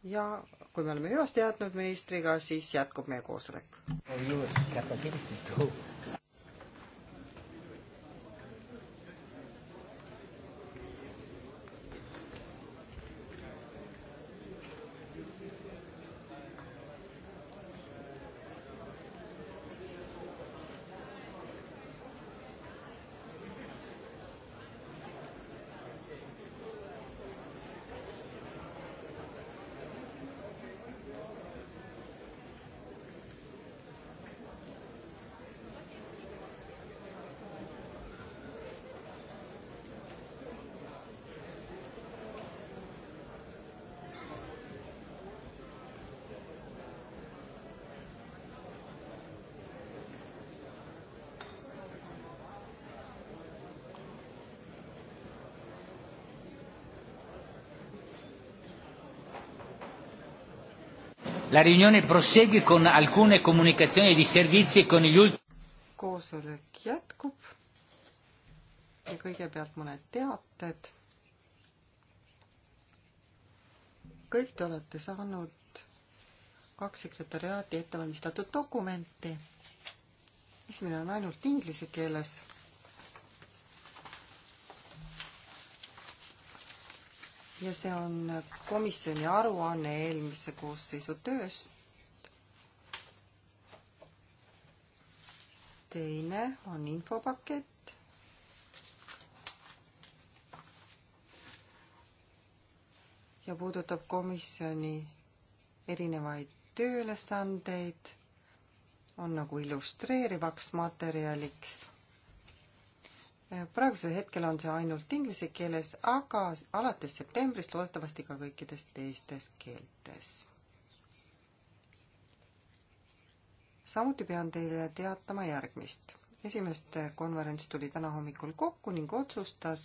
ja kui me oleme hüvasti jätnud ministriga, siis jätkub meie koosolek. La riunione prosegue con alcune comunicazioni di servizi e con gli ult-. koosolek jätkub ja kõigepealt mõned teated. kõik te olete saanud kaks sekretäriaadi ettevalmistatud dokumenti. esimene on ainult inglise keeles ja see on komisjoni aruanne eelmise koosseisu tööst. teine on infopakett. ja puudutab komisjoni erinevaid tööülesandeid, on nagu illustreerivaks materjaliks praegusel hetkel on see ainult inglise keeles, aga alates septembrist loodetavasti ka kõikides teistes keeltes. samuti pean teile teatama järgmist. esimeste konverents tuli täna hommikul kokku ning otsustas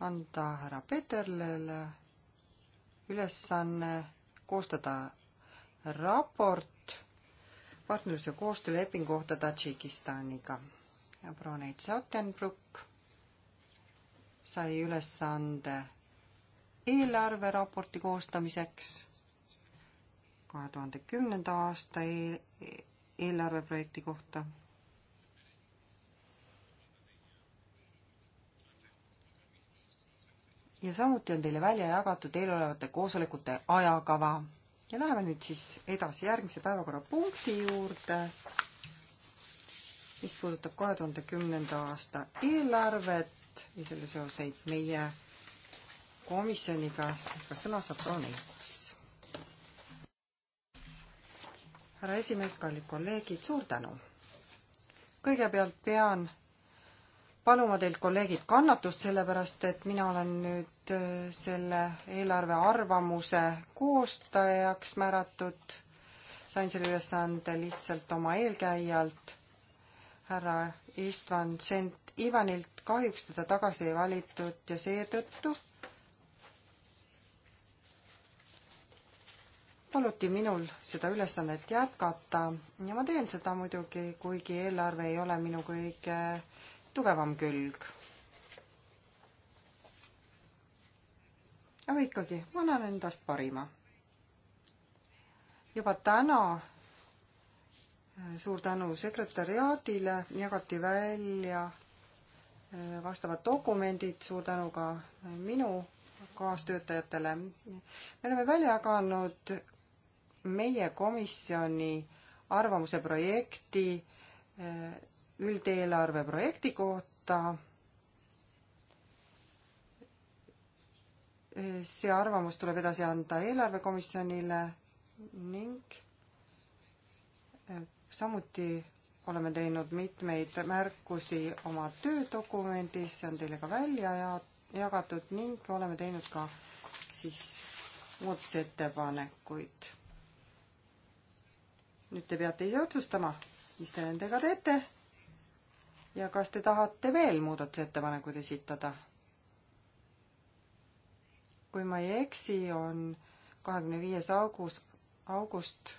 anda härra Peterlele ülesanne koostada raport partnerlus- ja koostööleping kohta Tadžikistaniga. proua Neits Ottenbruck sai ülesande eelarveraporti koostamiseks kahe tuhande kümnenda aasta eelarveprojekti kohta. ja samuti on teile välja jagatud eelolevate koosolekute ajakava ja läheme nüüd siis edasi järgmise päevakorrapunkti juurde, mis puudutab kahe tuhande kümnenda aasta eelarvet ja selle seoseid meie komisjoniga, ka sõna saab proua Neits. härra esimees, kallid kolleegid, suur tänu! kõigepealt pean paluma teilt, kolleegid, kannatust, sellepärast et mina olen nüüd äh, selle eelarve arvamuse koostajaks määratud. sain selle ülesande lihtsalt oma eelkäijalt, härra Istvan Sent Ivanilt. kahjuks teda tagasi ei valitud ja seetõttu paluti minul seda ülesannet jätkata ja ma teen seda muidugi, kuigi eelarve ei ole minu kõige tugevam külg. aga ikkagi, ma annan endast parima. juba täna suur tänu sekretäriaadile, jagati välja eh, vastavad dokumendid, suur tänu ka minu kaastöötajatele. me oleme välja jaganud meie komisjoni arvamuse projekti eh, üldeelarve projekti kohta. see arvamus tuleb edasi anda eelarvekomisjonile ning eh, samuti oleme teinud mitmeid märkusi oma töödokumendis, see on teile ka välja jagatud ning oleme teinud ka siis muudatusettepanekuid. nüüd te peate ise otsustama, mis te nendega teete ja kas te tahate veel muudatusettepanekuid esitada? kui ma ei eksi, on kahekümne viies august, august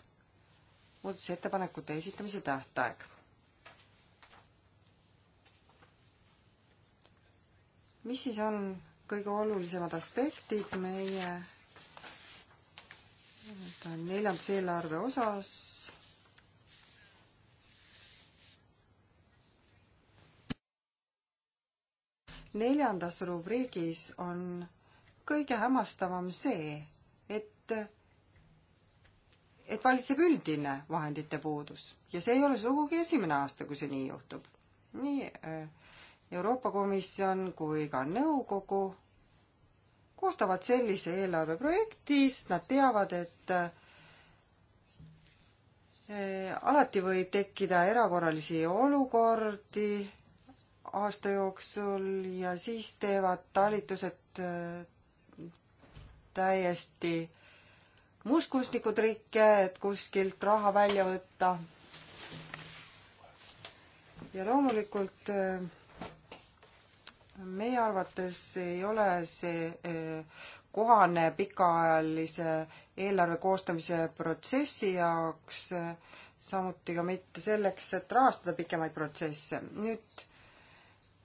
muudatusettepanekute esitamise tähtaeg. mis siis on kõige olulisemad aspektid meie nii-öelda neljandas eelarve osas neljandas rubriigis on kõige hämmastavam see, et, et valitseb üldine vahendite puudus ja see ei ole sugugi esimene aasta, kui see nii juhtub. nii äh, Euroopa Komisjon kui ka nõukogu koostavad sellise eelarveprojekti, sest nad teavad, et äh, alati võib tekkida erakorralisi olukordi aasta jooksul ja siis teevad talitused äh, täiesti mustkunstniku trikke, et kuskilt raha välja võtta. ja loomulikult äh, meie arvates ei ole see äh, kohane pikaajalise eelarve koostamise protsessi jaoks, samuti ka mitte selleks, et rahastada pikemaid protsesse. nüüd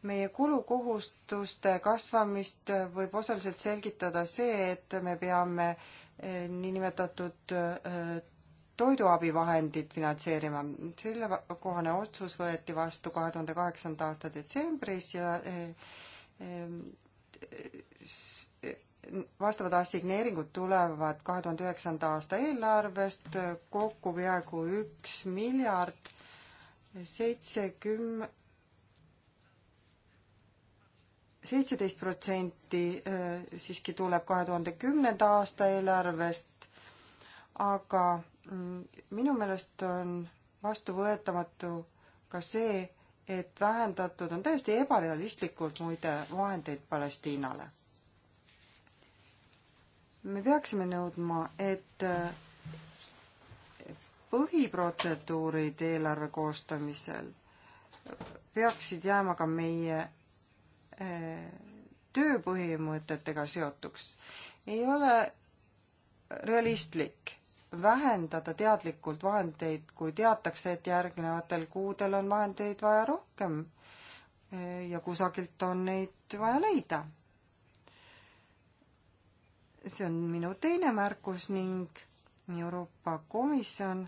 meie kulukohustuste kasvamist võib osaliselt selgitada see, et me peame eh, niinimetatud eh, toiduabivahendid finantseerima. sellekohane otsus võeti vastu kahe tuhande kaheksanda aasta detsembris ja eh, vastavad assigneeringud tulevad kahe tuhande üheksanda aasta eelarvest kokku peaaegu üks miljard seitsekümm-, seitseteist protsenti äh, siiski tuleb kahe tuhande kümnenda aasta eelarvest, aga mm, minu meelest on vastuvõetamatu ka see, et vähendatud on täiesti ebarealistlikult muide vahendeid Palestiinale. me peaksime nõudma, et äh, põhiprotseduurid eelarve koostamisel peaksid jääma ka meie Äh, tööpõhimõtetega seotuks, ei ole realistlik vähendada teadlikult vahendeid, kui teatakse, et järgnevatel kuudel on vahendeid vaja rohkem äh, ja kusagilt on neid vaja leida. see on minu teine märkus ning Euroopa Komisjon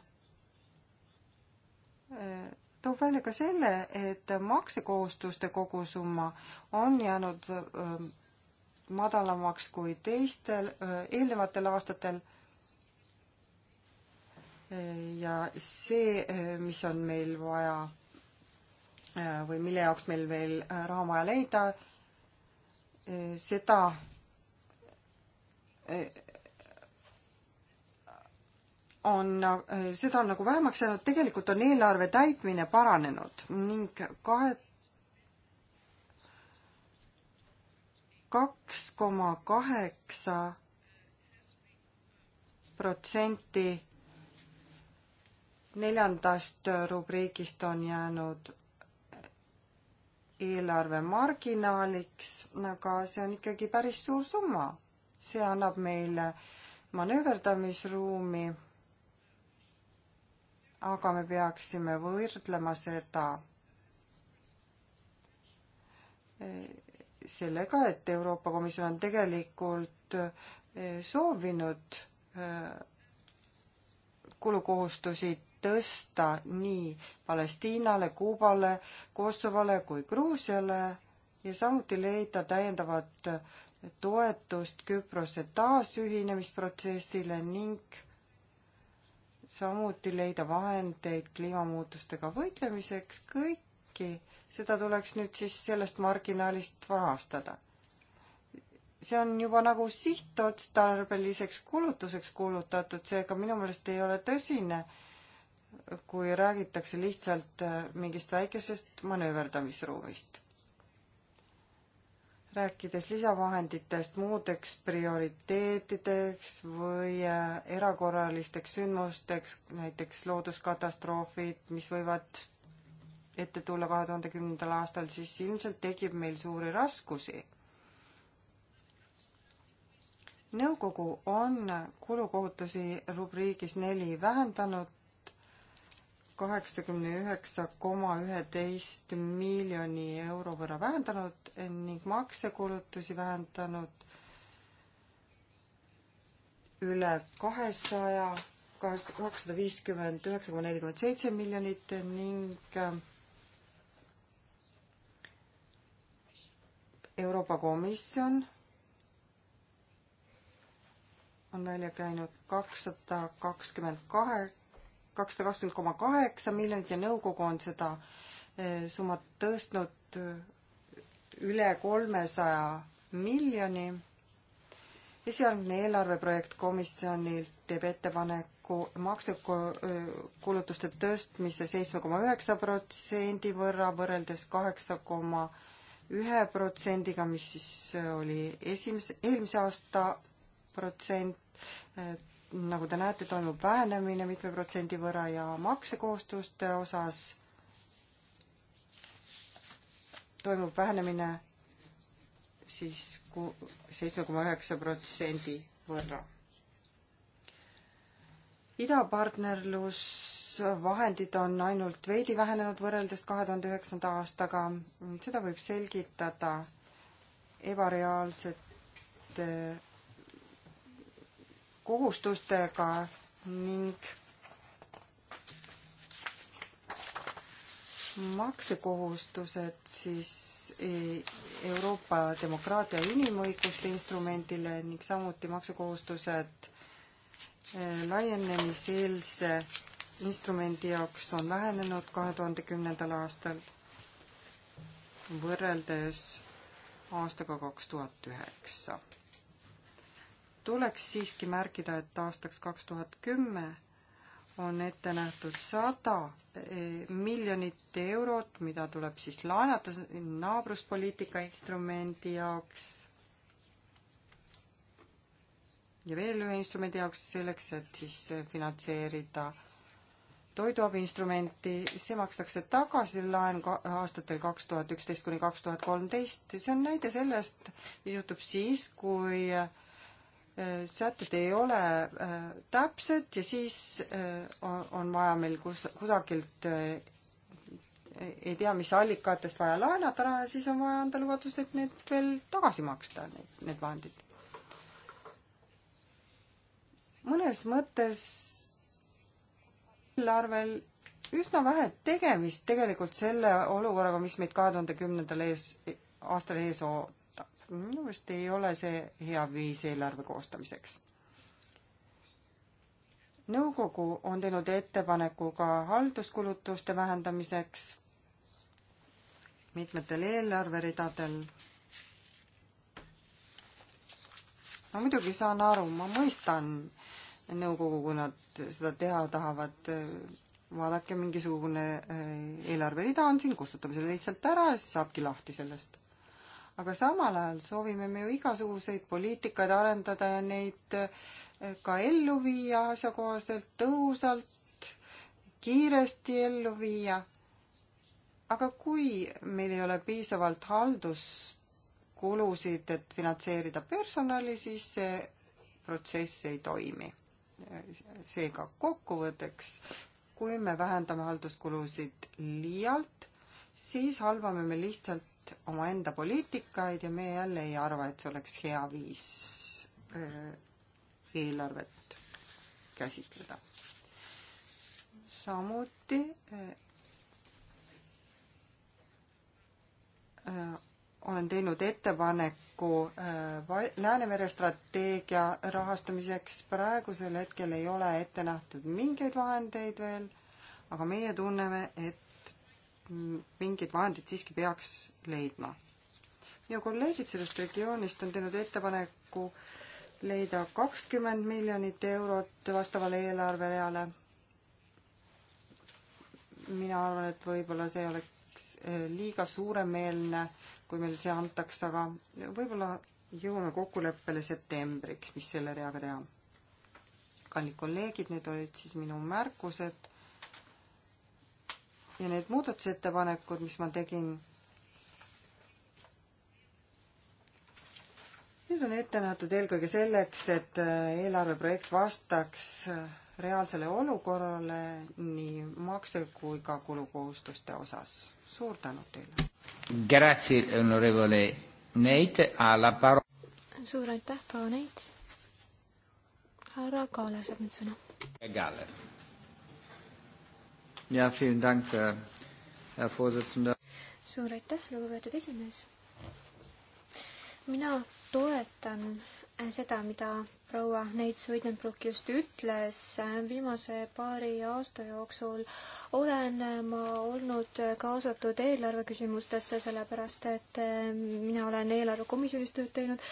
äh, toob välja ka selle, et maksekohustuste kogusumma on jäänud ähm, madalamaks kui teistel äh, eelnevatel aastatel. ja see, äh, mis on meil vaja äh, või mille jaoks meil veel raha on vaja leida, seda on, äh, seda on nagu vähemaks jäänud, tegelikult on eelarve täitmine paranenud ning kahe kaks koma kaheksa protsenti neljandast rubriigist on jäänud eelarve marginaaliks, aga see on ikkagi päris suur summa. see annab meile manööverdamisruumi aga me peaksime võrdlema seda e, sellega, et Euroopa Komisjon on tegelikult e, soovinud e, kulukohustusi tõsta nii Palestiinale, Kuubale, Kosovole kui Gruusiale ja samuti leida täiendavat toetust Küprose taasühinemisprotsessile ning samuti leida vahendeid kliimamuutustega võitlemiseks, kõiki, seda tuleks nüüd siis sellest marginaalist rahastada. see on juba nagu sihtotstarbeliseks kulutuseks kuulutatud, seega minu meelest ei ole tõsine, kui räägitakse lihtsalt äh, mingist väikesest manööverdamisruumist rääkides lisavahenditest muudeks prioriteetideks või äh, erakorralisteks sündmusteks, näiteks looduskatastroofid, mis võivad ette tulla kahe tuhande kümnendal aastal, siis ilmselt tekib meil suuri raskusi. nõukogu on kulukohutusi rubriigis neli vähendanud kaheksakümne üheksa koma üheteist miljoni euro võrra vähendanud ning maksekulutusi vähendanud üle kahesaja, kakssada viiskümmend üheksa koma nelikümmend seitse miljonit ning äh, Euroopa Komisjon on välja käinud kakssada kakskümmend kaheksa kakssada kakskümmend koma kaheksa miljonit ja nõukogu on seda eh, summat tõstnud eh, üle kolmesaja miljoni. esialgne eelarveprojekt komisjonilt teeb ettepaneku maksekulutuste eh, tõstmise seitsme koma üheksa protsendi võrra võrreldes kaheksa koma ühe protsendiga, mis siis oli esimese, eelmise aasta protsent nagu te näete, toimub vähenemine mitme protsendi võrra ja maksekohustuste osas toimub vähenemine siis seitsme koma üheksa protsendi võrra. idapartnerlusvahendid on ainult veidi vähenenud võrreldes kahe tuhande üheksanda aastaga. seda võib selgitada ebareaalsete kohustustega ning maksekohustused siis e-, Euroopa demokraatia ja inimõiguste instrumendile ning samuti maksekohustused e-, laienemiseelse instrumendi jaoks on vähenenud kahe tuhande kümnendal aastal võrreldes aastaga kaks tuhat üheksa tuleks siiski märkida, et aastaks kaks tuhat kümme on ette nähtud sada eh, miljonit eurot, mida tuleb siis laenata naabruspoliitika instrumendi jaoks ja veel ühe instrumendi jaoks selleks, et siis finantseerida toiduabiinstrumenti, see makstakse tagasi, laen aastatel kaks tuhat üksteist kuni kaks tuhat kolmteist, see on näide sellest, mis juhtub siis, kui äh, sätted ei ole äh, täpsed ja siis äh, on vaja meil kus, kusagilt äh, ei tea, mis allikatest vaja laenata raha ja siis on vaja anda lubadus, et need veel tagasi maksta, need, need vahendid. mõnes mõttes eelarvel üsna vähe tegemist tegelikult selle olukorraga, mis meid kahe tuhande kümnendal ees, aastal ees ootab minu meelest ei ole see hea viis eelarve koostamiseks. nõukogu on teinud ettepaneku ka halduskulutuste vähendamiseks mitmetel eelarveridadel. ma muidugi saan aru, ma mõistan nõukogu, kui nad seda teha tahavad. vaadake, mingisugune eh, eelarverida on siin, kustutame selle lihtsalt ära ja siis saabki lahti sellest aga samal ajal soovime me ju igasuguseid poliitikaid arendada ja neid eh, ka ellu viia asjakohaselt, tõhusalt, kiiresti ellu viia. aga kui meil ei ole piisavalt halduskulusid, et finantseerida personali, siis see protsess ei toimi. seega kokkuvõtteks, kui me vähendame halduskulusid liialt, siis halvame me lihtsalt neid omaenda poliitikaid ja me jälle ei arva, et see oleks hea viis äh, eelarvet käsitleda. samuti äh, äh, olen teinud ettepaneku Läänemere strateegia rahastamiseks. praegusel hetkel ei ole ette nähtud mingeid vahendeid veel, aga meie tunneme, et mingid vahendid siiski peaks leidma. minu kolleegid sellest regioonist on teinud ettepaneku leida kakskümmend miljonit eurot vastavale eelarvereale. mina arvan, et võib-olla see oleks eh, liiga suuremeelne, kui meile see antakse, aga võib-olla jõuame kokkuleppele septembriks, mis selle reaga teha. kallid kolleegid, need olid siis minu märkused ja need muudatusettepanekud, mis ma tegin, need on ette nähtud eelkõige selleks, et äh, eelarveprojekt vastaks äh, reaalsele olukorrale nii makse kui ka kulukohustuste osas. suur tänu teile! Grazie, onorevole Neit, alla paro-. suur aitäh, proua Neit! härra Kaaler saab nüüd sõna. Kaaler ja vielen Dank, äh, Herr Vorsitzender. suur aitäh, lugupeetud esimees. mina toetan seda, mida proua Neits Võidenbruck just ütles. viimase paari aasta jooksul olen ma olnud kaasatud eelarveküsimustesse, sellepärast et eh, mina olen eelarvekomisjonis tööd teinud.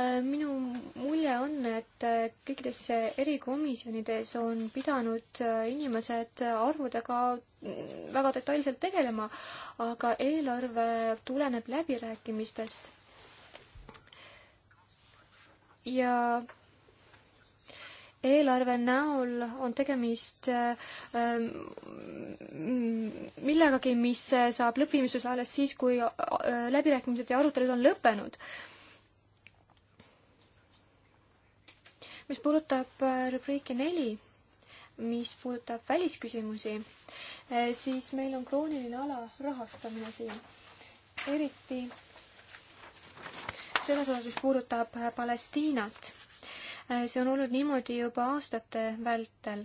Eh, minu mulje on, et kõikides erikomisjonides on pidanud inimesed arvudega väga detailselt tegelema, aga eelarve tuleneb läbirääkimistest ja eelarve näol on tegemist ähm, millegagi, mis saab lõppviimistluse alles siis, kui äh, läbirääkimised ja arutelud on lõppenud. mis puudutab äh, rubriiki neli, mis puudutab välisküsimusi, äh, siis meil on krooniline alarahastamine siin, eriti selles osas, mis puudutab Palestiinat. see on olnud niimoodi juba aastate vältel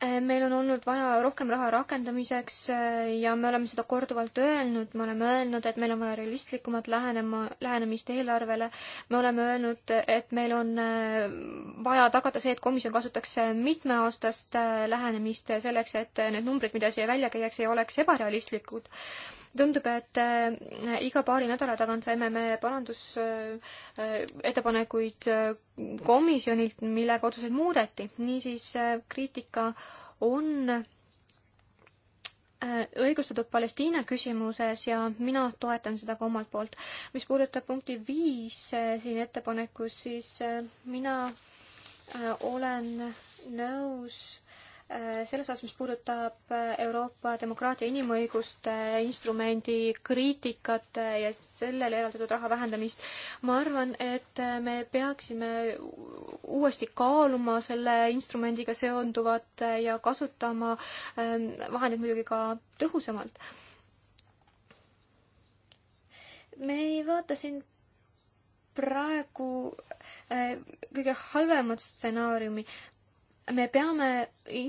Äh, meil on olnud vaja rohkem raha rakendamiseks äh, ja me oleme seda korduvalt öelnud, me oleme öelnud, et meil on vaja realistlikumat lähenema, lähenemist eelarvele, me oleme öelnud, et meil on äh, vaja tagada see, et komisjon kasutaks mitmeaastast lähenemist selleks, et need numbrid, mida siia välja käiakse, ei oleks ebarealistlikud tundub, et äh, iga paari nädala tagant saime me parandusettepanekuid äh, äh, komisjonilt, millega otsuseid muudeti. niisiis kriitika on õigustatud Palestiina küsimuses ja mina toetan seda ka omalt poolt. mis puudutab punkti viis siin ettepanekus, siis mina olen nõus Äh, selles osas, mis puudutab äh, Euroopa demokraatia inimõiguste instrumendi kriitikat äh, ja sellele eraldatud raha vähendamist, ma arvan, et me peaksime uuesti kaaluma selle instrumendiga seonduvat ja kasutama ähm, vahendeid muidugi ka tõhusamalt. me ei vaata siin praegu kõige halvemat stsenaariumi me peame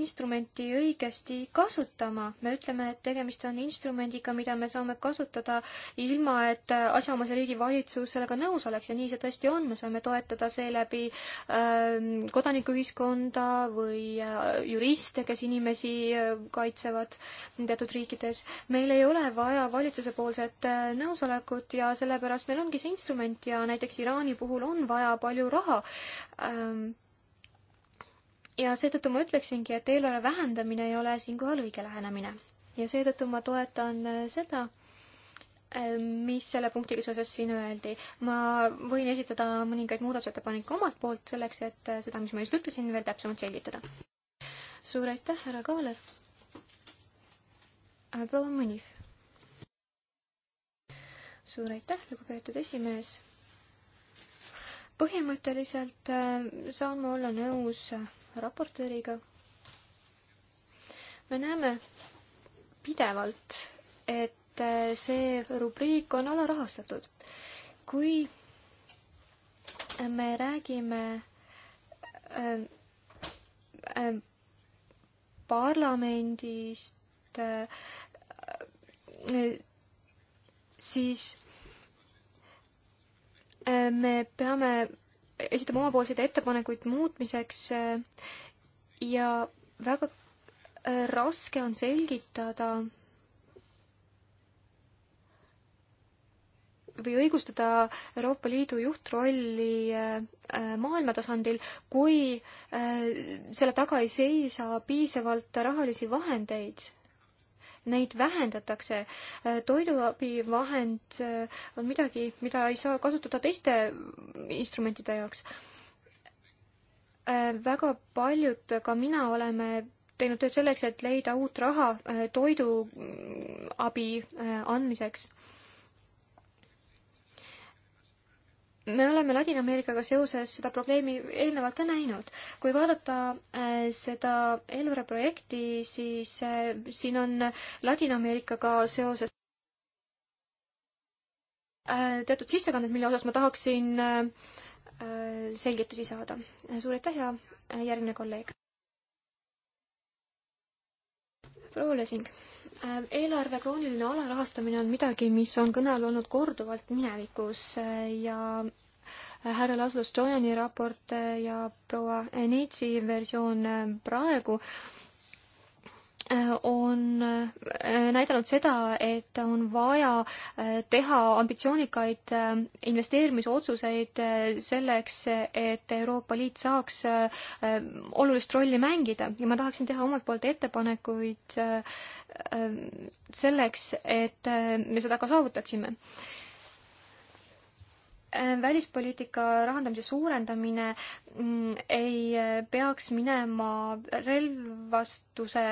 instrumenti õigesti kasutama, me ütleme, et tegemist on instrumendiga, mida me saame kasutada ilma, et asjaomase riigi valitsus sellega nõus oleks ja nii see tõesti on, me saame toetada seeläbi ähm, kodanikuühiskonda või äh, juriste, kes inimesi äh, kaitsevad teatud riikides. meil ei ole vaja valitsusepoolset äh, nõusolekut ja sellepärast meil ongi see instrument ja näiteks Iraani puhul on vaja palju raha ähm, ja seetõttu ma ütleksingi, et eelarve vähendamine ei ole siinkohal õige lähenemine. ja seetõttu ma toetan äh, seda, äh, mis selle punktiga seoses siin öeldi. ma võin esitada mõningaid muudatusettepanekuid omalt poolt selleks, et äh, seda, mis ma just ütlesin, veel täpsemalt selgitada. suur aitäh, härra Kaaler. proua Mõniv. suur aitäh, lugupeetud esimees. põhimõtteliselt saan ma olla nõus raportööriga. me näeme pidevalt, et äh, see rubriik on alarahastatud. kui me räägime äh, äh, parlamendist äh,, siis äh, me peame esitame omapoolseid ettepanekuid muutmiseks äh, ja väga äh, raske on selgitada või õigustada Euroopa Liidu juhtrolli äh, maailma tasandil, kui selle taga ei seisa piisavalt rahalisi vahendeid neid vähendatakse. Äh, toiduabivahend äh, on midagi, mida ei saa kasutada teiste instrumentide jaoks. Äh, väga paljud, ka mina, oleme teinud tööd selleks, et leida uut raha toiduabi mm, andmiseks me oleme Ladina-Ameerikaga seoses seda probleemi eelnevalt ka näinud. kui vaadata äh, seda Elvra projekti, siis äh, siin on Ladina-Ameerikaga seoses äh, teatud sissekanded, mille osas ma tahaksin selgitusi saada. suur aitäh ja järgmine kolleeg. proua Lösing Ähm, eelarve krooniline alarahastamine on midagi, mis on kõne all olnud korduvalt minevikus äh, ja äh, härra Laslo Stojani raport äh, ja proua Neitsi versioon praegu äh, on äh, näidanud seda, et on vaja äh, teha ambitsioonikaid äh, investeerimisotsuseid selleks, et Euroopa Liit saaks olulist rolli mängida ja ma tahaksin teha omalt poolt ettepanekuid selleks, et me seda ka saavutaksime Äh, välispoliitika rahandamise suurendamine mm, ei äh, peaks minema relvastuse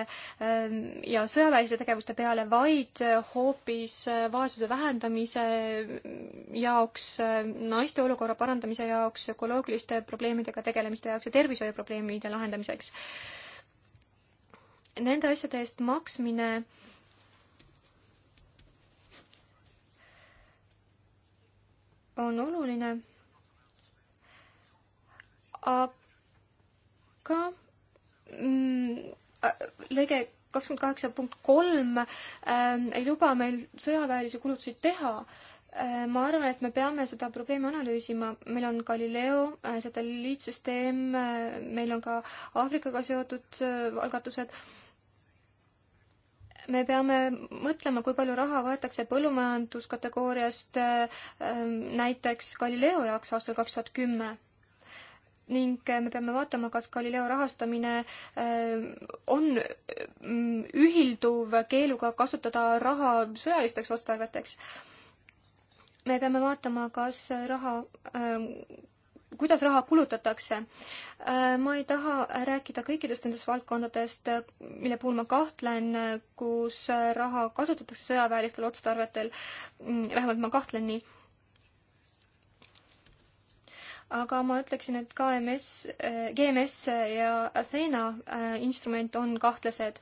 ähm, ja sõjaväelise tegevuste peale, vaid äh, hoopis vaesuse vähendamise mm, jaoks, naiste olukorra parandamise jaoks, ökoloogiliste probleemidega tegelemiste jaoks ja tervishoiuprobleemide lahendamiseks. Nende asjade eest maksmine äh, on oluline, aga mm, äh, lõige kakskümmend kaheksa punkt kolm ähm, ei luba meil sõjaväelisi kulutusi teha äh,. ma arvan, et me peame seda probleemi analüüsima, meil on Galileo äh, satelliitsüsteem äh,, meil on ka Aafrikaga seotud äh, algatused me peame mõtlema, kui palju raha võetakse põllumajanduskategooriast ähm, näiteks Galileo jaoks aastal kaks tuhat kümme ning äh, me peame vaatama, kas Galileo rahastamine ähm, on mm, ühilduv keeluga kasutada raha sõjalisteks otstarveteks. me peame vaatama, kas raha ähm, kuidas raha kulutatakse. Äh, ma ei taha rääkida kõikidest nendest valdkondadest, mille puhul ma kahtlen, kus raha kasutatakse sõjaväelistel otstarvetel, mm, vähemalt ma kahtlen nii. aga ma ütleksin, et KMS, äh, GMS ja Athena äh, instrument on kahtlased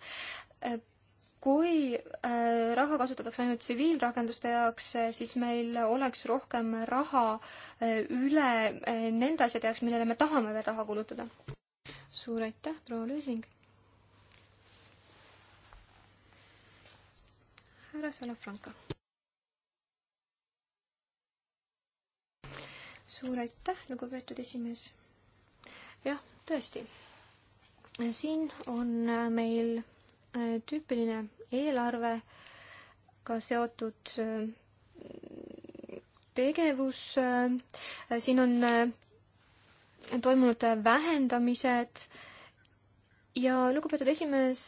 kui äh, raha kasutatakse ainult tsiviilrakenduste jaoks, äh, siis meil oleks rohkem raha äh, üle nende asjade jaoks, millele me tahame veel raha kulutada. suur aitäh, proua Lösing. härra Salafranca. suur aitäh, lugupeetud esimees. jah, tõesti. siin on meil tüüpiline eelarvega seotud äh, tegevus, äh, siin on äh, toimunud vähendamised ja lugupeetud esimees,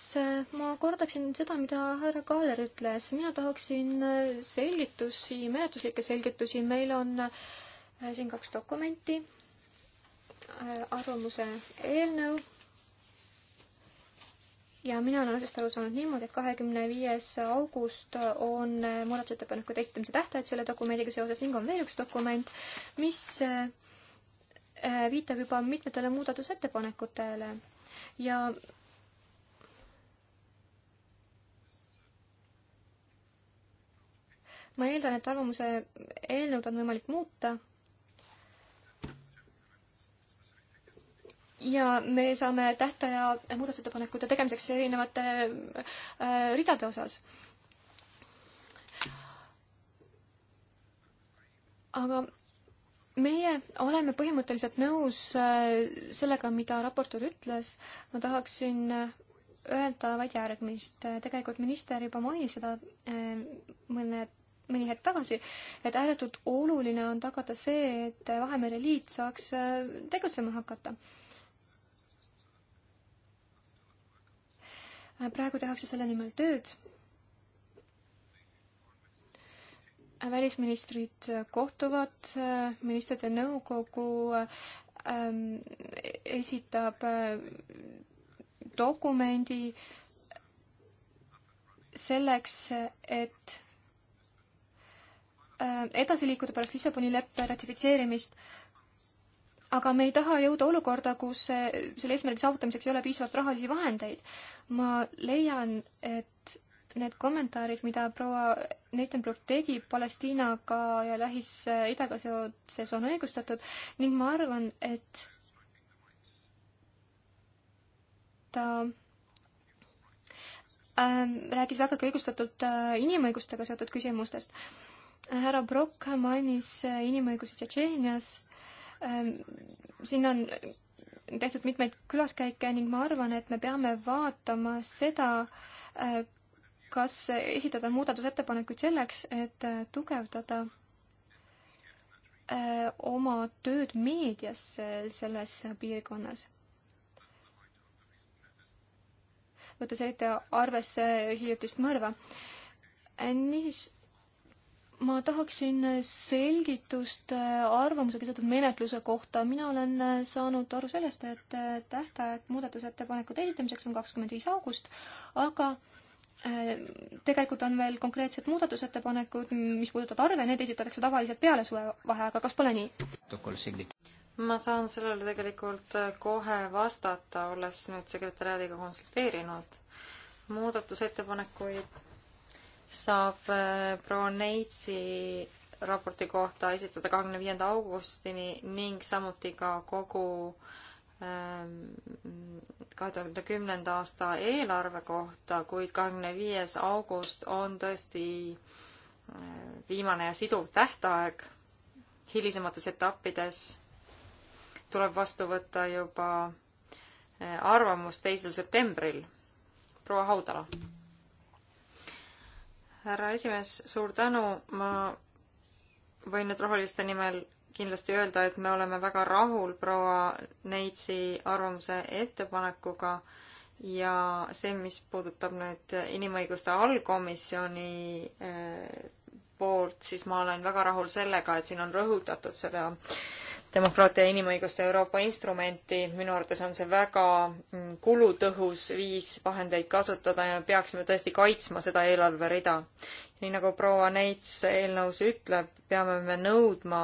ma kordaksin seda, mida härra Kaaler ütles, mina tahaksin selgitusi, menetluslikke selgitusi, meil on siin kaks dokumenti, arvamuse eelnõu ja mina olen asjast aru saanud niimoodi, et kahekümne viies august on äh, muudatusettepanekute esitamise tähtaeg selle dokumendiga seoses ning on veel üks dokument, mis äh, äh, viitab juba mitmetele muudatusettepanekutele ja ma eeldan, et arvamuse eelnõud on võimalik muuta ja me saame tähtaja muudatusettepanekute tegemiseks erinevate äh, ridade osas. aga meie oleme põhimõtteliselt nõus äh, sellega, mida raportöör ütles. ma tahaksin öelda vaid järgmist. tegelikult minister juba mainis seda äh, mõned mõni hetk tagasi, et ääretult oluline on tagada see, et Vahemere Liit saaks äh, tegutsema hakata äh, Äh, praegu tehakse selle nimel tööd. Äh, välisministrid kohtuvad, äh, ministrite nõukogu ähm, esitab äh, dokumendi selleks, et edasi liikuda pärast Lissaboni leppe ratifitseerimist äh, aga me ei taha jõuda olukorda, kus selle eesmärgi saavutamiseks ei ole piisavalt rahalisi vahendeid. ma leian, et need kommentaarid, mida proua Neitenbruck tegi Palestiinaga ja Lähis-Idaga seoses, on õigustatud ning ma arvan, et ta ähm, rääkis vägagi õigustatult äh, inimõigustega seotud küsimustest. härra Brock mainis äh, inimõigusi Tšetšeenias äh, Ähm, sinna on tehtud mitmeid külaskäike ning ma arvan, et me peame vaatama seda, äh, kas esitada muudatusettepanekuid selleks, et äh, tugevdada äh, oma tööd meedias selles piirkonnas. võttes eriti arvesse hiljutist mõrva. niisiis ma tahaksin selgitust äh, arvamusega seotud menetluse kohta. mina olen äh, saanud aru sellest, et äh, tähtaeg muudatusettepanekute esitamiseks on kakskümmend viis august, aga tegelikult on veel konkreetsed muudatusettepanekud, mis puudutavad arve, need esitatakse tavaliselt peale suvevaheaega, kas pole nii? ma saan sellele tegelikult kohe vastata, olles nüüd sekretäriaadiga konsulteerinud. muudatusettepanekuid saab äh, proua Neitsi raporti kohta esitada kahekümne viienda augustini ning samuti ka kogu ähm, kahe tuhande kümnenda aasta eelarve kohta, kuid kahekümne viies august on tõesti äh, viimane ja siduv tähtaeg. hilisemates etappides tuleb vastu võtta juba äh, arvamus teisel septembril. proua Haudala härra esimees, suur tänu, ma võin nüüd roheliste nimel kindlasti öelda, et me oleme väga rahul proua Neitsi arvamuse ettepanekuga ja see, mis puudutab nüüd inimõiguste allkomisjoni eh, poolt, siis ma olen väga rahul sellega, et siin on rõhutatud seda demokraatia ja inimõiguste Euroopa instrumenti, minu arvates on see väga mm, kulutõhus viis vahendeid kasutada ja me peaksime tõesti kaitsma seda eelarverida. nii nagu proua Neits eelnõus ütleb, peame me nõudma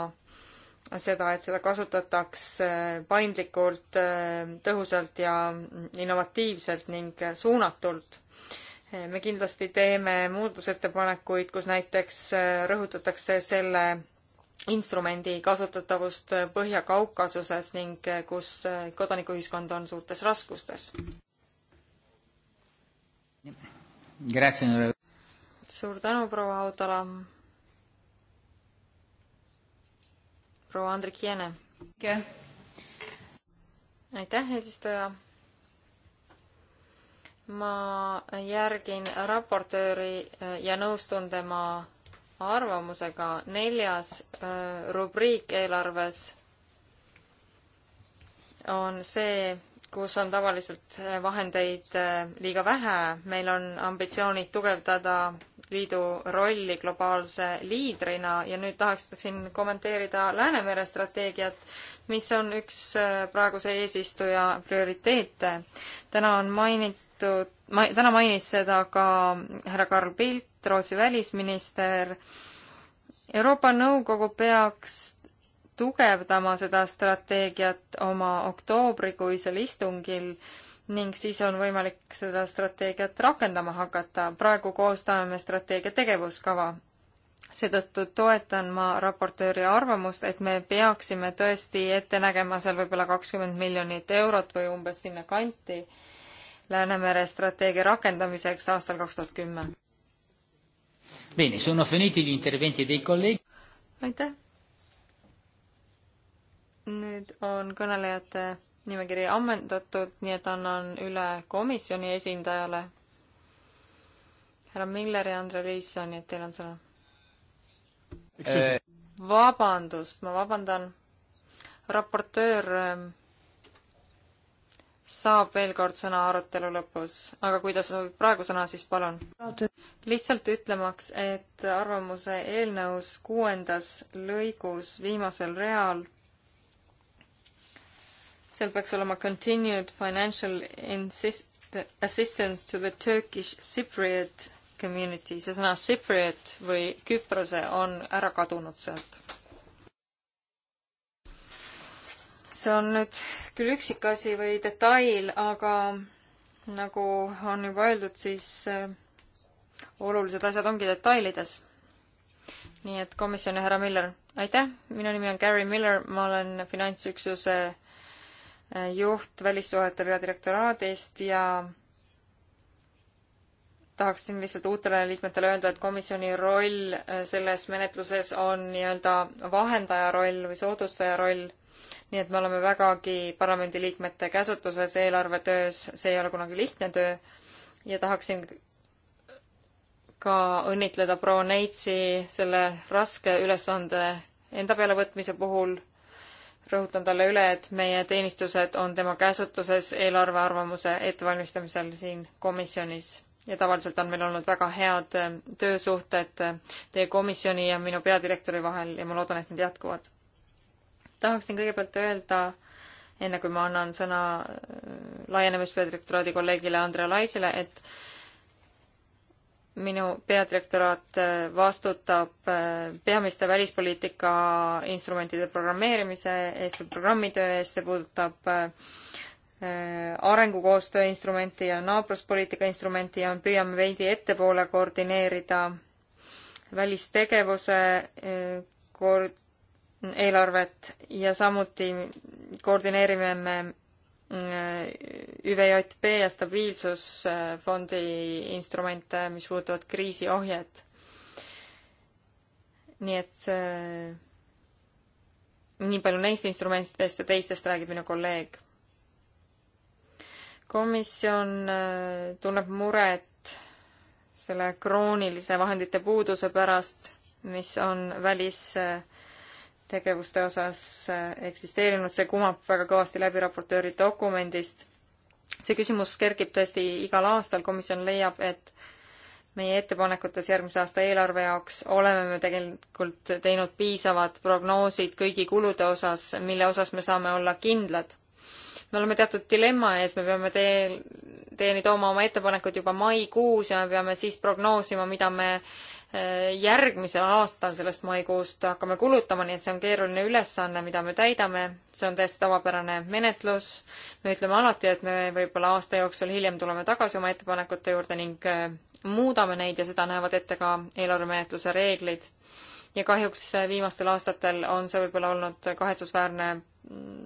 seda, et seda kasutataks äh, paindlikult, äh, tõhusalt ja mm, innovatiivselt ning äh, suunatult me kindlasti teeme muudatusettepanekuid, kus näiteks äh, rõhutatakse selle instrumendi kasutatavust äh, Põhja-Kaukasuses ning äh, kus kodanikuühiskond on suurtes raskustes. suur tänu, proua Autala. proua Andrik Jene. aitäh, eesistuja ma järgin raportööri äh, ja nõustun tema arvamusega. neljas äh, rubriik eelarves on see, kus on tavaliselt äh, vahendeid liiga vähe. meil on ambitsioonid tugevdada liidu rolli globaalse liidrina ja nüüd tahaksin kommenteerida Läänemere strateegiat, mis on üks praeguse eesistuja prioriteete. täna on mainit-, mainitud, ma, täna mainis seda ka härra Karl Pilt, Rootsi välisminister. Euroopa Nõukogu peaks tugevdama seda strateegiat oma oktoobrikuisel istungil ning siis on võimalik seda strateegiat rakendama hakata. praegu koostame strateegia tegevuskava. seetõttu toetan ma raportööri arvamust, et me peaksime tõesti ette nägema seal võib-olla kakskümmend miljonit eurot või umbes sinna kanti Läänemere strateegia rakendamiseks aastal kaks tuhat kümme. Bene, sono finiti gli interventi dei colleghi. aitäh. nüüd on kõnelejate nimekiri ammendatud, nii et annan üle komisjoni esindajale, härra Miller ja Andre Liisson, nii et teil on sõna. vabandust, ma vabandan. raportöör ähm, saab veel kord sõna arutelu lõpus, aga kui ta soovib praegu sõna, siis palun. lihtsalt ütlemaks, et arvamuse eelnõus kuuendas lõigus viimasel real, seal peaks olema continued financial insist-, assistance to the Turkish Cypriot community, see sõna Cypriot või Küprose on ära kadunud sealt see on nüüd küll üksikasi või detail, aga nagu on juba öeldud, siis äh, olulised asjad ongi detailides. nii et komisjon ja härra Miller, aitäh, minu nimi on Gary Miller, ma olen finantsüksuse äh, juht välissuhete peadirektoraadist ja tahaksin lihtsalt uutele liikmetele öelda, et komisjoni roll äh, selles menetluses on nii-öelda vahendaja roll või soodustaja roll nii et me oleme vägagi parlamendiliikmete käsutuses eelarvetöös, see ei ole kunagi lihtne töö ja tahaksin ka õnnitleda proua Neitsi selle raske ülesande enda peale võtmise puhul. rõhutan talle üle, et meie teenistused on tema käsutuses eelarvearvamuse ettevalmistamisel siin komisjonis ja tavaliselt on meil olnud väga head töösuhted teie komisjoni ja minu peadirektori vahel ja ma loodan, et need jätkuvad tahaksin kõigepealt öelda, enne kui ma annan sõna äh, laienemispeadirektoraadi kolleegile Andre Laisile, et minu peadirektoraat äh, vastutab äh, peamiste välispoliitika instrumentide programmeerimise eest, programmitöö eest, see puudutab arengukoostöö instrumenti ja naabruspoliitika instrumenti ja püüame veidi ettepoole koordineerida välistegevuse kord-, eelarvet ja samuti koordineerime me äh, ÜVJP ja stabiilsusfondi instrumente, mis puudutavad kriisiohjet. nii et see, äh, nii palju neist instrumentidest ja teistest räägib minu kolleeg. komisjon äh, tunneb muret selle kroonilise vahendite puuduse pärast, mis on välis äh, tegevuste osas eh, eksisteerinud, see kumab väga kõvasti läbi raportööri dokumendist. see küsimus kerkib tõesti igal aastal, komisjon leiab, et meie ettepanekutes järgmise aasta eelarve jaoks oleme me tegelikult teinud piisavad prognoosid kõigi kulude osas, mille osas me saame olla kindlad. me oleme teatud dilemma ees, me peame teel, teieni tooma oma ettepanekud juba maikuus ja me peame siis prognoosima, mida me järgmisel aastal sellest maikuust hakkame kulutama, nii et see on keeruline ülesanne, mida me täidame. see on täiesti tavapärane menetlus. me ütleme alati, et me võib-olla aasta jooksul hiljem tuleme tagasi oma ettepanekute juurde ning äh, muudame neid ja seda näevad ette ka eelarvemenetluse reeglid. ja kahjuks äh, viimastel aastatel on see võib-olla olnud kahetsusväärne mm,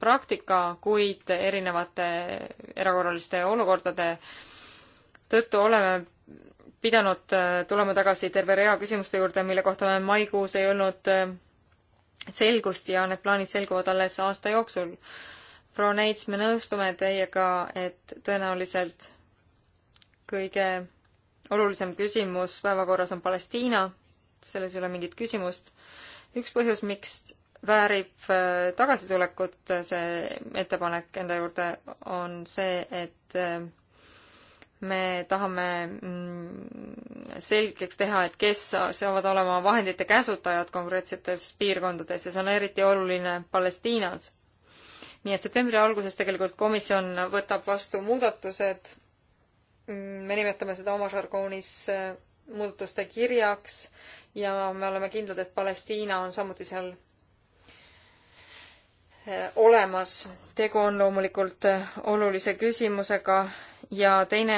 praktika, kuid erinevate erakorraliste olukordade tõttu oleme pidanud äh, tulema tagasi terve rea küsimuste juurde, mille kohta me maikuus ei olnud äh, selgust ja need plaanid selguvad alles aasta jooksul. proua Neits, me nõustume teiega, et tõenäoliselt kõige olulisem küsimus päevakorras on Palestiina, selles ei ole mingit küsimust. üks põhjus, miks väärib äh, tagasitulekut see ettepanek enda juurde, on see, et me tahame mm, selgeks teha, et kes saavad olema vahendite käsutajad konkreetsetes piirkondades ja see on eriti oluline Palestiinas. nii et septembri alguses tegelikult komisjon võtab vastu muudatused, mm, me nimetame seda oma žargoonis äh, muudatuste kirjaks ja me oleme kindlad, et Palestiina on samuti seal äh, olemas. tegu on loomulikult äh, olulise küsimusega ja teine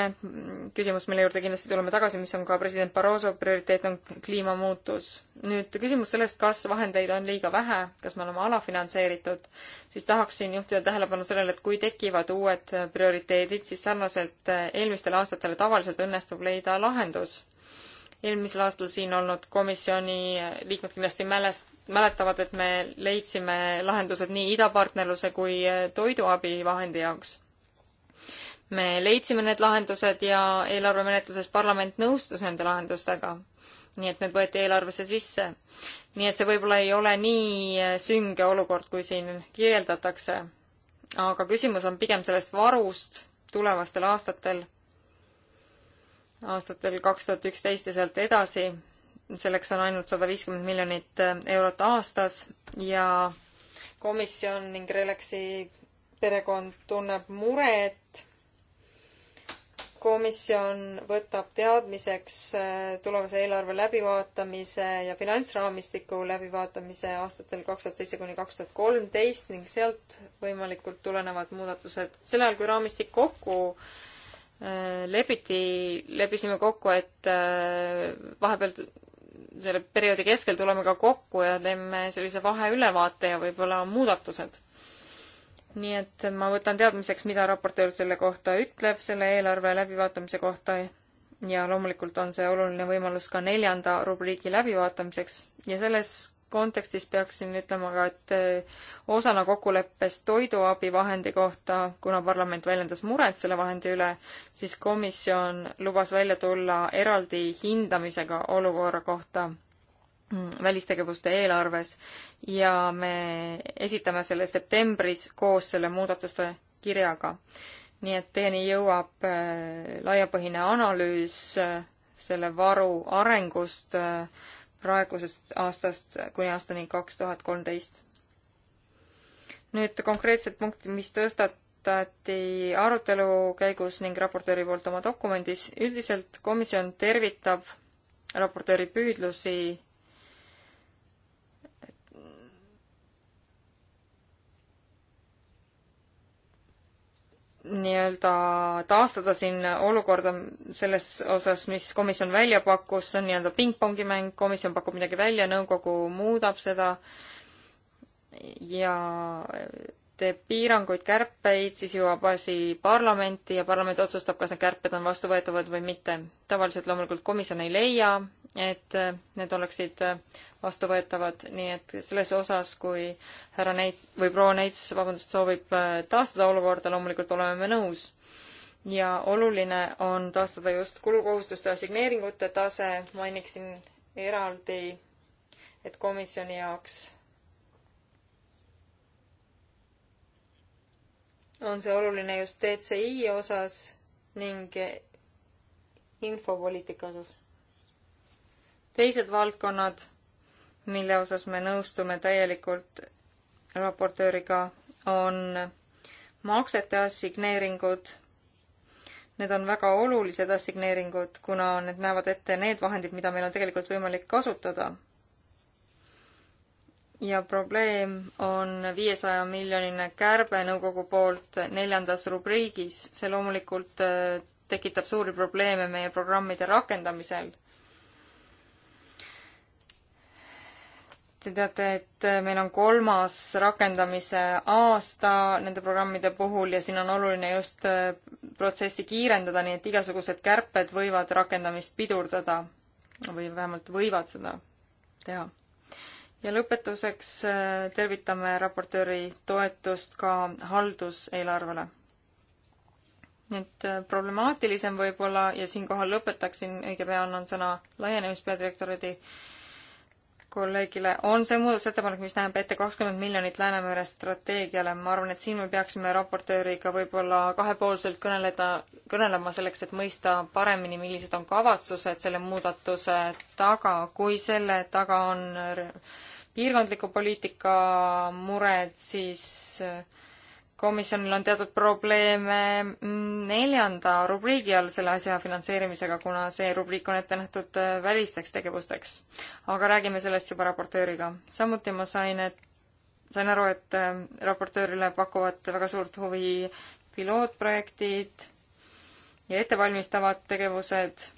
küsimus, mille juurde kindlasti tuleme tagasi, mis on ka president Barroso prioriteet, on kliimamuutus. nüüd küsimus sellest, kas vahendeid on liiga vähe, kas me oleme alafinantseeritud, siis tahaksin juhtida tähelepanu sellele, et kui tekivad uued prioriteedid, siis sarnaselt eelmistele aastatele tavaliselt õnnestub leida lahendus. eelmisel aastal siin olnud komisjoni liikmed kindlasti mälest-, mäletavad, et me leidsime lahendused nii idapartnerluse kui toiduabivahendi jaoks me leidsime need lahendused ja eelarvemenetluses parlament nõustus nende lahendustega. nii et need võeti eelarvesse sisse. nii et see võib-olla ei ole nii sünge olukord, kui siin kirjeldatakse. aga küsimus on pigem sellest varust tulevastel aastatel, aastatel kaks tuhat üksteist ja sealt edasi. selleks on ainult sada viiskümmend miljonit eurot aastas ja komisjon ning Relexi perekond tunneb muret komisjon võtab teadmiseks äh, tulevase eelarve läbivaatamise ja finantsraamistiku läbivaatamise aastatel kaks tuhat seitse kuni kaks tuhat kolmteist ning sealt võimalikult tulenevad muudatused. sel ajal, kui raamistik kokku äh, lepiti, leppisime kokku, et äh, vahepeal selle perioodi keskel tuleme ka kokku ja teeme sellise vaheülevaate ja võib-olla muudatused nii et ma võtan teadmiseks, mida raportöör selle kohta ütleb, selle eelarve läbivaatamise kohta ja loomulikult on see oluline võimalus ka neljanda rubriigi läbivaatamiseks ja selles kontekstis peaksin ütlema ka, et eh, osana kokkuleppest toiduabivahendi kohta, kuna parlament väljendas muret selle vahendi üle, siis komisjon lubas välja tulla eraldi hindamisega olukorra kohta välistegevuste eelarves ja me esitame selle septembris koos selle muudatuste kirjaga. nii et teieni jõuab äh, laiapõhine analüüs äh, selle varu arengust äh, praegusest aastast kuni aastani kaks tuhat kolmteist. nüüd konkreetsed punktid, mis tõstatati arutelu käigus ning raportööri poolt oma dokumendis. üldiselt komisjon tervitab raportööri püüdlusi nii-öelda taastada siin olukorda selles osas, mis komisjon välja pakkus, see on nii-öelda pingpongi mäng, komisjon pakub midagi välja, nõukogu muudab seda ja teeb piiranguid, kärpeid, siis jõuab asi parlamenti ja parlament otsustab, kas need kärped on vastuvõetavad või mitte. tavaliselt loomulikult komisjon ei leia, et need oleksid vastuvõetavad, nii et selles osas, kui härra Neits või proua Neits, vabandust, soovib äh, taastada olukorda, loomulikult oleme me nõus. ja oluline on taastada just kulukohustuste assigneeringute tase, mainiksin eraldi, et komisjoni jaoks on see oluline just DCI osas ning infopoliitika osas. teised valdkonnad mille osas me nõustume täielikult raportööriga, on maksete assigneeringud. Need on väga olulised assigneeringud, kuna need näevad ette need vahendid, mida meil on tegelikult võimalik kasutada. ja probleem on viiesaja miljoniline kärbe nõukogu poolt neljandas rubriigis. see loomulikult äh, tekitab suuri probleeme meie programmide rakendamisel Te teate, et meil on kolmas rakendamise aasta nende programmide puhul ja siin on oluline just äh, protsessi kiirendada, nii et igasugused kärped võivad rakendamist pidurdada või vähemalt võivad seda teha. ja lõpetuseks äh, tervitame raportööri toetust ka halduseelarvele nüüd äh, problemaatilisem võib-olla ja siinkohal lõpetaksin, õige pea annan sõna laienemispeadirektoridi kolleegile, on see muudatusettepanek, mis näeb ette kakskümmend miljonit Läänemere strateegiale. ma arvan, et siin me peaksime raportööriga võib-olla kahepoolselt kõneleda, kõnelema selleks, et mõista paremini, millised on kavatsused selle muudatuse taga, kui selle taga on piirkondliku poliitika mured, siis äh, komisjonil on teatud probleeme mm, neljanda rubriigi all selle asja finantseerimisega, kuna see rubriik on ette nähtud äh, välisteks tegevusteks. aga räägime sellest juba raportööriga. samuti ma sain, et, sain aru, et äh, raportöörile pakuvad väga suurt huvi pilootprojektid ja ettevalmistavad tegevused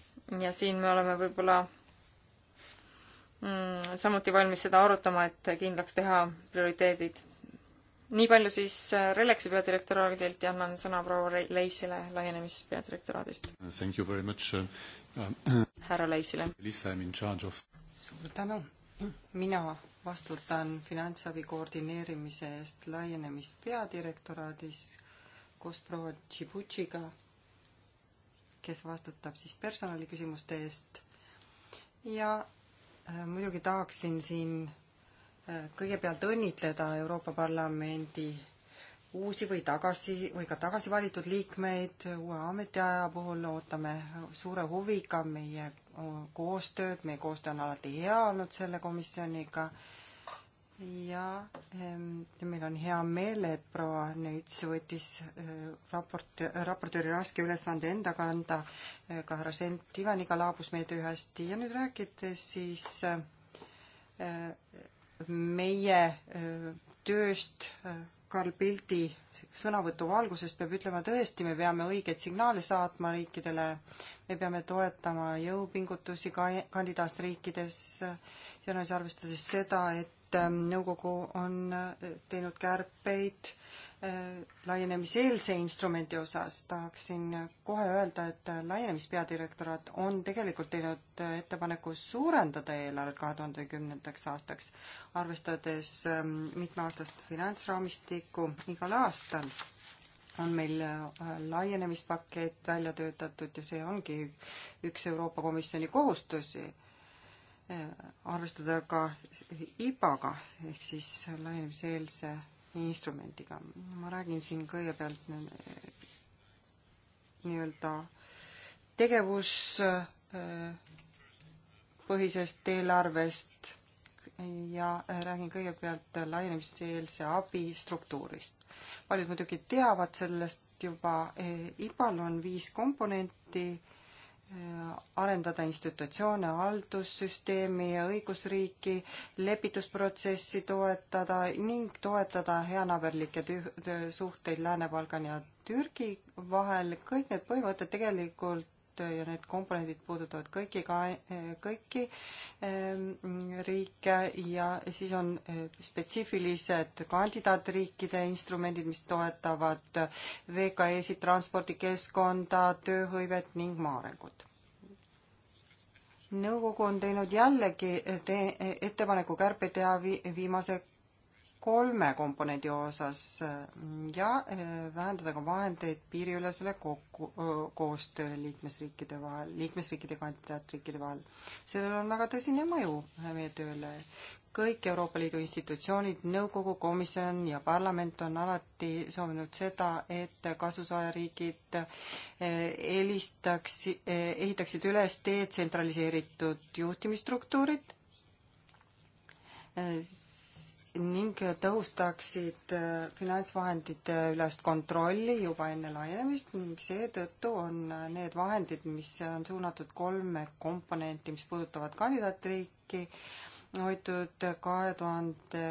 ja siin me oleme võib-olla mm, samuti valmis seda arutama, et kindlaks teha prioriteedid nii palju siis äh, Relexi peadirektoraadilt ja annan sõna proua Leisile laienemispeadirektoraadist. Uh, uh, härra Leisile. suur tänu. mina vastutan finantsabi koordineerimise eest laienemispeadirektoraadis koos proua Tšibutšiga, kes vastutab siis personaliküsimuste eest. ja äh, muidugi tahaksin siin kõigepealt õnnitleda Euroopa Parlamendi uusi või tagasi või ka tagasi valitud liikmeid uue ametiaja puhul ootame suure huviga meie koostööd, meie koostöö on alati hea olnud selle komisjoniga ja ehm, meil on hea meel, et proua Neits võttis eh, raport, raportööri raske ülesande enda kanda, eh, ka härra Sent Ivaniga laabus meie töö hästi ja nüüd rääkides siis eh, meie äh, tööst äh, Karl Pildi sõnavõtu valguses peab ütlema tõesti, me peame õigeid signaale saatma riikidele, me peame toetama jõupingutusi ka kandidaatriikides, äh, sealjuures arvestades seda, et et ähm, nõukogu on äh, teinud kärpeid äh, laienemiseelse instrumendi osas tahaksin äh, kohe öelda, et laienemispeadirektorat on tegelikult teinud ettepaneku suurendada eelarvet kahe tuhande kümnendaks aastaks, arvestades ähm, mitmeaastast finantsraamistikku igal aastal on meil laienemispakett välja töötatud ja see ongi üks Euroopa Komisjoni kohustusi Äh, arvestada ka IBA-ga ehk siis laienemiseelse instrumendiga. ma räägin siin kõigepealt äh, nii-öelda tegevuspõhisest äh, eelarvest ja räägin kõigepealt laienemiseelse abi struktuurist. paljud muidugi teavad sellest juba, IBA-l on viis komponenti arendada institutsioone, haldussüsteemi ja õigusriiki, lepitusprotsessi toetada ning toetada heanaberlikke suhteid Lääne-Balkani ja Türgi vahel. kõik need põhimõtted tegelikult ja need komponendid puudutavad kõiki ka, kõiki ähm, riike ja siis on äh, spetsiifilised kandidaatriikide instrumendid, mis toetavad äh, VKE-sid, transpordikeskkonda, tööhõivet ning maaarengut nõukogu on teinud jällegi äh, te ettepaneku kärpeid teha vi viimase kolme komponendi osas ja eh, vähendada ka vahendeid piiriülesele kokku, koostööle liikmesriikide vahel, liikmesriikide kandidaatriikide vahel. sellel on väga tõsine mõju äh, meie tööle. kõik Euroopa Liidu institutsioonid, nõukogu, komisjon ja parlament on alati soovinud seda, et kasusaajariigid äh, eelistaks, äh, ehitaksid üles detsentraliseeritud juhtimisstruktuurid ning tõhustaksid äh, finantsvahendite ülest kontrolli juba enne laienemist ning seetõttu on äh, need vahendid, mis on suunatud kolme komponenti, mis puudutavad kandidaatriiki, hoitud kahe tuhande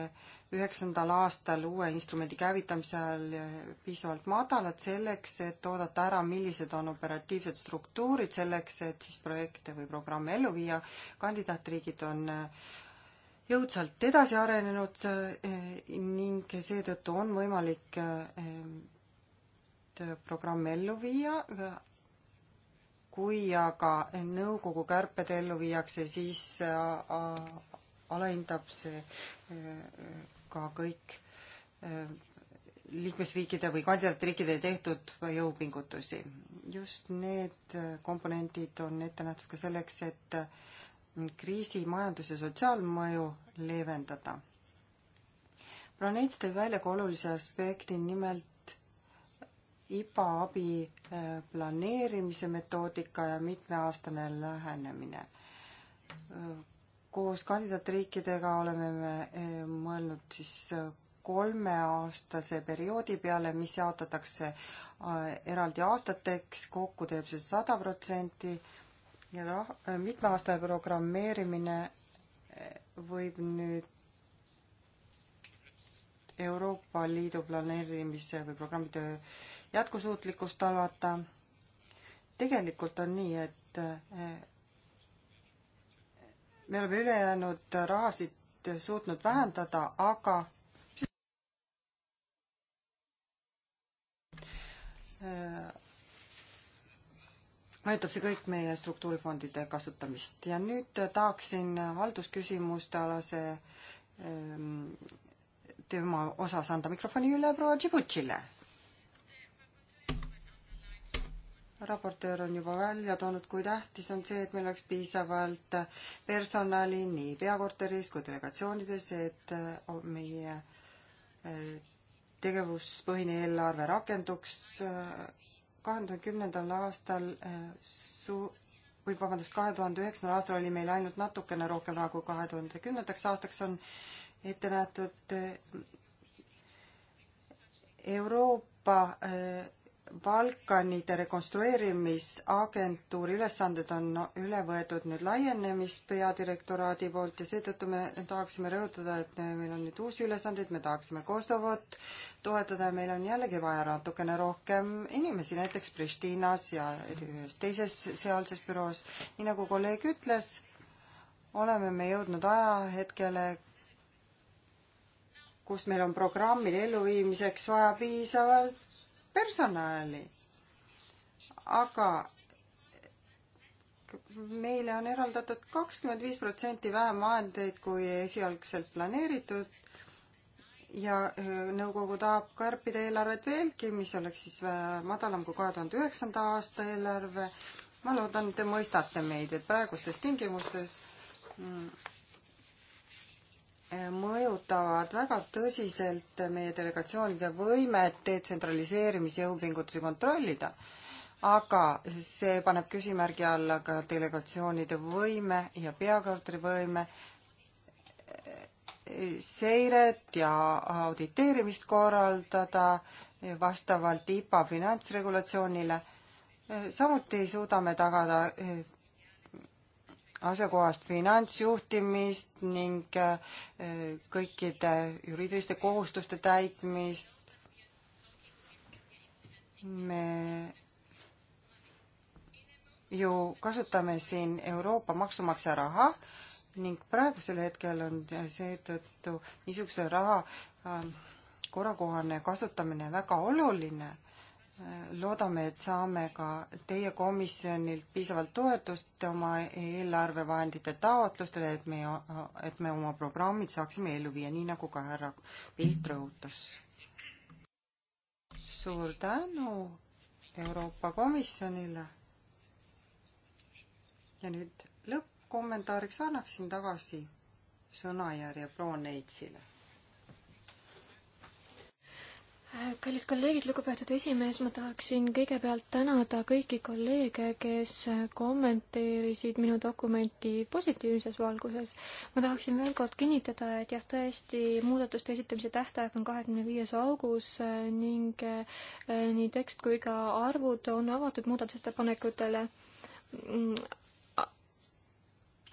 üheksandal aastal uue instrumendi käivitamise ajal äh, piisavalt madalad selleks, et oodata ära, millised on operatiivsed struktuurid selleks, et siis projekte või programme ellu viia. kandidaatriigid on äh, jõudsalt edasi arenenud eh, ning seetõttu on võimalik eh, programm ellu viia. kui aga nõukogu kärped ellu viiakse, siis alahindab see eh, ka kõik liikmesriikide või kandidaatriikide tehtud jõupingutusi. just need komponendid on ette nähtud ka selleks, et kriisi majandus- ja sotsiaalmõju leevendada. Branets tõi välja ka olulise aspekti, nimelt IPA abi äh, planeerimise metoodika ja mitmeaastane lähenemine. Äh, koos kandidaatriikidega oleme me äh, mõelnud siis kolmeaastase perioodi peale, mis jaotatakse eraldi aastateks, kokku teeb see sada protsenti ja noh, mitmeaastane programmeerimine eh, võib nüüd Euroopa Liidu planeerimise või programmide jätkusuutlikkust halvata. tegelikult on nii, et eh, me oleme ülejäänud rahasid suutnud vähendada, aga eh, mõjutab see kõik meie struktuurifondide kasutamist ja nüüd tahaksin haldusküsimuste alase ähm, tema osas anda mikrofoni üle proua Džibutšile. raportöör on juba välja toonud, kui tähtis on see, et meil oleks piisavalt personali nii peakorteris kui delegatsioonides, et äh, meie äh, tegevuspõhine eelarve rakenduks äh, kahe tuhande kümnendal aastal äh, su-, või vabandust, kahe tuhande üheksandal aastal oli meil ainult natukene rohkem raha kui kahe tuhande kümnendaks aastaks on ette nähtud äh, Euroopa äh, Balkanide rekonstrueerimisagentuuri ülesanded on üle võetud nüüd laienemispeadirektoraadi poolt ja seetõttu me tahaksime rõhutada, et meil on nüüd uusi ülesandeid, me tahaksime Kosovot toetada ja meil on jällegi vaja natukene rohkem inimesi, näiteks Pristinas ja ühes teises sealses büroos. nii nagu kolleeg ütles, oleme me jõudnud ajahetkele, kus meil on programmide elluviimiseks vaja piisavalt personali. aga meile on eraldatud kakskümmend viis protsenti vähem vahendeid, kui esialgselt planeeritud ja äh, nõukogu tahab kärpida eelarvet veelgi, mis oleks siis äh, madalam kui kahe tuhande üheksanda aasta eelarve. ma loodan, te mõistate meid, et praegustes tingimustes mm, mõjutavad väga tõsiselt meie delegatsioonide võimet detsentraliseerimise jõupingutusi kontrollida, aga see paneb küsimärgi alla ka delegatsioonide võime ja peakorteri võime seiret ja auditeerimist korraldada vastavalt IPA finantsregulatsioonile. samuti suudame tagada asjakohast finantsjuhtimist ning äh, kõikide juriidiliste kohustuste täitmist. me ju kasutame siin Euroopa maksumaksja raha ning praegusel hetkel on seetõttu niisuguse raha äh, korrakohane kasutamine väga oluline loodame, et saame ka teie komisjonilt piisavalt toetust oma eelarvevahendite taotlustele, et me, et me oma programmid saaksime ellu viia, nii nagu ka härra Pilt rõhutas. suur tänu Euroopa Komisjonile. ja nüüd lõppkommentaariks annaksin tagasi sõnajärje proua Neitsile kallid kolleegid, lugupeetud esimees, ma tahaksin kõigepealt tänada kõiki kolleege, kes kommenteerisid minu dokumenti positiivses valguses. ma tahaksin veel kord kinnitada, et jah, tõesti, muudatuste esitamise tähtaeg on kahekümne viies august ning eh, nii tekst kui ka arvud on avatud muudatusettepanekutele mm,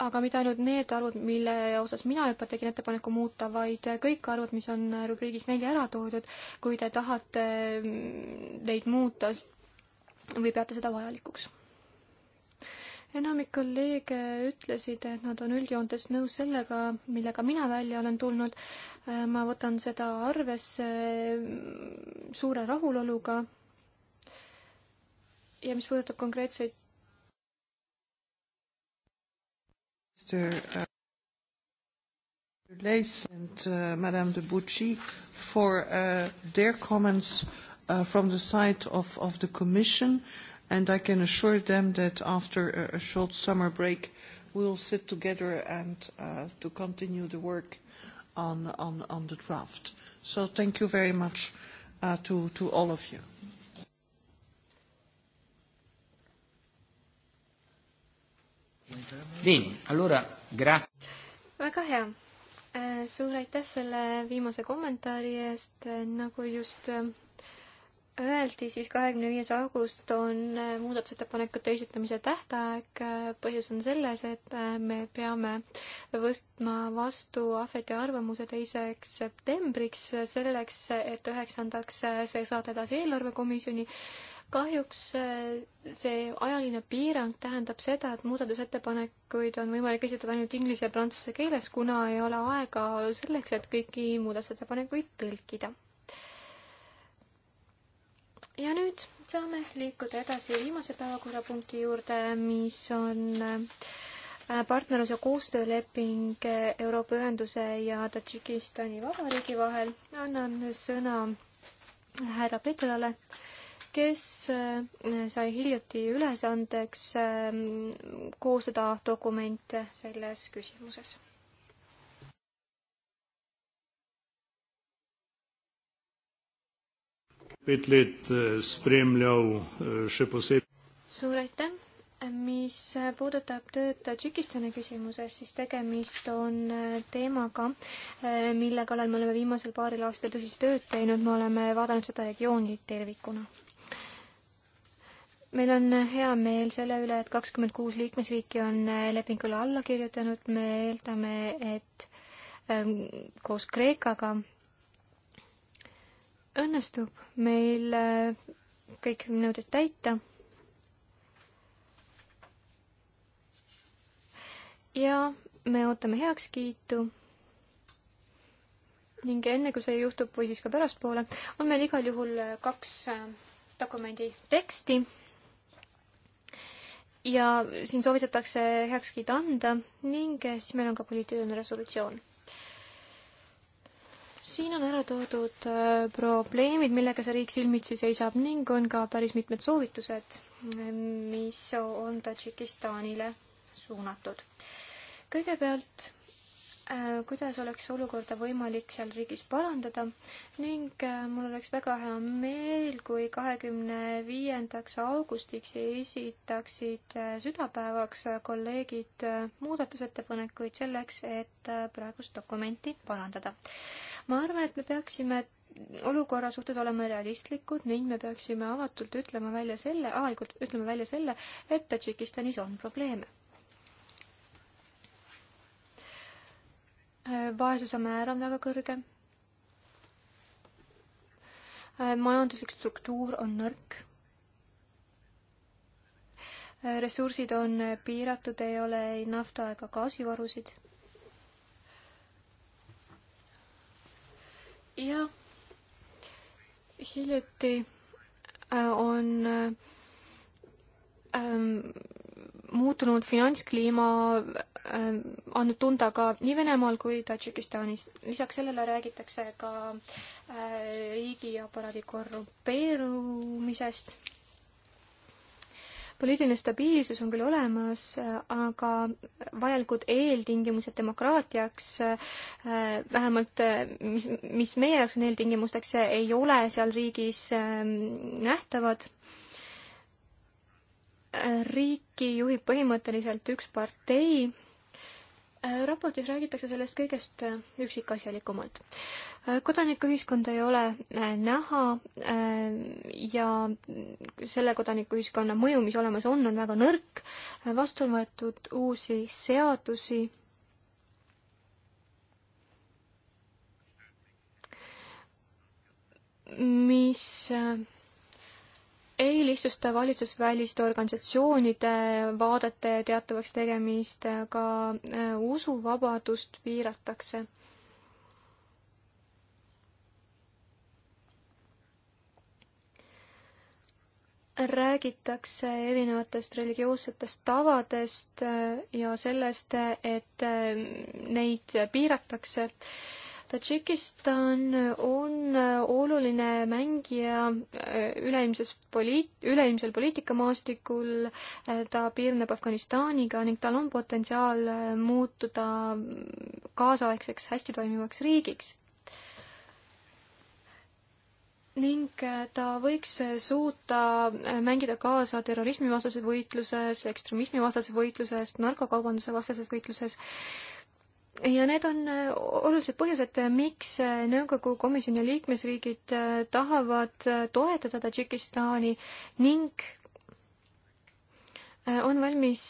aga mitte ainult need arvud, mille osas mina juba tegin ettepaneku muuta, vaid kõik arvud, mis on rubriigis neli ära toodud, kui te tahate mm, neid muuta või peate seda vajalikuks. enamik kolleege ütlesid, et nad on üldjoontes nõus sellega, millega mina välja olen tulnud. ma võtan seda arvesse mm, suure rahuloluga. ja mis puudutab konkreetseid Mr. Uh, Lees and uh, Madame de Bucci for uh, their comments uh, from the side of, of the Commission. And I can assure them that after a, a short summer break, we'll sit together and uh, to continue the work on, on, on the draft. So thank you very much uh, to, to all of you. Bene, allora grazie. väga hea. Äh, suur aitäh selle viimase kommentaari eest, nagu just äh, öeldi, siis kahekümne viies august on äh, muudatusettepanekute esitamise tähtaeg. põhjus on selles, et me peame võtma vastu ahveti arvamuse teiseks septembriks, selleks et üheksandaks see saata edasi eelarvekomisjoni kahjuks äh, see ajaline piirang tähendab seda, et muudatusettepanekuid on võimalik esitada ainult inglise ja prantsuse keeles, kuna ei ole aega selleks, et kõiki muudatusettepanekuid tõlkida. ja nüüd saame liikuda edasi viimase päevakorrapunkti juurde, mis on äh, partnerlus- ja koostööleping Euroopa Ühenduse ja Tadžikistani Vabariigi vahel. annan sõna härra Petrale kes äh, sai hiljuti ülesandeks ähm, koostada dokumente selles küsimuses pet let äh, spremljal äh, še posebej. suur aitäh! mis puudutab tööd Tadžikistani küsimuses, siis tegemist on teemaga, mille kallal me oleme viimasel paaril aastal tõsist tööd teinud, me oleme vaadanud seda regiooni tervikuna meil on hea meel selle üle, et kakskümmend kuus liikmesriiki on äh, lepingule alla kirjutanud, me eeldame, et ähm, koos Kreekaga õnnestub meil äh, kõik nõuded täita. ja me ootame heakskiitu ning enne, kui see juhtub või siis ka pärastpoole, on meil igal juhul äh, kaks dokumendi teksti ja siin soovitatakse heakskiit anda ning siis meil on ka poliitiline resolutsioon. siin on ära toodud äh, probleemid, millega see riik silmitsi seisab ning on ka päris mitmed soovitused, äh, mis on Tadžikistanile suunatud. kõigepealt Äh, kuidas oleks olukorda võimalik seal riigis parandada ning äh, mul oleks väga hea meel, kui kahekümne viiendaks augustiks esitaksid äh, südapäevaks kolleegid muudatusettepanekuid selleks, et praegust dokumenti parandada. ma arvan, et me peaksime olukorra suhtes olema realistlikud ning me peaksime avatult ütlema välja selle, avalikult ütlema välja selle, et Tadžikistanis on probleeme Äh, vaesuse määr on väga kõrge. Äh, majanduslik struktuur on nõrk. Äh, ressursid on piiratud, ei ole ei nafta ega gaasivarusid. ja hiljuti on ähm, muutunud finantskliima ähm, andnud tunda ka nii Venemaal kui Tadžikistanis. lisaks sellele räägitakse ka äh, riigiaparaadi korrumpeerumisest. poliitiline stabiilsus on küll olemas, äh, aga vajalikud eeltingimused demokraatiaks, äh, vähemalt mis, mis meie jaoks on eeltingimusteks, ei ole seal riigis ähm, nähtavad riiki juhib põhimõtteliselt üks partei. raportis räägitakse sellest kõigest üksikasjalikumalt. kodanikuühiskonda ei ole äh, näha äh, ja selle kodanikuühiskonna mõju, mis olemas on, on väga nõrk. vastu on võetud uusi seadusi. mis äh, ei lihtsusta valitsusväliste organisatsioonide vaadete teatavaks tegemist, ka äh, usuvabadust piiratakse. räägitakse erinevatest religioossetest tavadest äh, ja sellest, et äh, neid piiratakse Tadžikistan on oluline mängija äh, üleilmses poliit-, üleilmsel poliitikamaastikul, äh, ta piirneb Afganistaniga ning tal on potentsiaal äh, muutuda mm, kaasaegseks hästi toimivaks riigiks. ning ta võiks suuta mängida kaasa terrorismivastases võitluses, ekstremismivastases võitluses, narkokaubanduse vastases võitluses, võitluses ja need on äh, olulised põhjused, äh, miks äh, nõukogu komisjoni liikmesriigid tahavad toetada Tadžikistani ning on valmis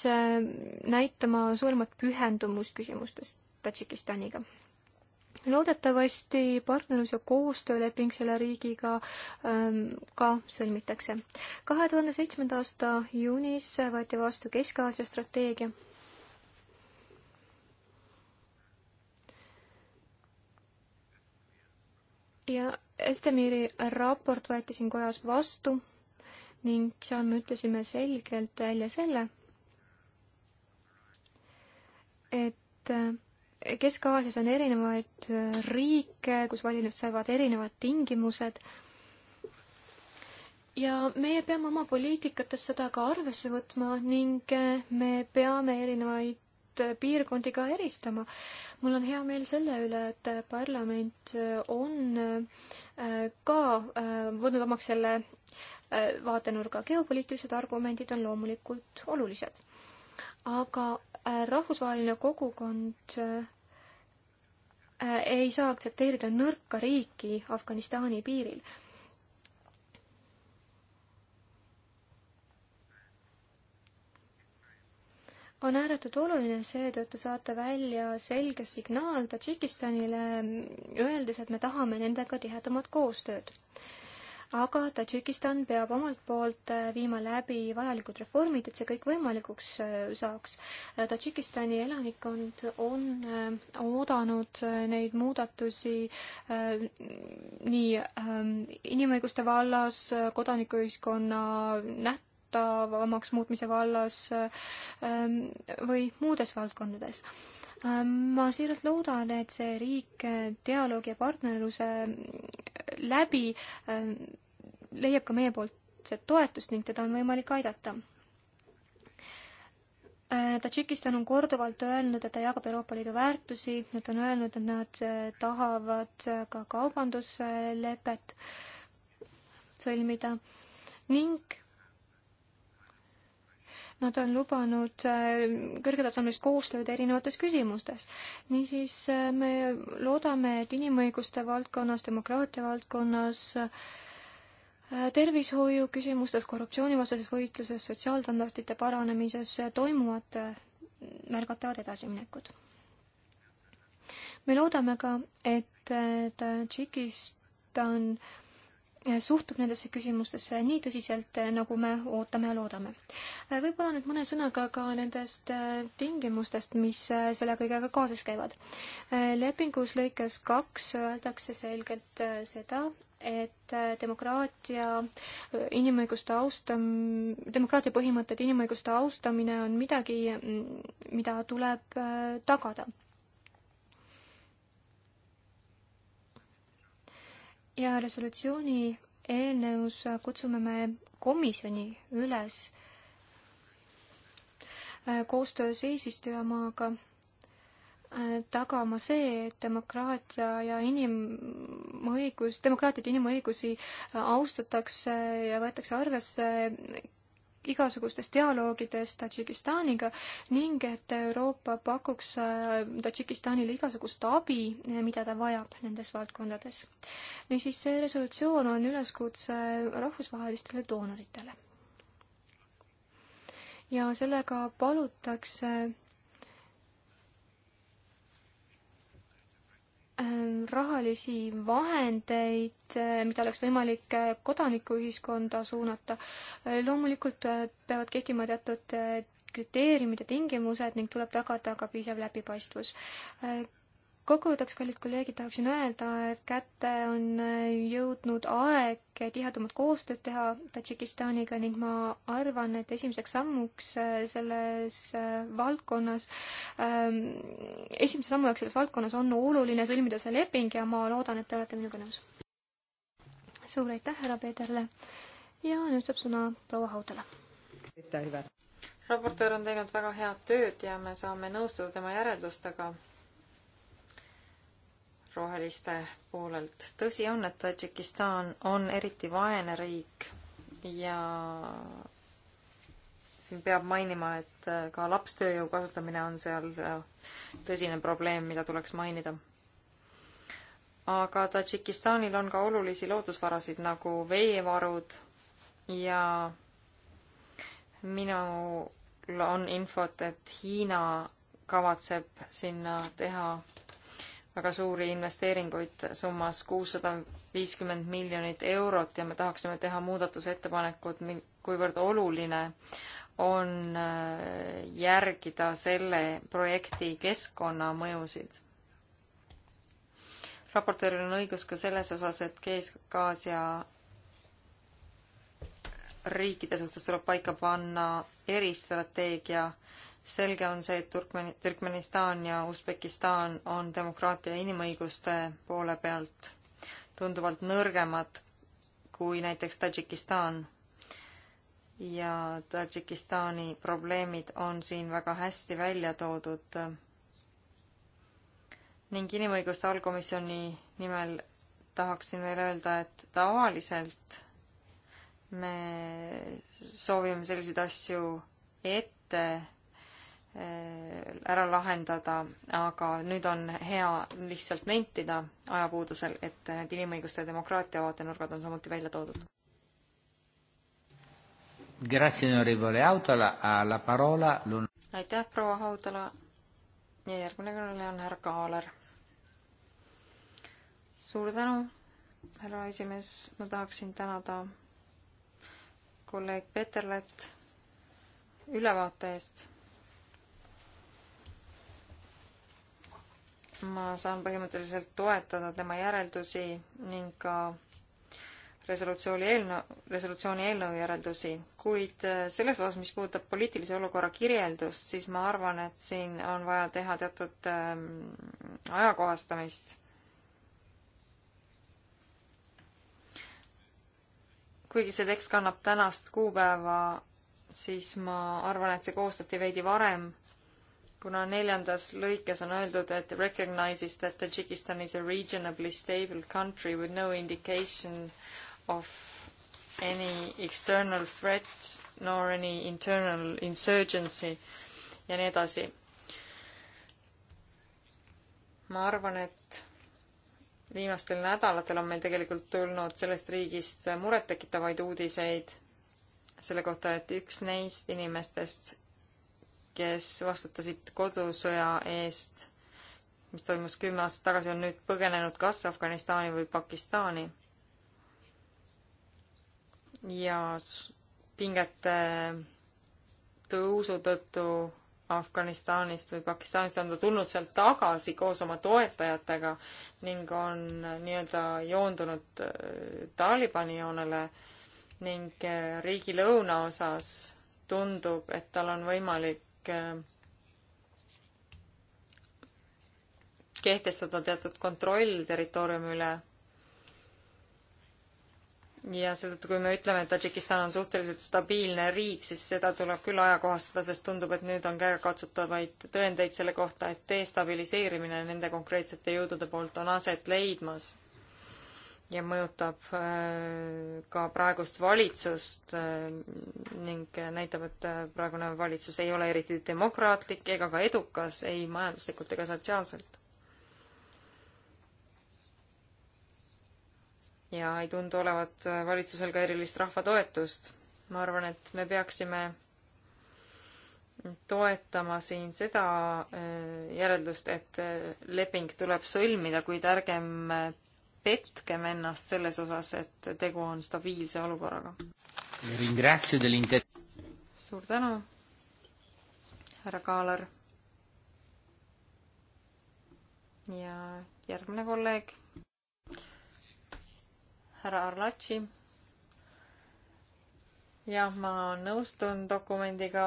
näitama suuremat pühendumust küsimustes Tadžikistaniga. loodetavasti partnerlus- ja koostööleping selle riigiga ähm, ka sõlmitakse. kahe tuhande seitsmenda aasta juunis võeti vastu Kesk-Aasia strateegia ja Estemiri raport võeti siin kojas vastu ning seal me ütlesime selgelt välja selle, et eh, Kesk-Aasias on erinevaid eh, riike, kus valimised erinevad tingimused ja meie peame oma poliitikates seda ka arvesse võtma ning eh, me peame erinevaid Äh, piirkondi ka eristama. mul on hea meel selle üle, et äh, parlament äh, on ka võtnud omaks selle vaatenurga. geopoliitilised argumendid on loomulikult olulised. aga rahvusvaheline kogukond ei saa aktsepteerida nõrka riiki Afganistani piiril on ääretult oluline, seetõttu saata välja selge signaal Tadžikistanile, öeldes, et me tahame nendega tihedamat koostööd. aga Tadžikistan peab omalt poolt äh, viima läbi vajalikud reformid, et see kõik võimalikuks äh, saaks. Äh, Tadžikistani elanikkond on oodanud neid muudatusi nii ähm, inimõiguste vallas, kodanikuühiskonna näht-, usutavamaks muutmise vallas ähm, või muudes valdkondades. Ähm, ma siiralt loodan, et see riik dialoogi ja partnerluse äh, läbi ähm, leiab ka meie poolt toetust ning teda on võimalik aidata äh, Tadžikistan on korduvalt öelnud, et ta jagab Euroopa Liidu väärtusi, nad on öelnud, et nad äh, tahavad ka kaubanduslepet sõlmida ning Nad on lubanud äh, kõrgetasemelist koostööd erinevates küsimustes. niisiis äh, me loodame, et inimõiguste valdkonnas, demokraatia valdkonnas äh, tervishoiu küsimustes, korruptsioonivastases võitluses, sotsiaalstandardite paranemises toimuvad märgatavad edasiminekud. me loodame ka, et Tadžikistan ta suhtub nendesse küsimustesse nii tõsiselt, eh, nagu me ootame ja loodame. Eh, võib-olla nüüd mõne sõnaga ka nendest eh, tingimustest, mis selle kõigega kaasas käivad. lepingus lõikes kaks öeldakse selgelt seda, et demokraatia, inimõiguste austam-, demokraatia põhimõtted, inimõiguste austamine on midagi, mm, mida tuleb tagada ja resolutsiooni eelnõus kutsume me komisjoni üles äh, koostöös eesistujamaaga äh, tagama see, et demokraatia ja inimõigus, demokraatiat ja inimõigusi äh, austatakse ja võetakse arvesse igasugustest dialoogidest Tadžikistaniga ning et Euroopa pakuks äh, Tadžikistanile igasugust abi, mida ta vajab nendes valdkondades. niisiis, see resolutsioon on üleskutse rahvusvahelistele doonoritele. ja sellega palutakse Ähm, rahalisi vahendeid, äh, mida oleks võimalik äh, kodanikuühiskonda suunata. Äh, loomulikult peavad kehtima teatud kriteeriumid ja tingimused ning tuleb tagada ka piisav läbipaistvus kokkuvõtteks, kallid kolleegid, tahaksin öelda, et kätte on äh, jõudnud aeg tihedamat koostööd teha Tadžikistaniga ning ma arvan, et esimeseks sammuks äh, selles äh, valdkonnas ähm,, esimese sammu jaoks selles valdkonnas on oluline sõlmida see leping ja ma loodan, et te olete minuga nõus. suur aitäh härra Peeterle ja nüüd saab sõna proua Haudale. aitäh, Ivar! raportöör on teinud väga head tööd ja me saame nõustuda tema järeldustega roheliste poolelt. tõsi on, et Tadžikistan on eriti vaene riik ja siin peab mainima, et äh, ka lapstööjõu kasutamine on seal äh, tõsine probleem, mida tuleks mainida. aga Tadžikistanil on ka olulisi loodusvarasid nagu veevarud ja minul on infot, et Hiina kavatseb sinna teha väga suuri investeeringuid summas kuussada viiskümmend miljonit eurot ja me tahaksime teha muudatusettepanekud, mil, kuivõrd oluline on äh, järgida selle projekti keskkonnamõjusid. raportööril on õigus ka selles osas, et Kesk-Aasia riikide suhtes tuleb paika panna eristrateegia selge on see, et Turkmen-, Türkmenistan ja Usbekistan on demokraatia ja inimõiguste poole pealt tunduvalt nõrgemad kui näiteks Tadžikistan. ja Tadžikistani probleemid on siin väga hästi välja toodud ning inimõiguste allkomisjoni nimel tahaksin veel öelda, et tavaliselt me soovime selliseid asju ette ära lahendada, aga nüüd on hea lihtsalt nentida ajapuudusel, et need inimõiguste ja demokraatia vaatenurgad on samuti välja toodud. aitäh, proua Haudala ja järgmine kõneleja on härra Kaaler. suur tänu, härra esimees, ma tahaksin tänada kolleeg Peterlet ülevaate eest ma saan põhimõtteliselt toetada tema järeldusi ning ka resolutsiooni eelnõu, resolutsiooni eelnõu järeldusi, kuid äh, selles osas, mis puudutab poliitilise olukorra kirjeldust, siis ma arvan, et siin on vaja teha teatud ähm, ajakohastamist. kuigi see tekst kannab tänast kuupäeva, siis ma arvan, et see koostati veidi varem kuna neljandas lõikes on öeldud, et recognizes that Tajikistan is a regionally stable country with no indication of any external threat nor any internal insurgency ja nii edasi. ma arvan, et viimastel nädalatel on meil tegelikult tulnud sellest riigist murettekitavaid uudiseid selle kohta, et üks neist inimestest, kes vastutasid kodusõja eest, mis toimus kümme aastat tagasi, on nüüd põgenenud kas Afganistani või Pakistani. ja pingete tõusu tõttu Afganistanist või Pakistanist on ta tulnud sealt tagasi koos oma toetajatega ning on nii-öelda joondunud äh, Talibani joonele ning äh, riigi lõunaosas tundub, et tal on võimalik Äh, kehtestada teatud kontroll territooriumi üle. ja seetõttu, kui me ütleme, et Tadžikistan on suhteliselt stabiilne riik, siis seda tuleb küll ajakohastada, sest tundub, et nüüd on käegakatsutavaid tõendeid selle kohta, et destabiliseerimine nende konkreetsete jõudude poolt on aset leidmas ja mõjutab äh, ka praegust valitsust äh, ning näitab, et äh, praegune valitsus ei ole eriti demokraatlik ega ka edukas ei majanduslikult ega sotsiaalselt. ja ei tundu olevat valitsusel ka erilist rahva toetust. ma arvan, et me peaksime toetama siin seda järeldust, et leping tuleb sõlmida, kuid ärgem petkem ennast selles osas, et tegu on stabiilse olukorraga. suur tänu, härra Kaalar. ja järgmine kolleeg, härra Arlatši. jah, ma nõustun dokumendiga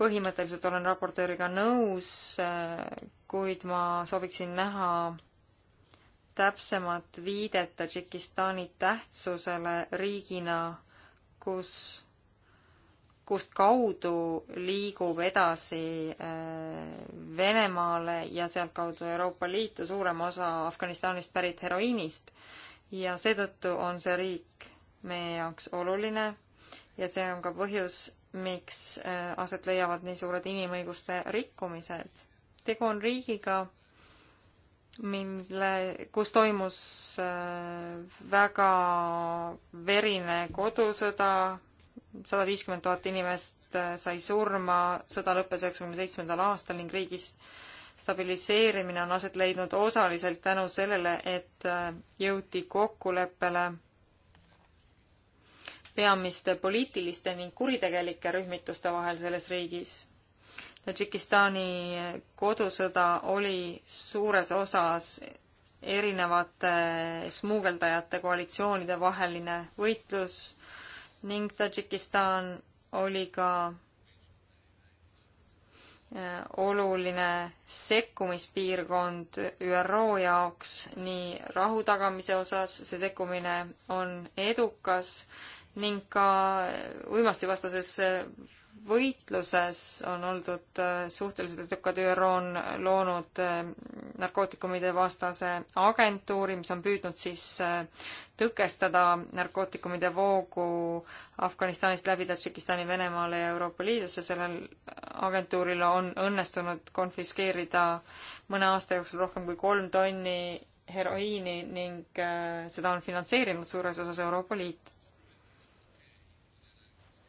põhimõtteliselt olen raportööriga nõus kuid ma sooviksin näha täpsemat viidet Tadžikistani tähtsusele riigina, kus, kust kaudu liigub edasi äh, Venemaale ja sealtkaudu Euroopa Liitu suurem osa Afganistanist pärit heroiinist. ja seetõttu on see riik meie jaoks oluline ja see on ka põhjus, miks äh, aset leiavad nii suured inimõiguste rikkumised tegu on riigiga, mille, kus toimus äh, väga verine kodusõda, sada viiskümmend tuhat inimest äh, sai surma, sõda lõppes üheksakümne seitsmendal aastal ning riigis stabiliseerimine on aset leidnud osaliselt tänu sellele, et äh, jõuti kokkuleppele peamiste poliitiliste ning kuritegelike rühmituste vahel selles riigis Tadžikistani kodusõda oli suures osas erinevate smuugeldajate koalitsioonide vaheline võitlus ning Tadžikistan oli ka äh, oluline sekkumispiirkond ÜRO jaoks nii rahu tagamise osas, see sekkumine on edukas, ning ka uimastivastases võitluses on oldud äh, suhteliselt edukad, ÜRO on loonud äh, narkootikumide vastase agentuuri, mis on püüdnud siis äh, tõkestada narkootikumide voogu Afganistanist läbi Tadžikistani, Venemaale ja Euroopa Liidusse, sellel agentuuril on õnnestunud konfiskeerida mõne aasta jooksul rohkem kui kolm tonni heroiini ning seda on finantseerinud suures osas Euroopa Liit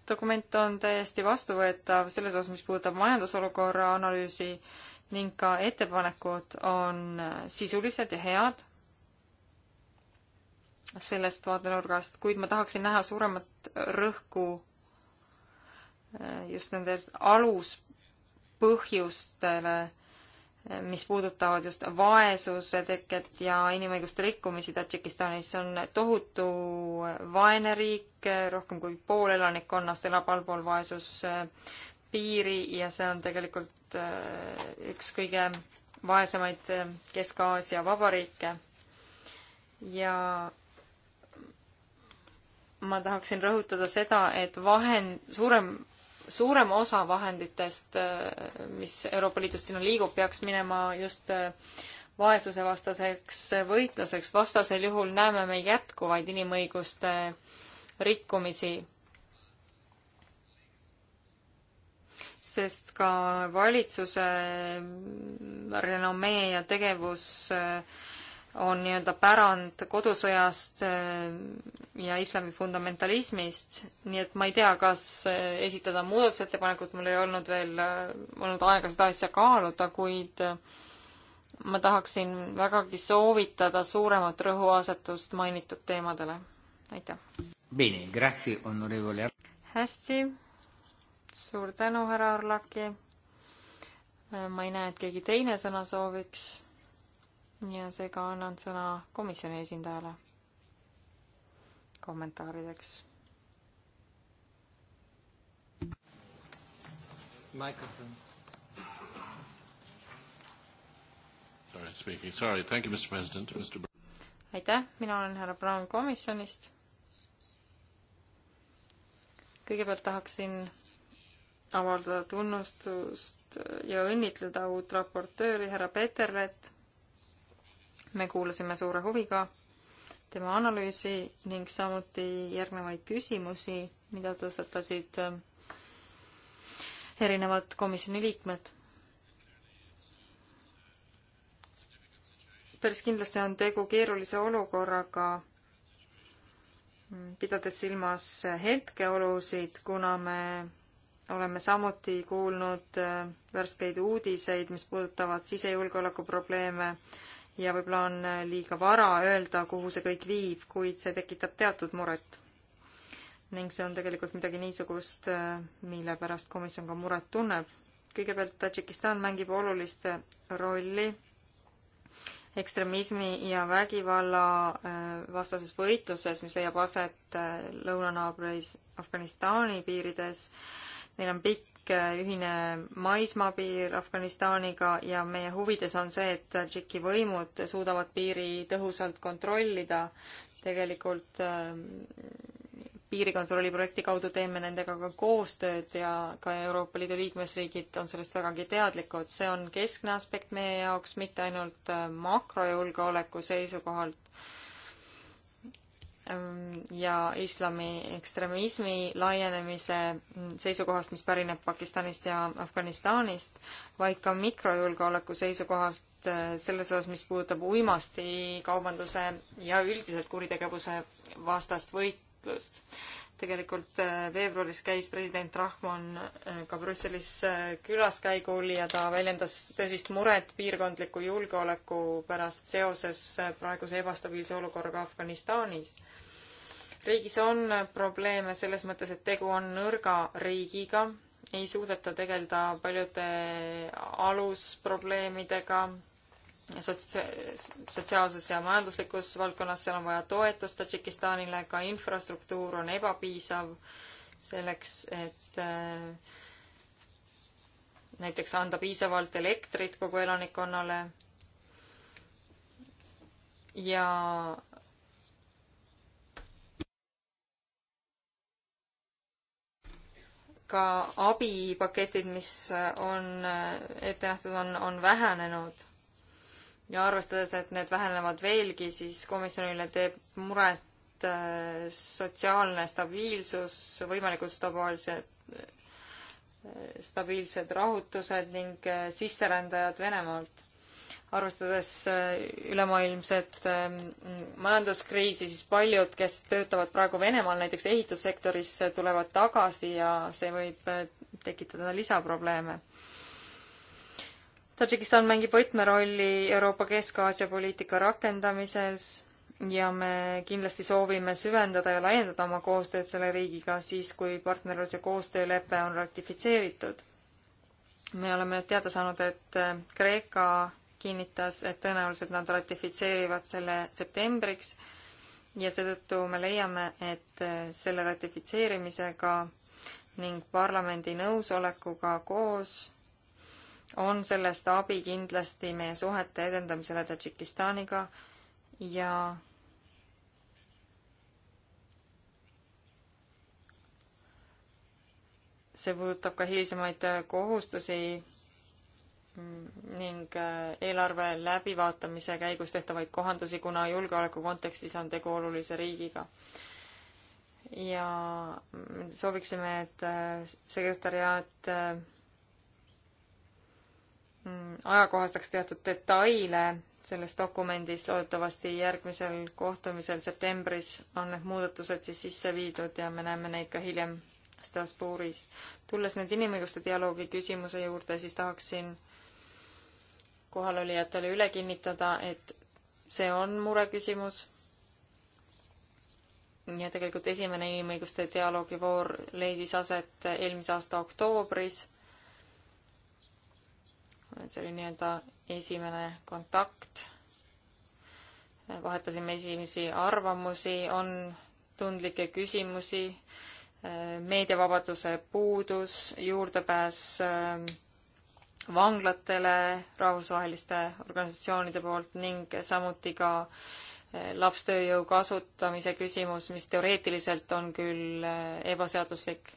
dokument on täiesti vastuvõetav selles osas, mis puudutab majandusolukorra analüüsi ning ka ettepanekud on sisulised ja head sellest vaatenurgast, kuid ma tahaksin näha suuremat rõhku äh, just nendel aluspõhjustele mis puudutavad just vaesuse teket ja inimõiguste rikkumisi Tadžikistanis, on tohutu vaene riik, rohkem kui pool elanikkonnast elab allpool vaesuspiiri ja see on tegelikult äh, üks kõige vaesemaid äh, Kesk-Aasia vabariike. ja ma tahaksin rõhutada seda, et vahend, suurem suurem osa vahenditest, äh, mis Euroopa Liidust sinna liigub, peaks minema just äh, vaesusevastaseks võitluseks, vastasel juhul näeme me jätkuvaid inimõiguste rikkumisi sest ka valitsuse renomee ja tegevus äh, on nii-öelda pärand kodusõjast äh, ja islami fundamentalismist, nii et ma ei tea, kas äh, esitada muudatusettepanekut, mul ei olnud veel äh, olnud aega seda asja kaaluda, kuid ma tahaksin vägagi soovitada suuremat rõhuasetust mainitud teemadele. aitäh! Bene, grazie, onorevole. hästi, suur tänu, härra Arlaki. ma ei näe, et keegi teine sõna sooviks ja seega annan sõna komisjoni esindajale kommentaarideks. mikrofon. Sorry, speaking. Sorry, thank you, Mr President, Mr. aitäh, mina olen härra Brown komisjonist. kõigepealt tahaksin avaldada tunnustust ja õnnitleda uut raportööri härra Peterlet me kuulasime suure huviga tema analüüsi ning samuti järgnevaid küsimusi, mida tõstatasid äh, erinevad komisjoni liikmed. päris kindlasti on tegu keerulise olukorraga, pidades silmas hetkeolusid, kuna me oleme samuti kuulnud äh, värskeid uudiseid, mis puudutavad sisejulgeoleku probleeme, ja võib-olla on äh, liiga vara öelda, kuhu see kõik viib, kuid see tekitab teatud muret. ning see on tegelikult midagi niisugust, äh, mille pärast komisjon ka muret tunneb. kõigepealt Tadžikistan mängib olulist äh, rolli ekstremismi ja vägivalla vastases võitluses, mis leiab aset lõunanaabris Afganistani piirides. Neil on pikk Äh, ühine maismaapiir Afganistaniga ja meie huvides on see, et Tadžiki võimud suudavad piiri tõhusalt kontrollida. tegelikult ähm, piirikontrolli projekti kaudu teeme nendega ka koostööd ja ka Euroopa Liidu liikmesriigid on sellest vägagi teadlikud. see on keskne aspekt meie jaoks, mitte ainult äh, makrojulgeoleku seisukohalt, Ähm, ja islami ekstremismi laienemise seisukohast, mis pärineb Pakistanist ja Afganistanist, vaid ka mikrojulgeoleku seisukohast äh, selles osas, mis puudutab uimastikaubanduse ja üldiselt kuritegevuse vastast võitlust tegelikult äh, veebruaris käis president Rahmon äh, ka Brüsselis äh, külaskäigul ja ta väljendas tõsist muret piirkondliku julgeoleku pärast seoses praeguse ebastabiilse olukorraga Afganistanis. riigis on probleeme selles mõttes, et tegu on nõrga riigiga, ei suudeta tegeleda paljude alusprobleemidega, sotsia-, sotsiaalses ja majanduslikus valdkonnas, seal on vaja toetust Tadžikistanile, ka infrastruktuur on ebapiisav selleks, et äh, näiteks anda piisavalt elektrit kogu elanikkonnale ja ka abipaketid, mis on äh, ette nähtud, on, on vähenenud ja arvestades, et need vähenevad veelgi, siis komisjonile teeb muret äh, sotsiaalne stabiilsus, võimalikult stabiilsed, äh, stabiilsed rahutused ning äh, sisserändajad Venemaalt. arvestades ülemaailmset ähm, majanduskriisi, siis paljud, kes töötavad praegu Venemaal näiteks ehitussektoris, tulevad tagasi ja see võib tekitada lisaprobleeme Tadžikistan mängib võtmerolli Euroopa Kesk-Aasia poliitika rakendamises ja me kindlasti soovime süvendada ja laiendada oma koostööd selle riigiga siis, kui partnerlus- ja koostöölepe on ratifitseeritud. me oleme nüüd teada saanud, et Kreeka kinnitas, et tõenäoliselt nad ratifitseerivad selle septembriks ja seetõttu me leiame, et selle ratifitseerimisega ning parlamendi nõusolekuga koos on sellest abi kindlasti meie suhete edendamisele Tadžikistaniga ja see puudutab ka hilisemaid kohustusi ning eelarve läbivaatamise käigus tehtavaid kohandusi, kuna julgeoleku kontekstis on tegu olulise riigiga. ja sooviksime, et sekretäriaat Mm, ajakohastaks teatud detaile selles dokumendis, loodetavasti järgmisel kohtumisel septembris on need muudatused siis sisse viidud ja me näeme neid ka hiljem Strasbourgis. tulles nüüd inimõiguste dialoogi küsimuse juurde, siis tahaksin kohalolijatele üle kinnitada, et see on mureküsimus. ja tegelikult esimene inimõiguste dialoogi voor leidis aset eelmise aasta oktoobris see oli nii-öelda esimene kontakt. vahetasime esimesi arvamusi, on tundlikke küsimusi, meediavabaduse puudus, juurdepääs ähm, vanglatele rahvusvaheliste organisatsioonide poolt ning samuti ka äh, lapstööjõu kasutamise küsimus, mis teoreetiliselt on küll äh, ebaseaduslik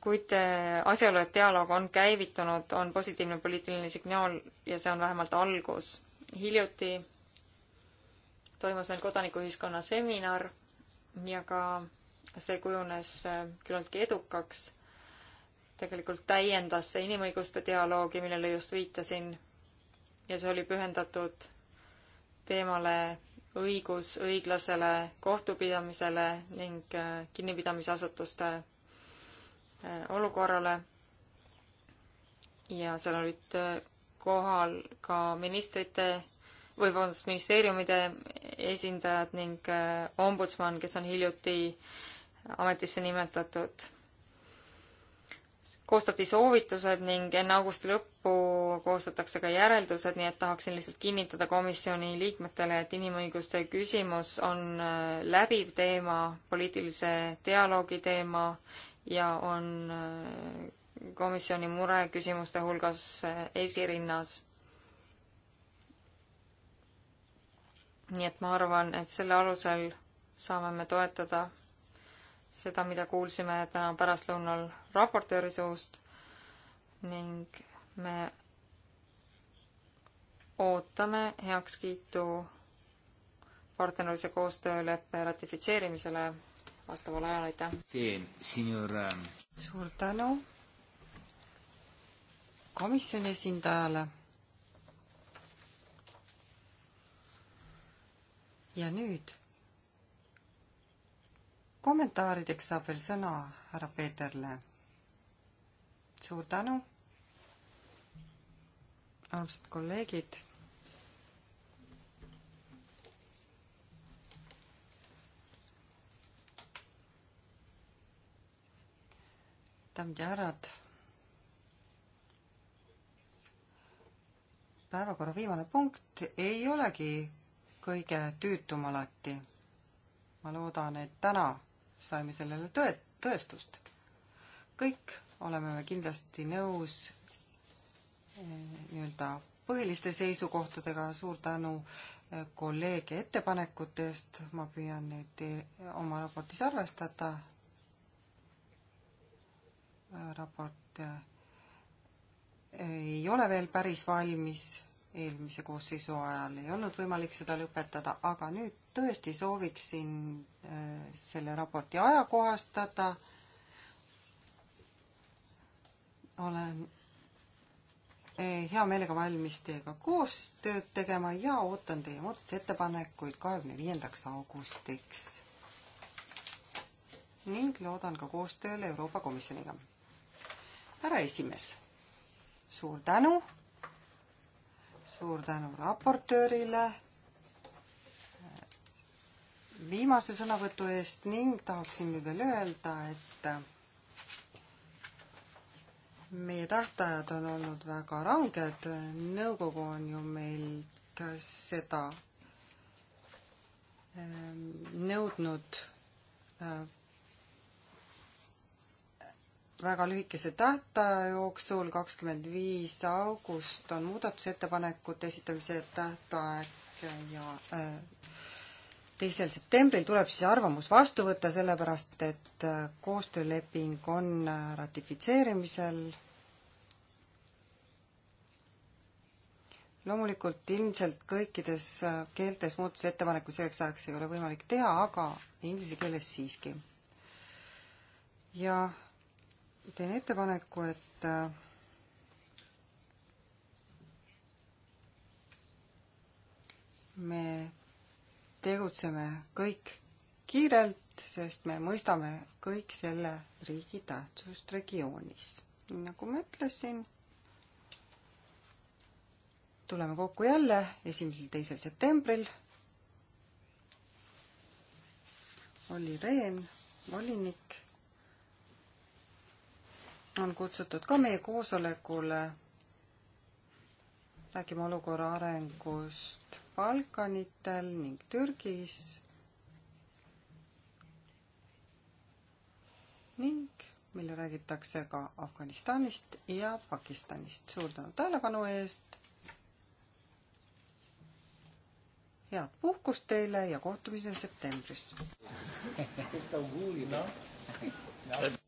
kuid eh, asjaolu, et dialoog on käivitunud, on positiivne poliitiline signaal ja see on vähemalt algus. hiljuti toimus meil kodanikuühiskonna seminar ja ka see kujunes eh, küllaltki edukaks. tegelikult täiendas see inimõiguste dialoogi, millele just viitasin ja see oli pühendatud teemale õigus õiglasele kohtupidamisele ning eh, kinnipidamisasutuste Äh, olukorrale ja seal olid äh, kohal ka ministrite või vabandust, ministeeriumide esindajad ning äh, ombudsman, kes on hiljuti ametisse nimetatud. koostati soovitused ning enne augusti lõppu koostatakse ka järeldused, nii et tahaksin lihtsalt kinnitada komisjoni liikmetele, et inimõiguste küsimus on läbiv teema, poliitilise dialoogi teema ja on äh, komisjoni mureküsimuste hulgas äh, esirinnas. nii et ma arvan, et selle alusel saame me toetada seda, mida kuulsime täna pärastlõunal raportööri suust ning me ootame heakskiitu partnerluse koostööleppe ratifitseerimisele vastaval ajal, aitäh! Ähm, suur tänu komisjoni esindajale. ja nüüd kommentaarideks saab veel sõna härra Peeterle. suur tänu, armsad kolleegid daamid ja härrad. päevakorra viimane punkt ei olegi kõige tüütum alati. ma loodan, et täna saime sellele tõe, tõestust. kõik oleme me kindlasti nõus eh, nii-öelda põhiliste seisukohtadega, suur tänu eh, kolleege ettepanekute eest, ma püüan neid eh, oma raportis arvestada raport äh, ei ole veel päris valmis, eelmise koosseisu ajal ei olnud võimalik seda lõpetada, aga nüüd tõesti sooviksin äh, selle raporti ajakohastada. olen äh, hea meelega valmis teiega koostööd tegema ja ootan teie muudatusettepanekuid kahekümne viiendaks augustiks. ning loodan ka koostööle Euroopa Komisjoniga härra esimees, suur tänu. suur tänu raportöörile äh, viimase sõnavõtu eest ning tahaksin nüüd veel öelda, et meie tähtajad on olnud väga ranged, nõukogu on ju meilt seda äh, nõudnud äh, väga lühikese tähtaja jooksul, kakskümmend viis august on muudatusettepanekute esitamise tähtaeg ja äh, teisel septembril tuleb siis arvamus vastu võtta, sellepärast et äh, koostööleping on äh, ratifitseerimisel. loomulikult ilmselt kõikides keeltes muutusettepanekud selleks ajaks ei ole võimalik teha, aga inglise keeles siiski. ja teen ettepaneku, et äh, me tegutseme kõik kiirelt, sest me mõistame kõik selle riigi tähtsust regioonis. nii nagu ma ütlesin, tuleme kokku jälle esimesel-teisel septembril. Olli Rehn, volinik on kutsutud ka meie koosolekule räägime olukorra arengust Balkanitel ning Türgis ning mille räägitakse ka Afganistanist ja Pakistanist. suur tänu tähelepanu eest. head puhkust teile ja kohtumiseni septembris.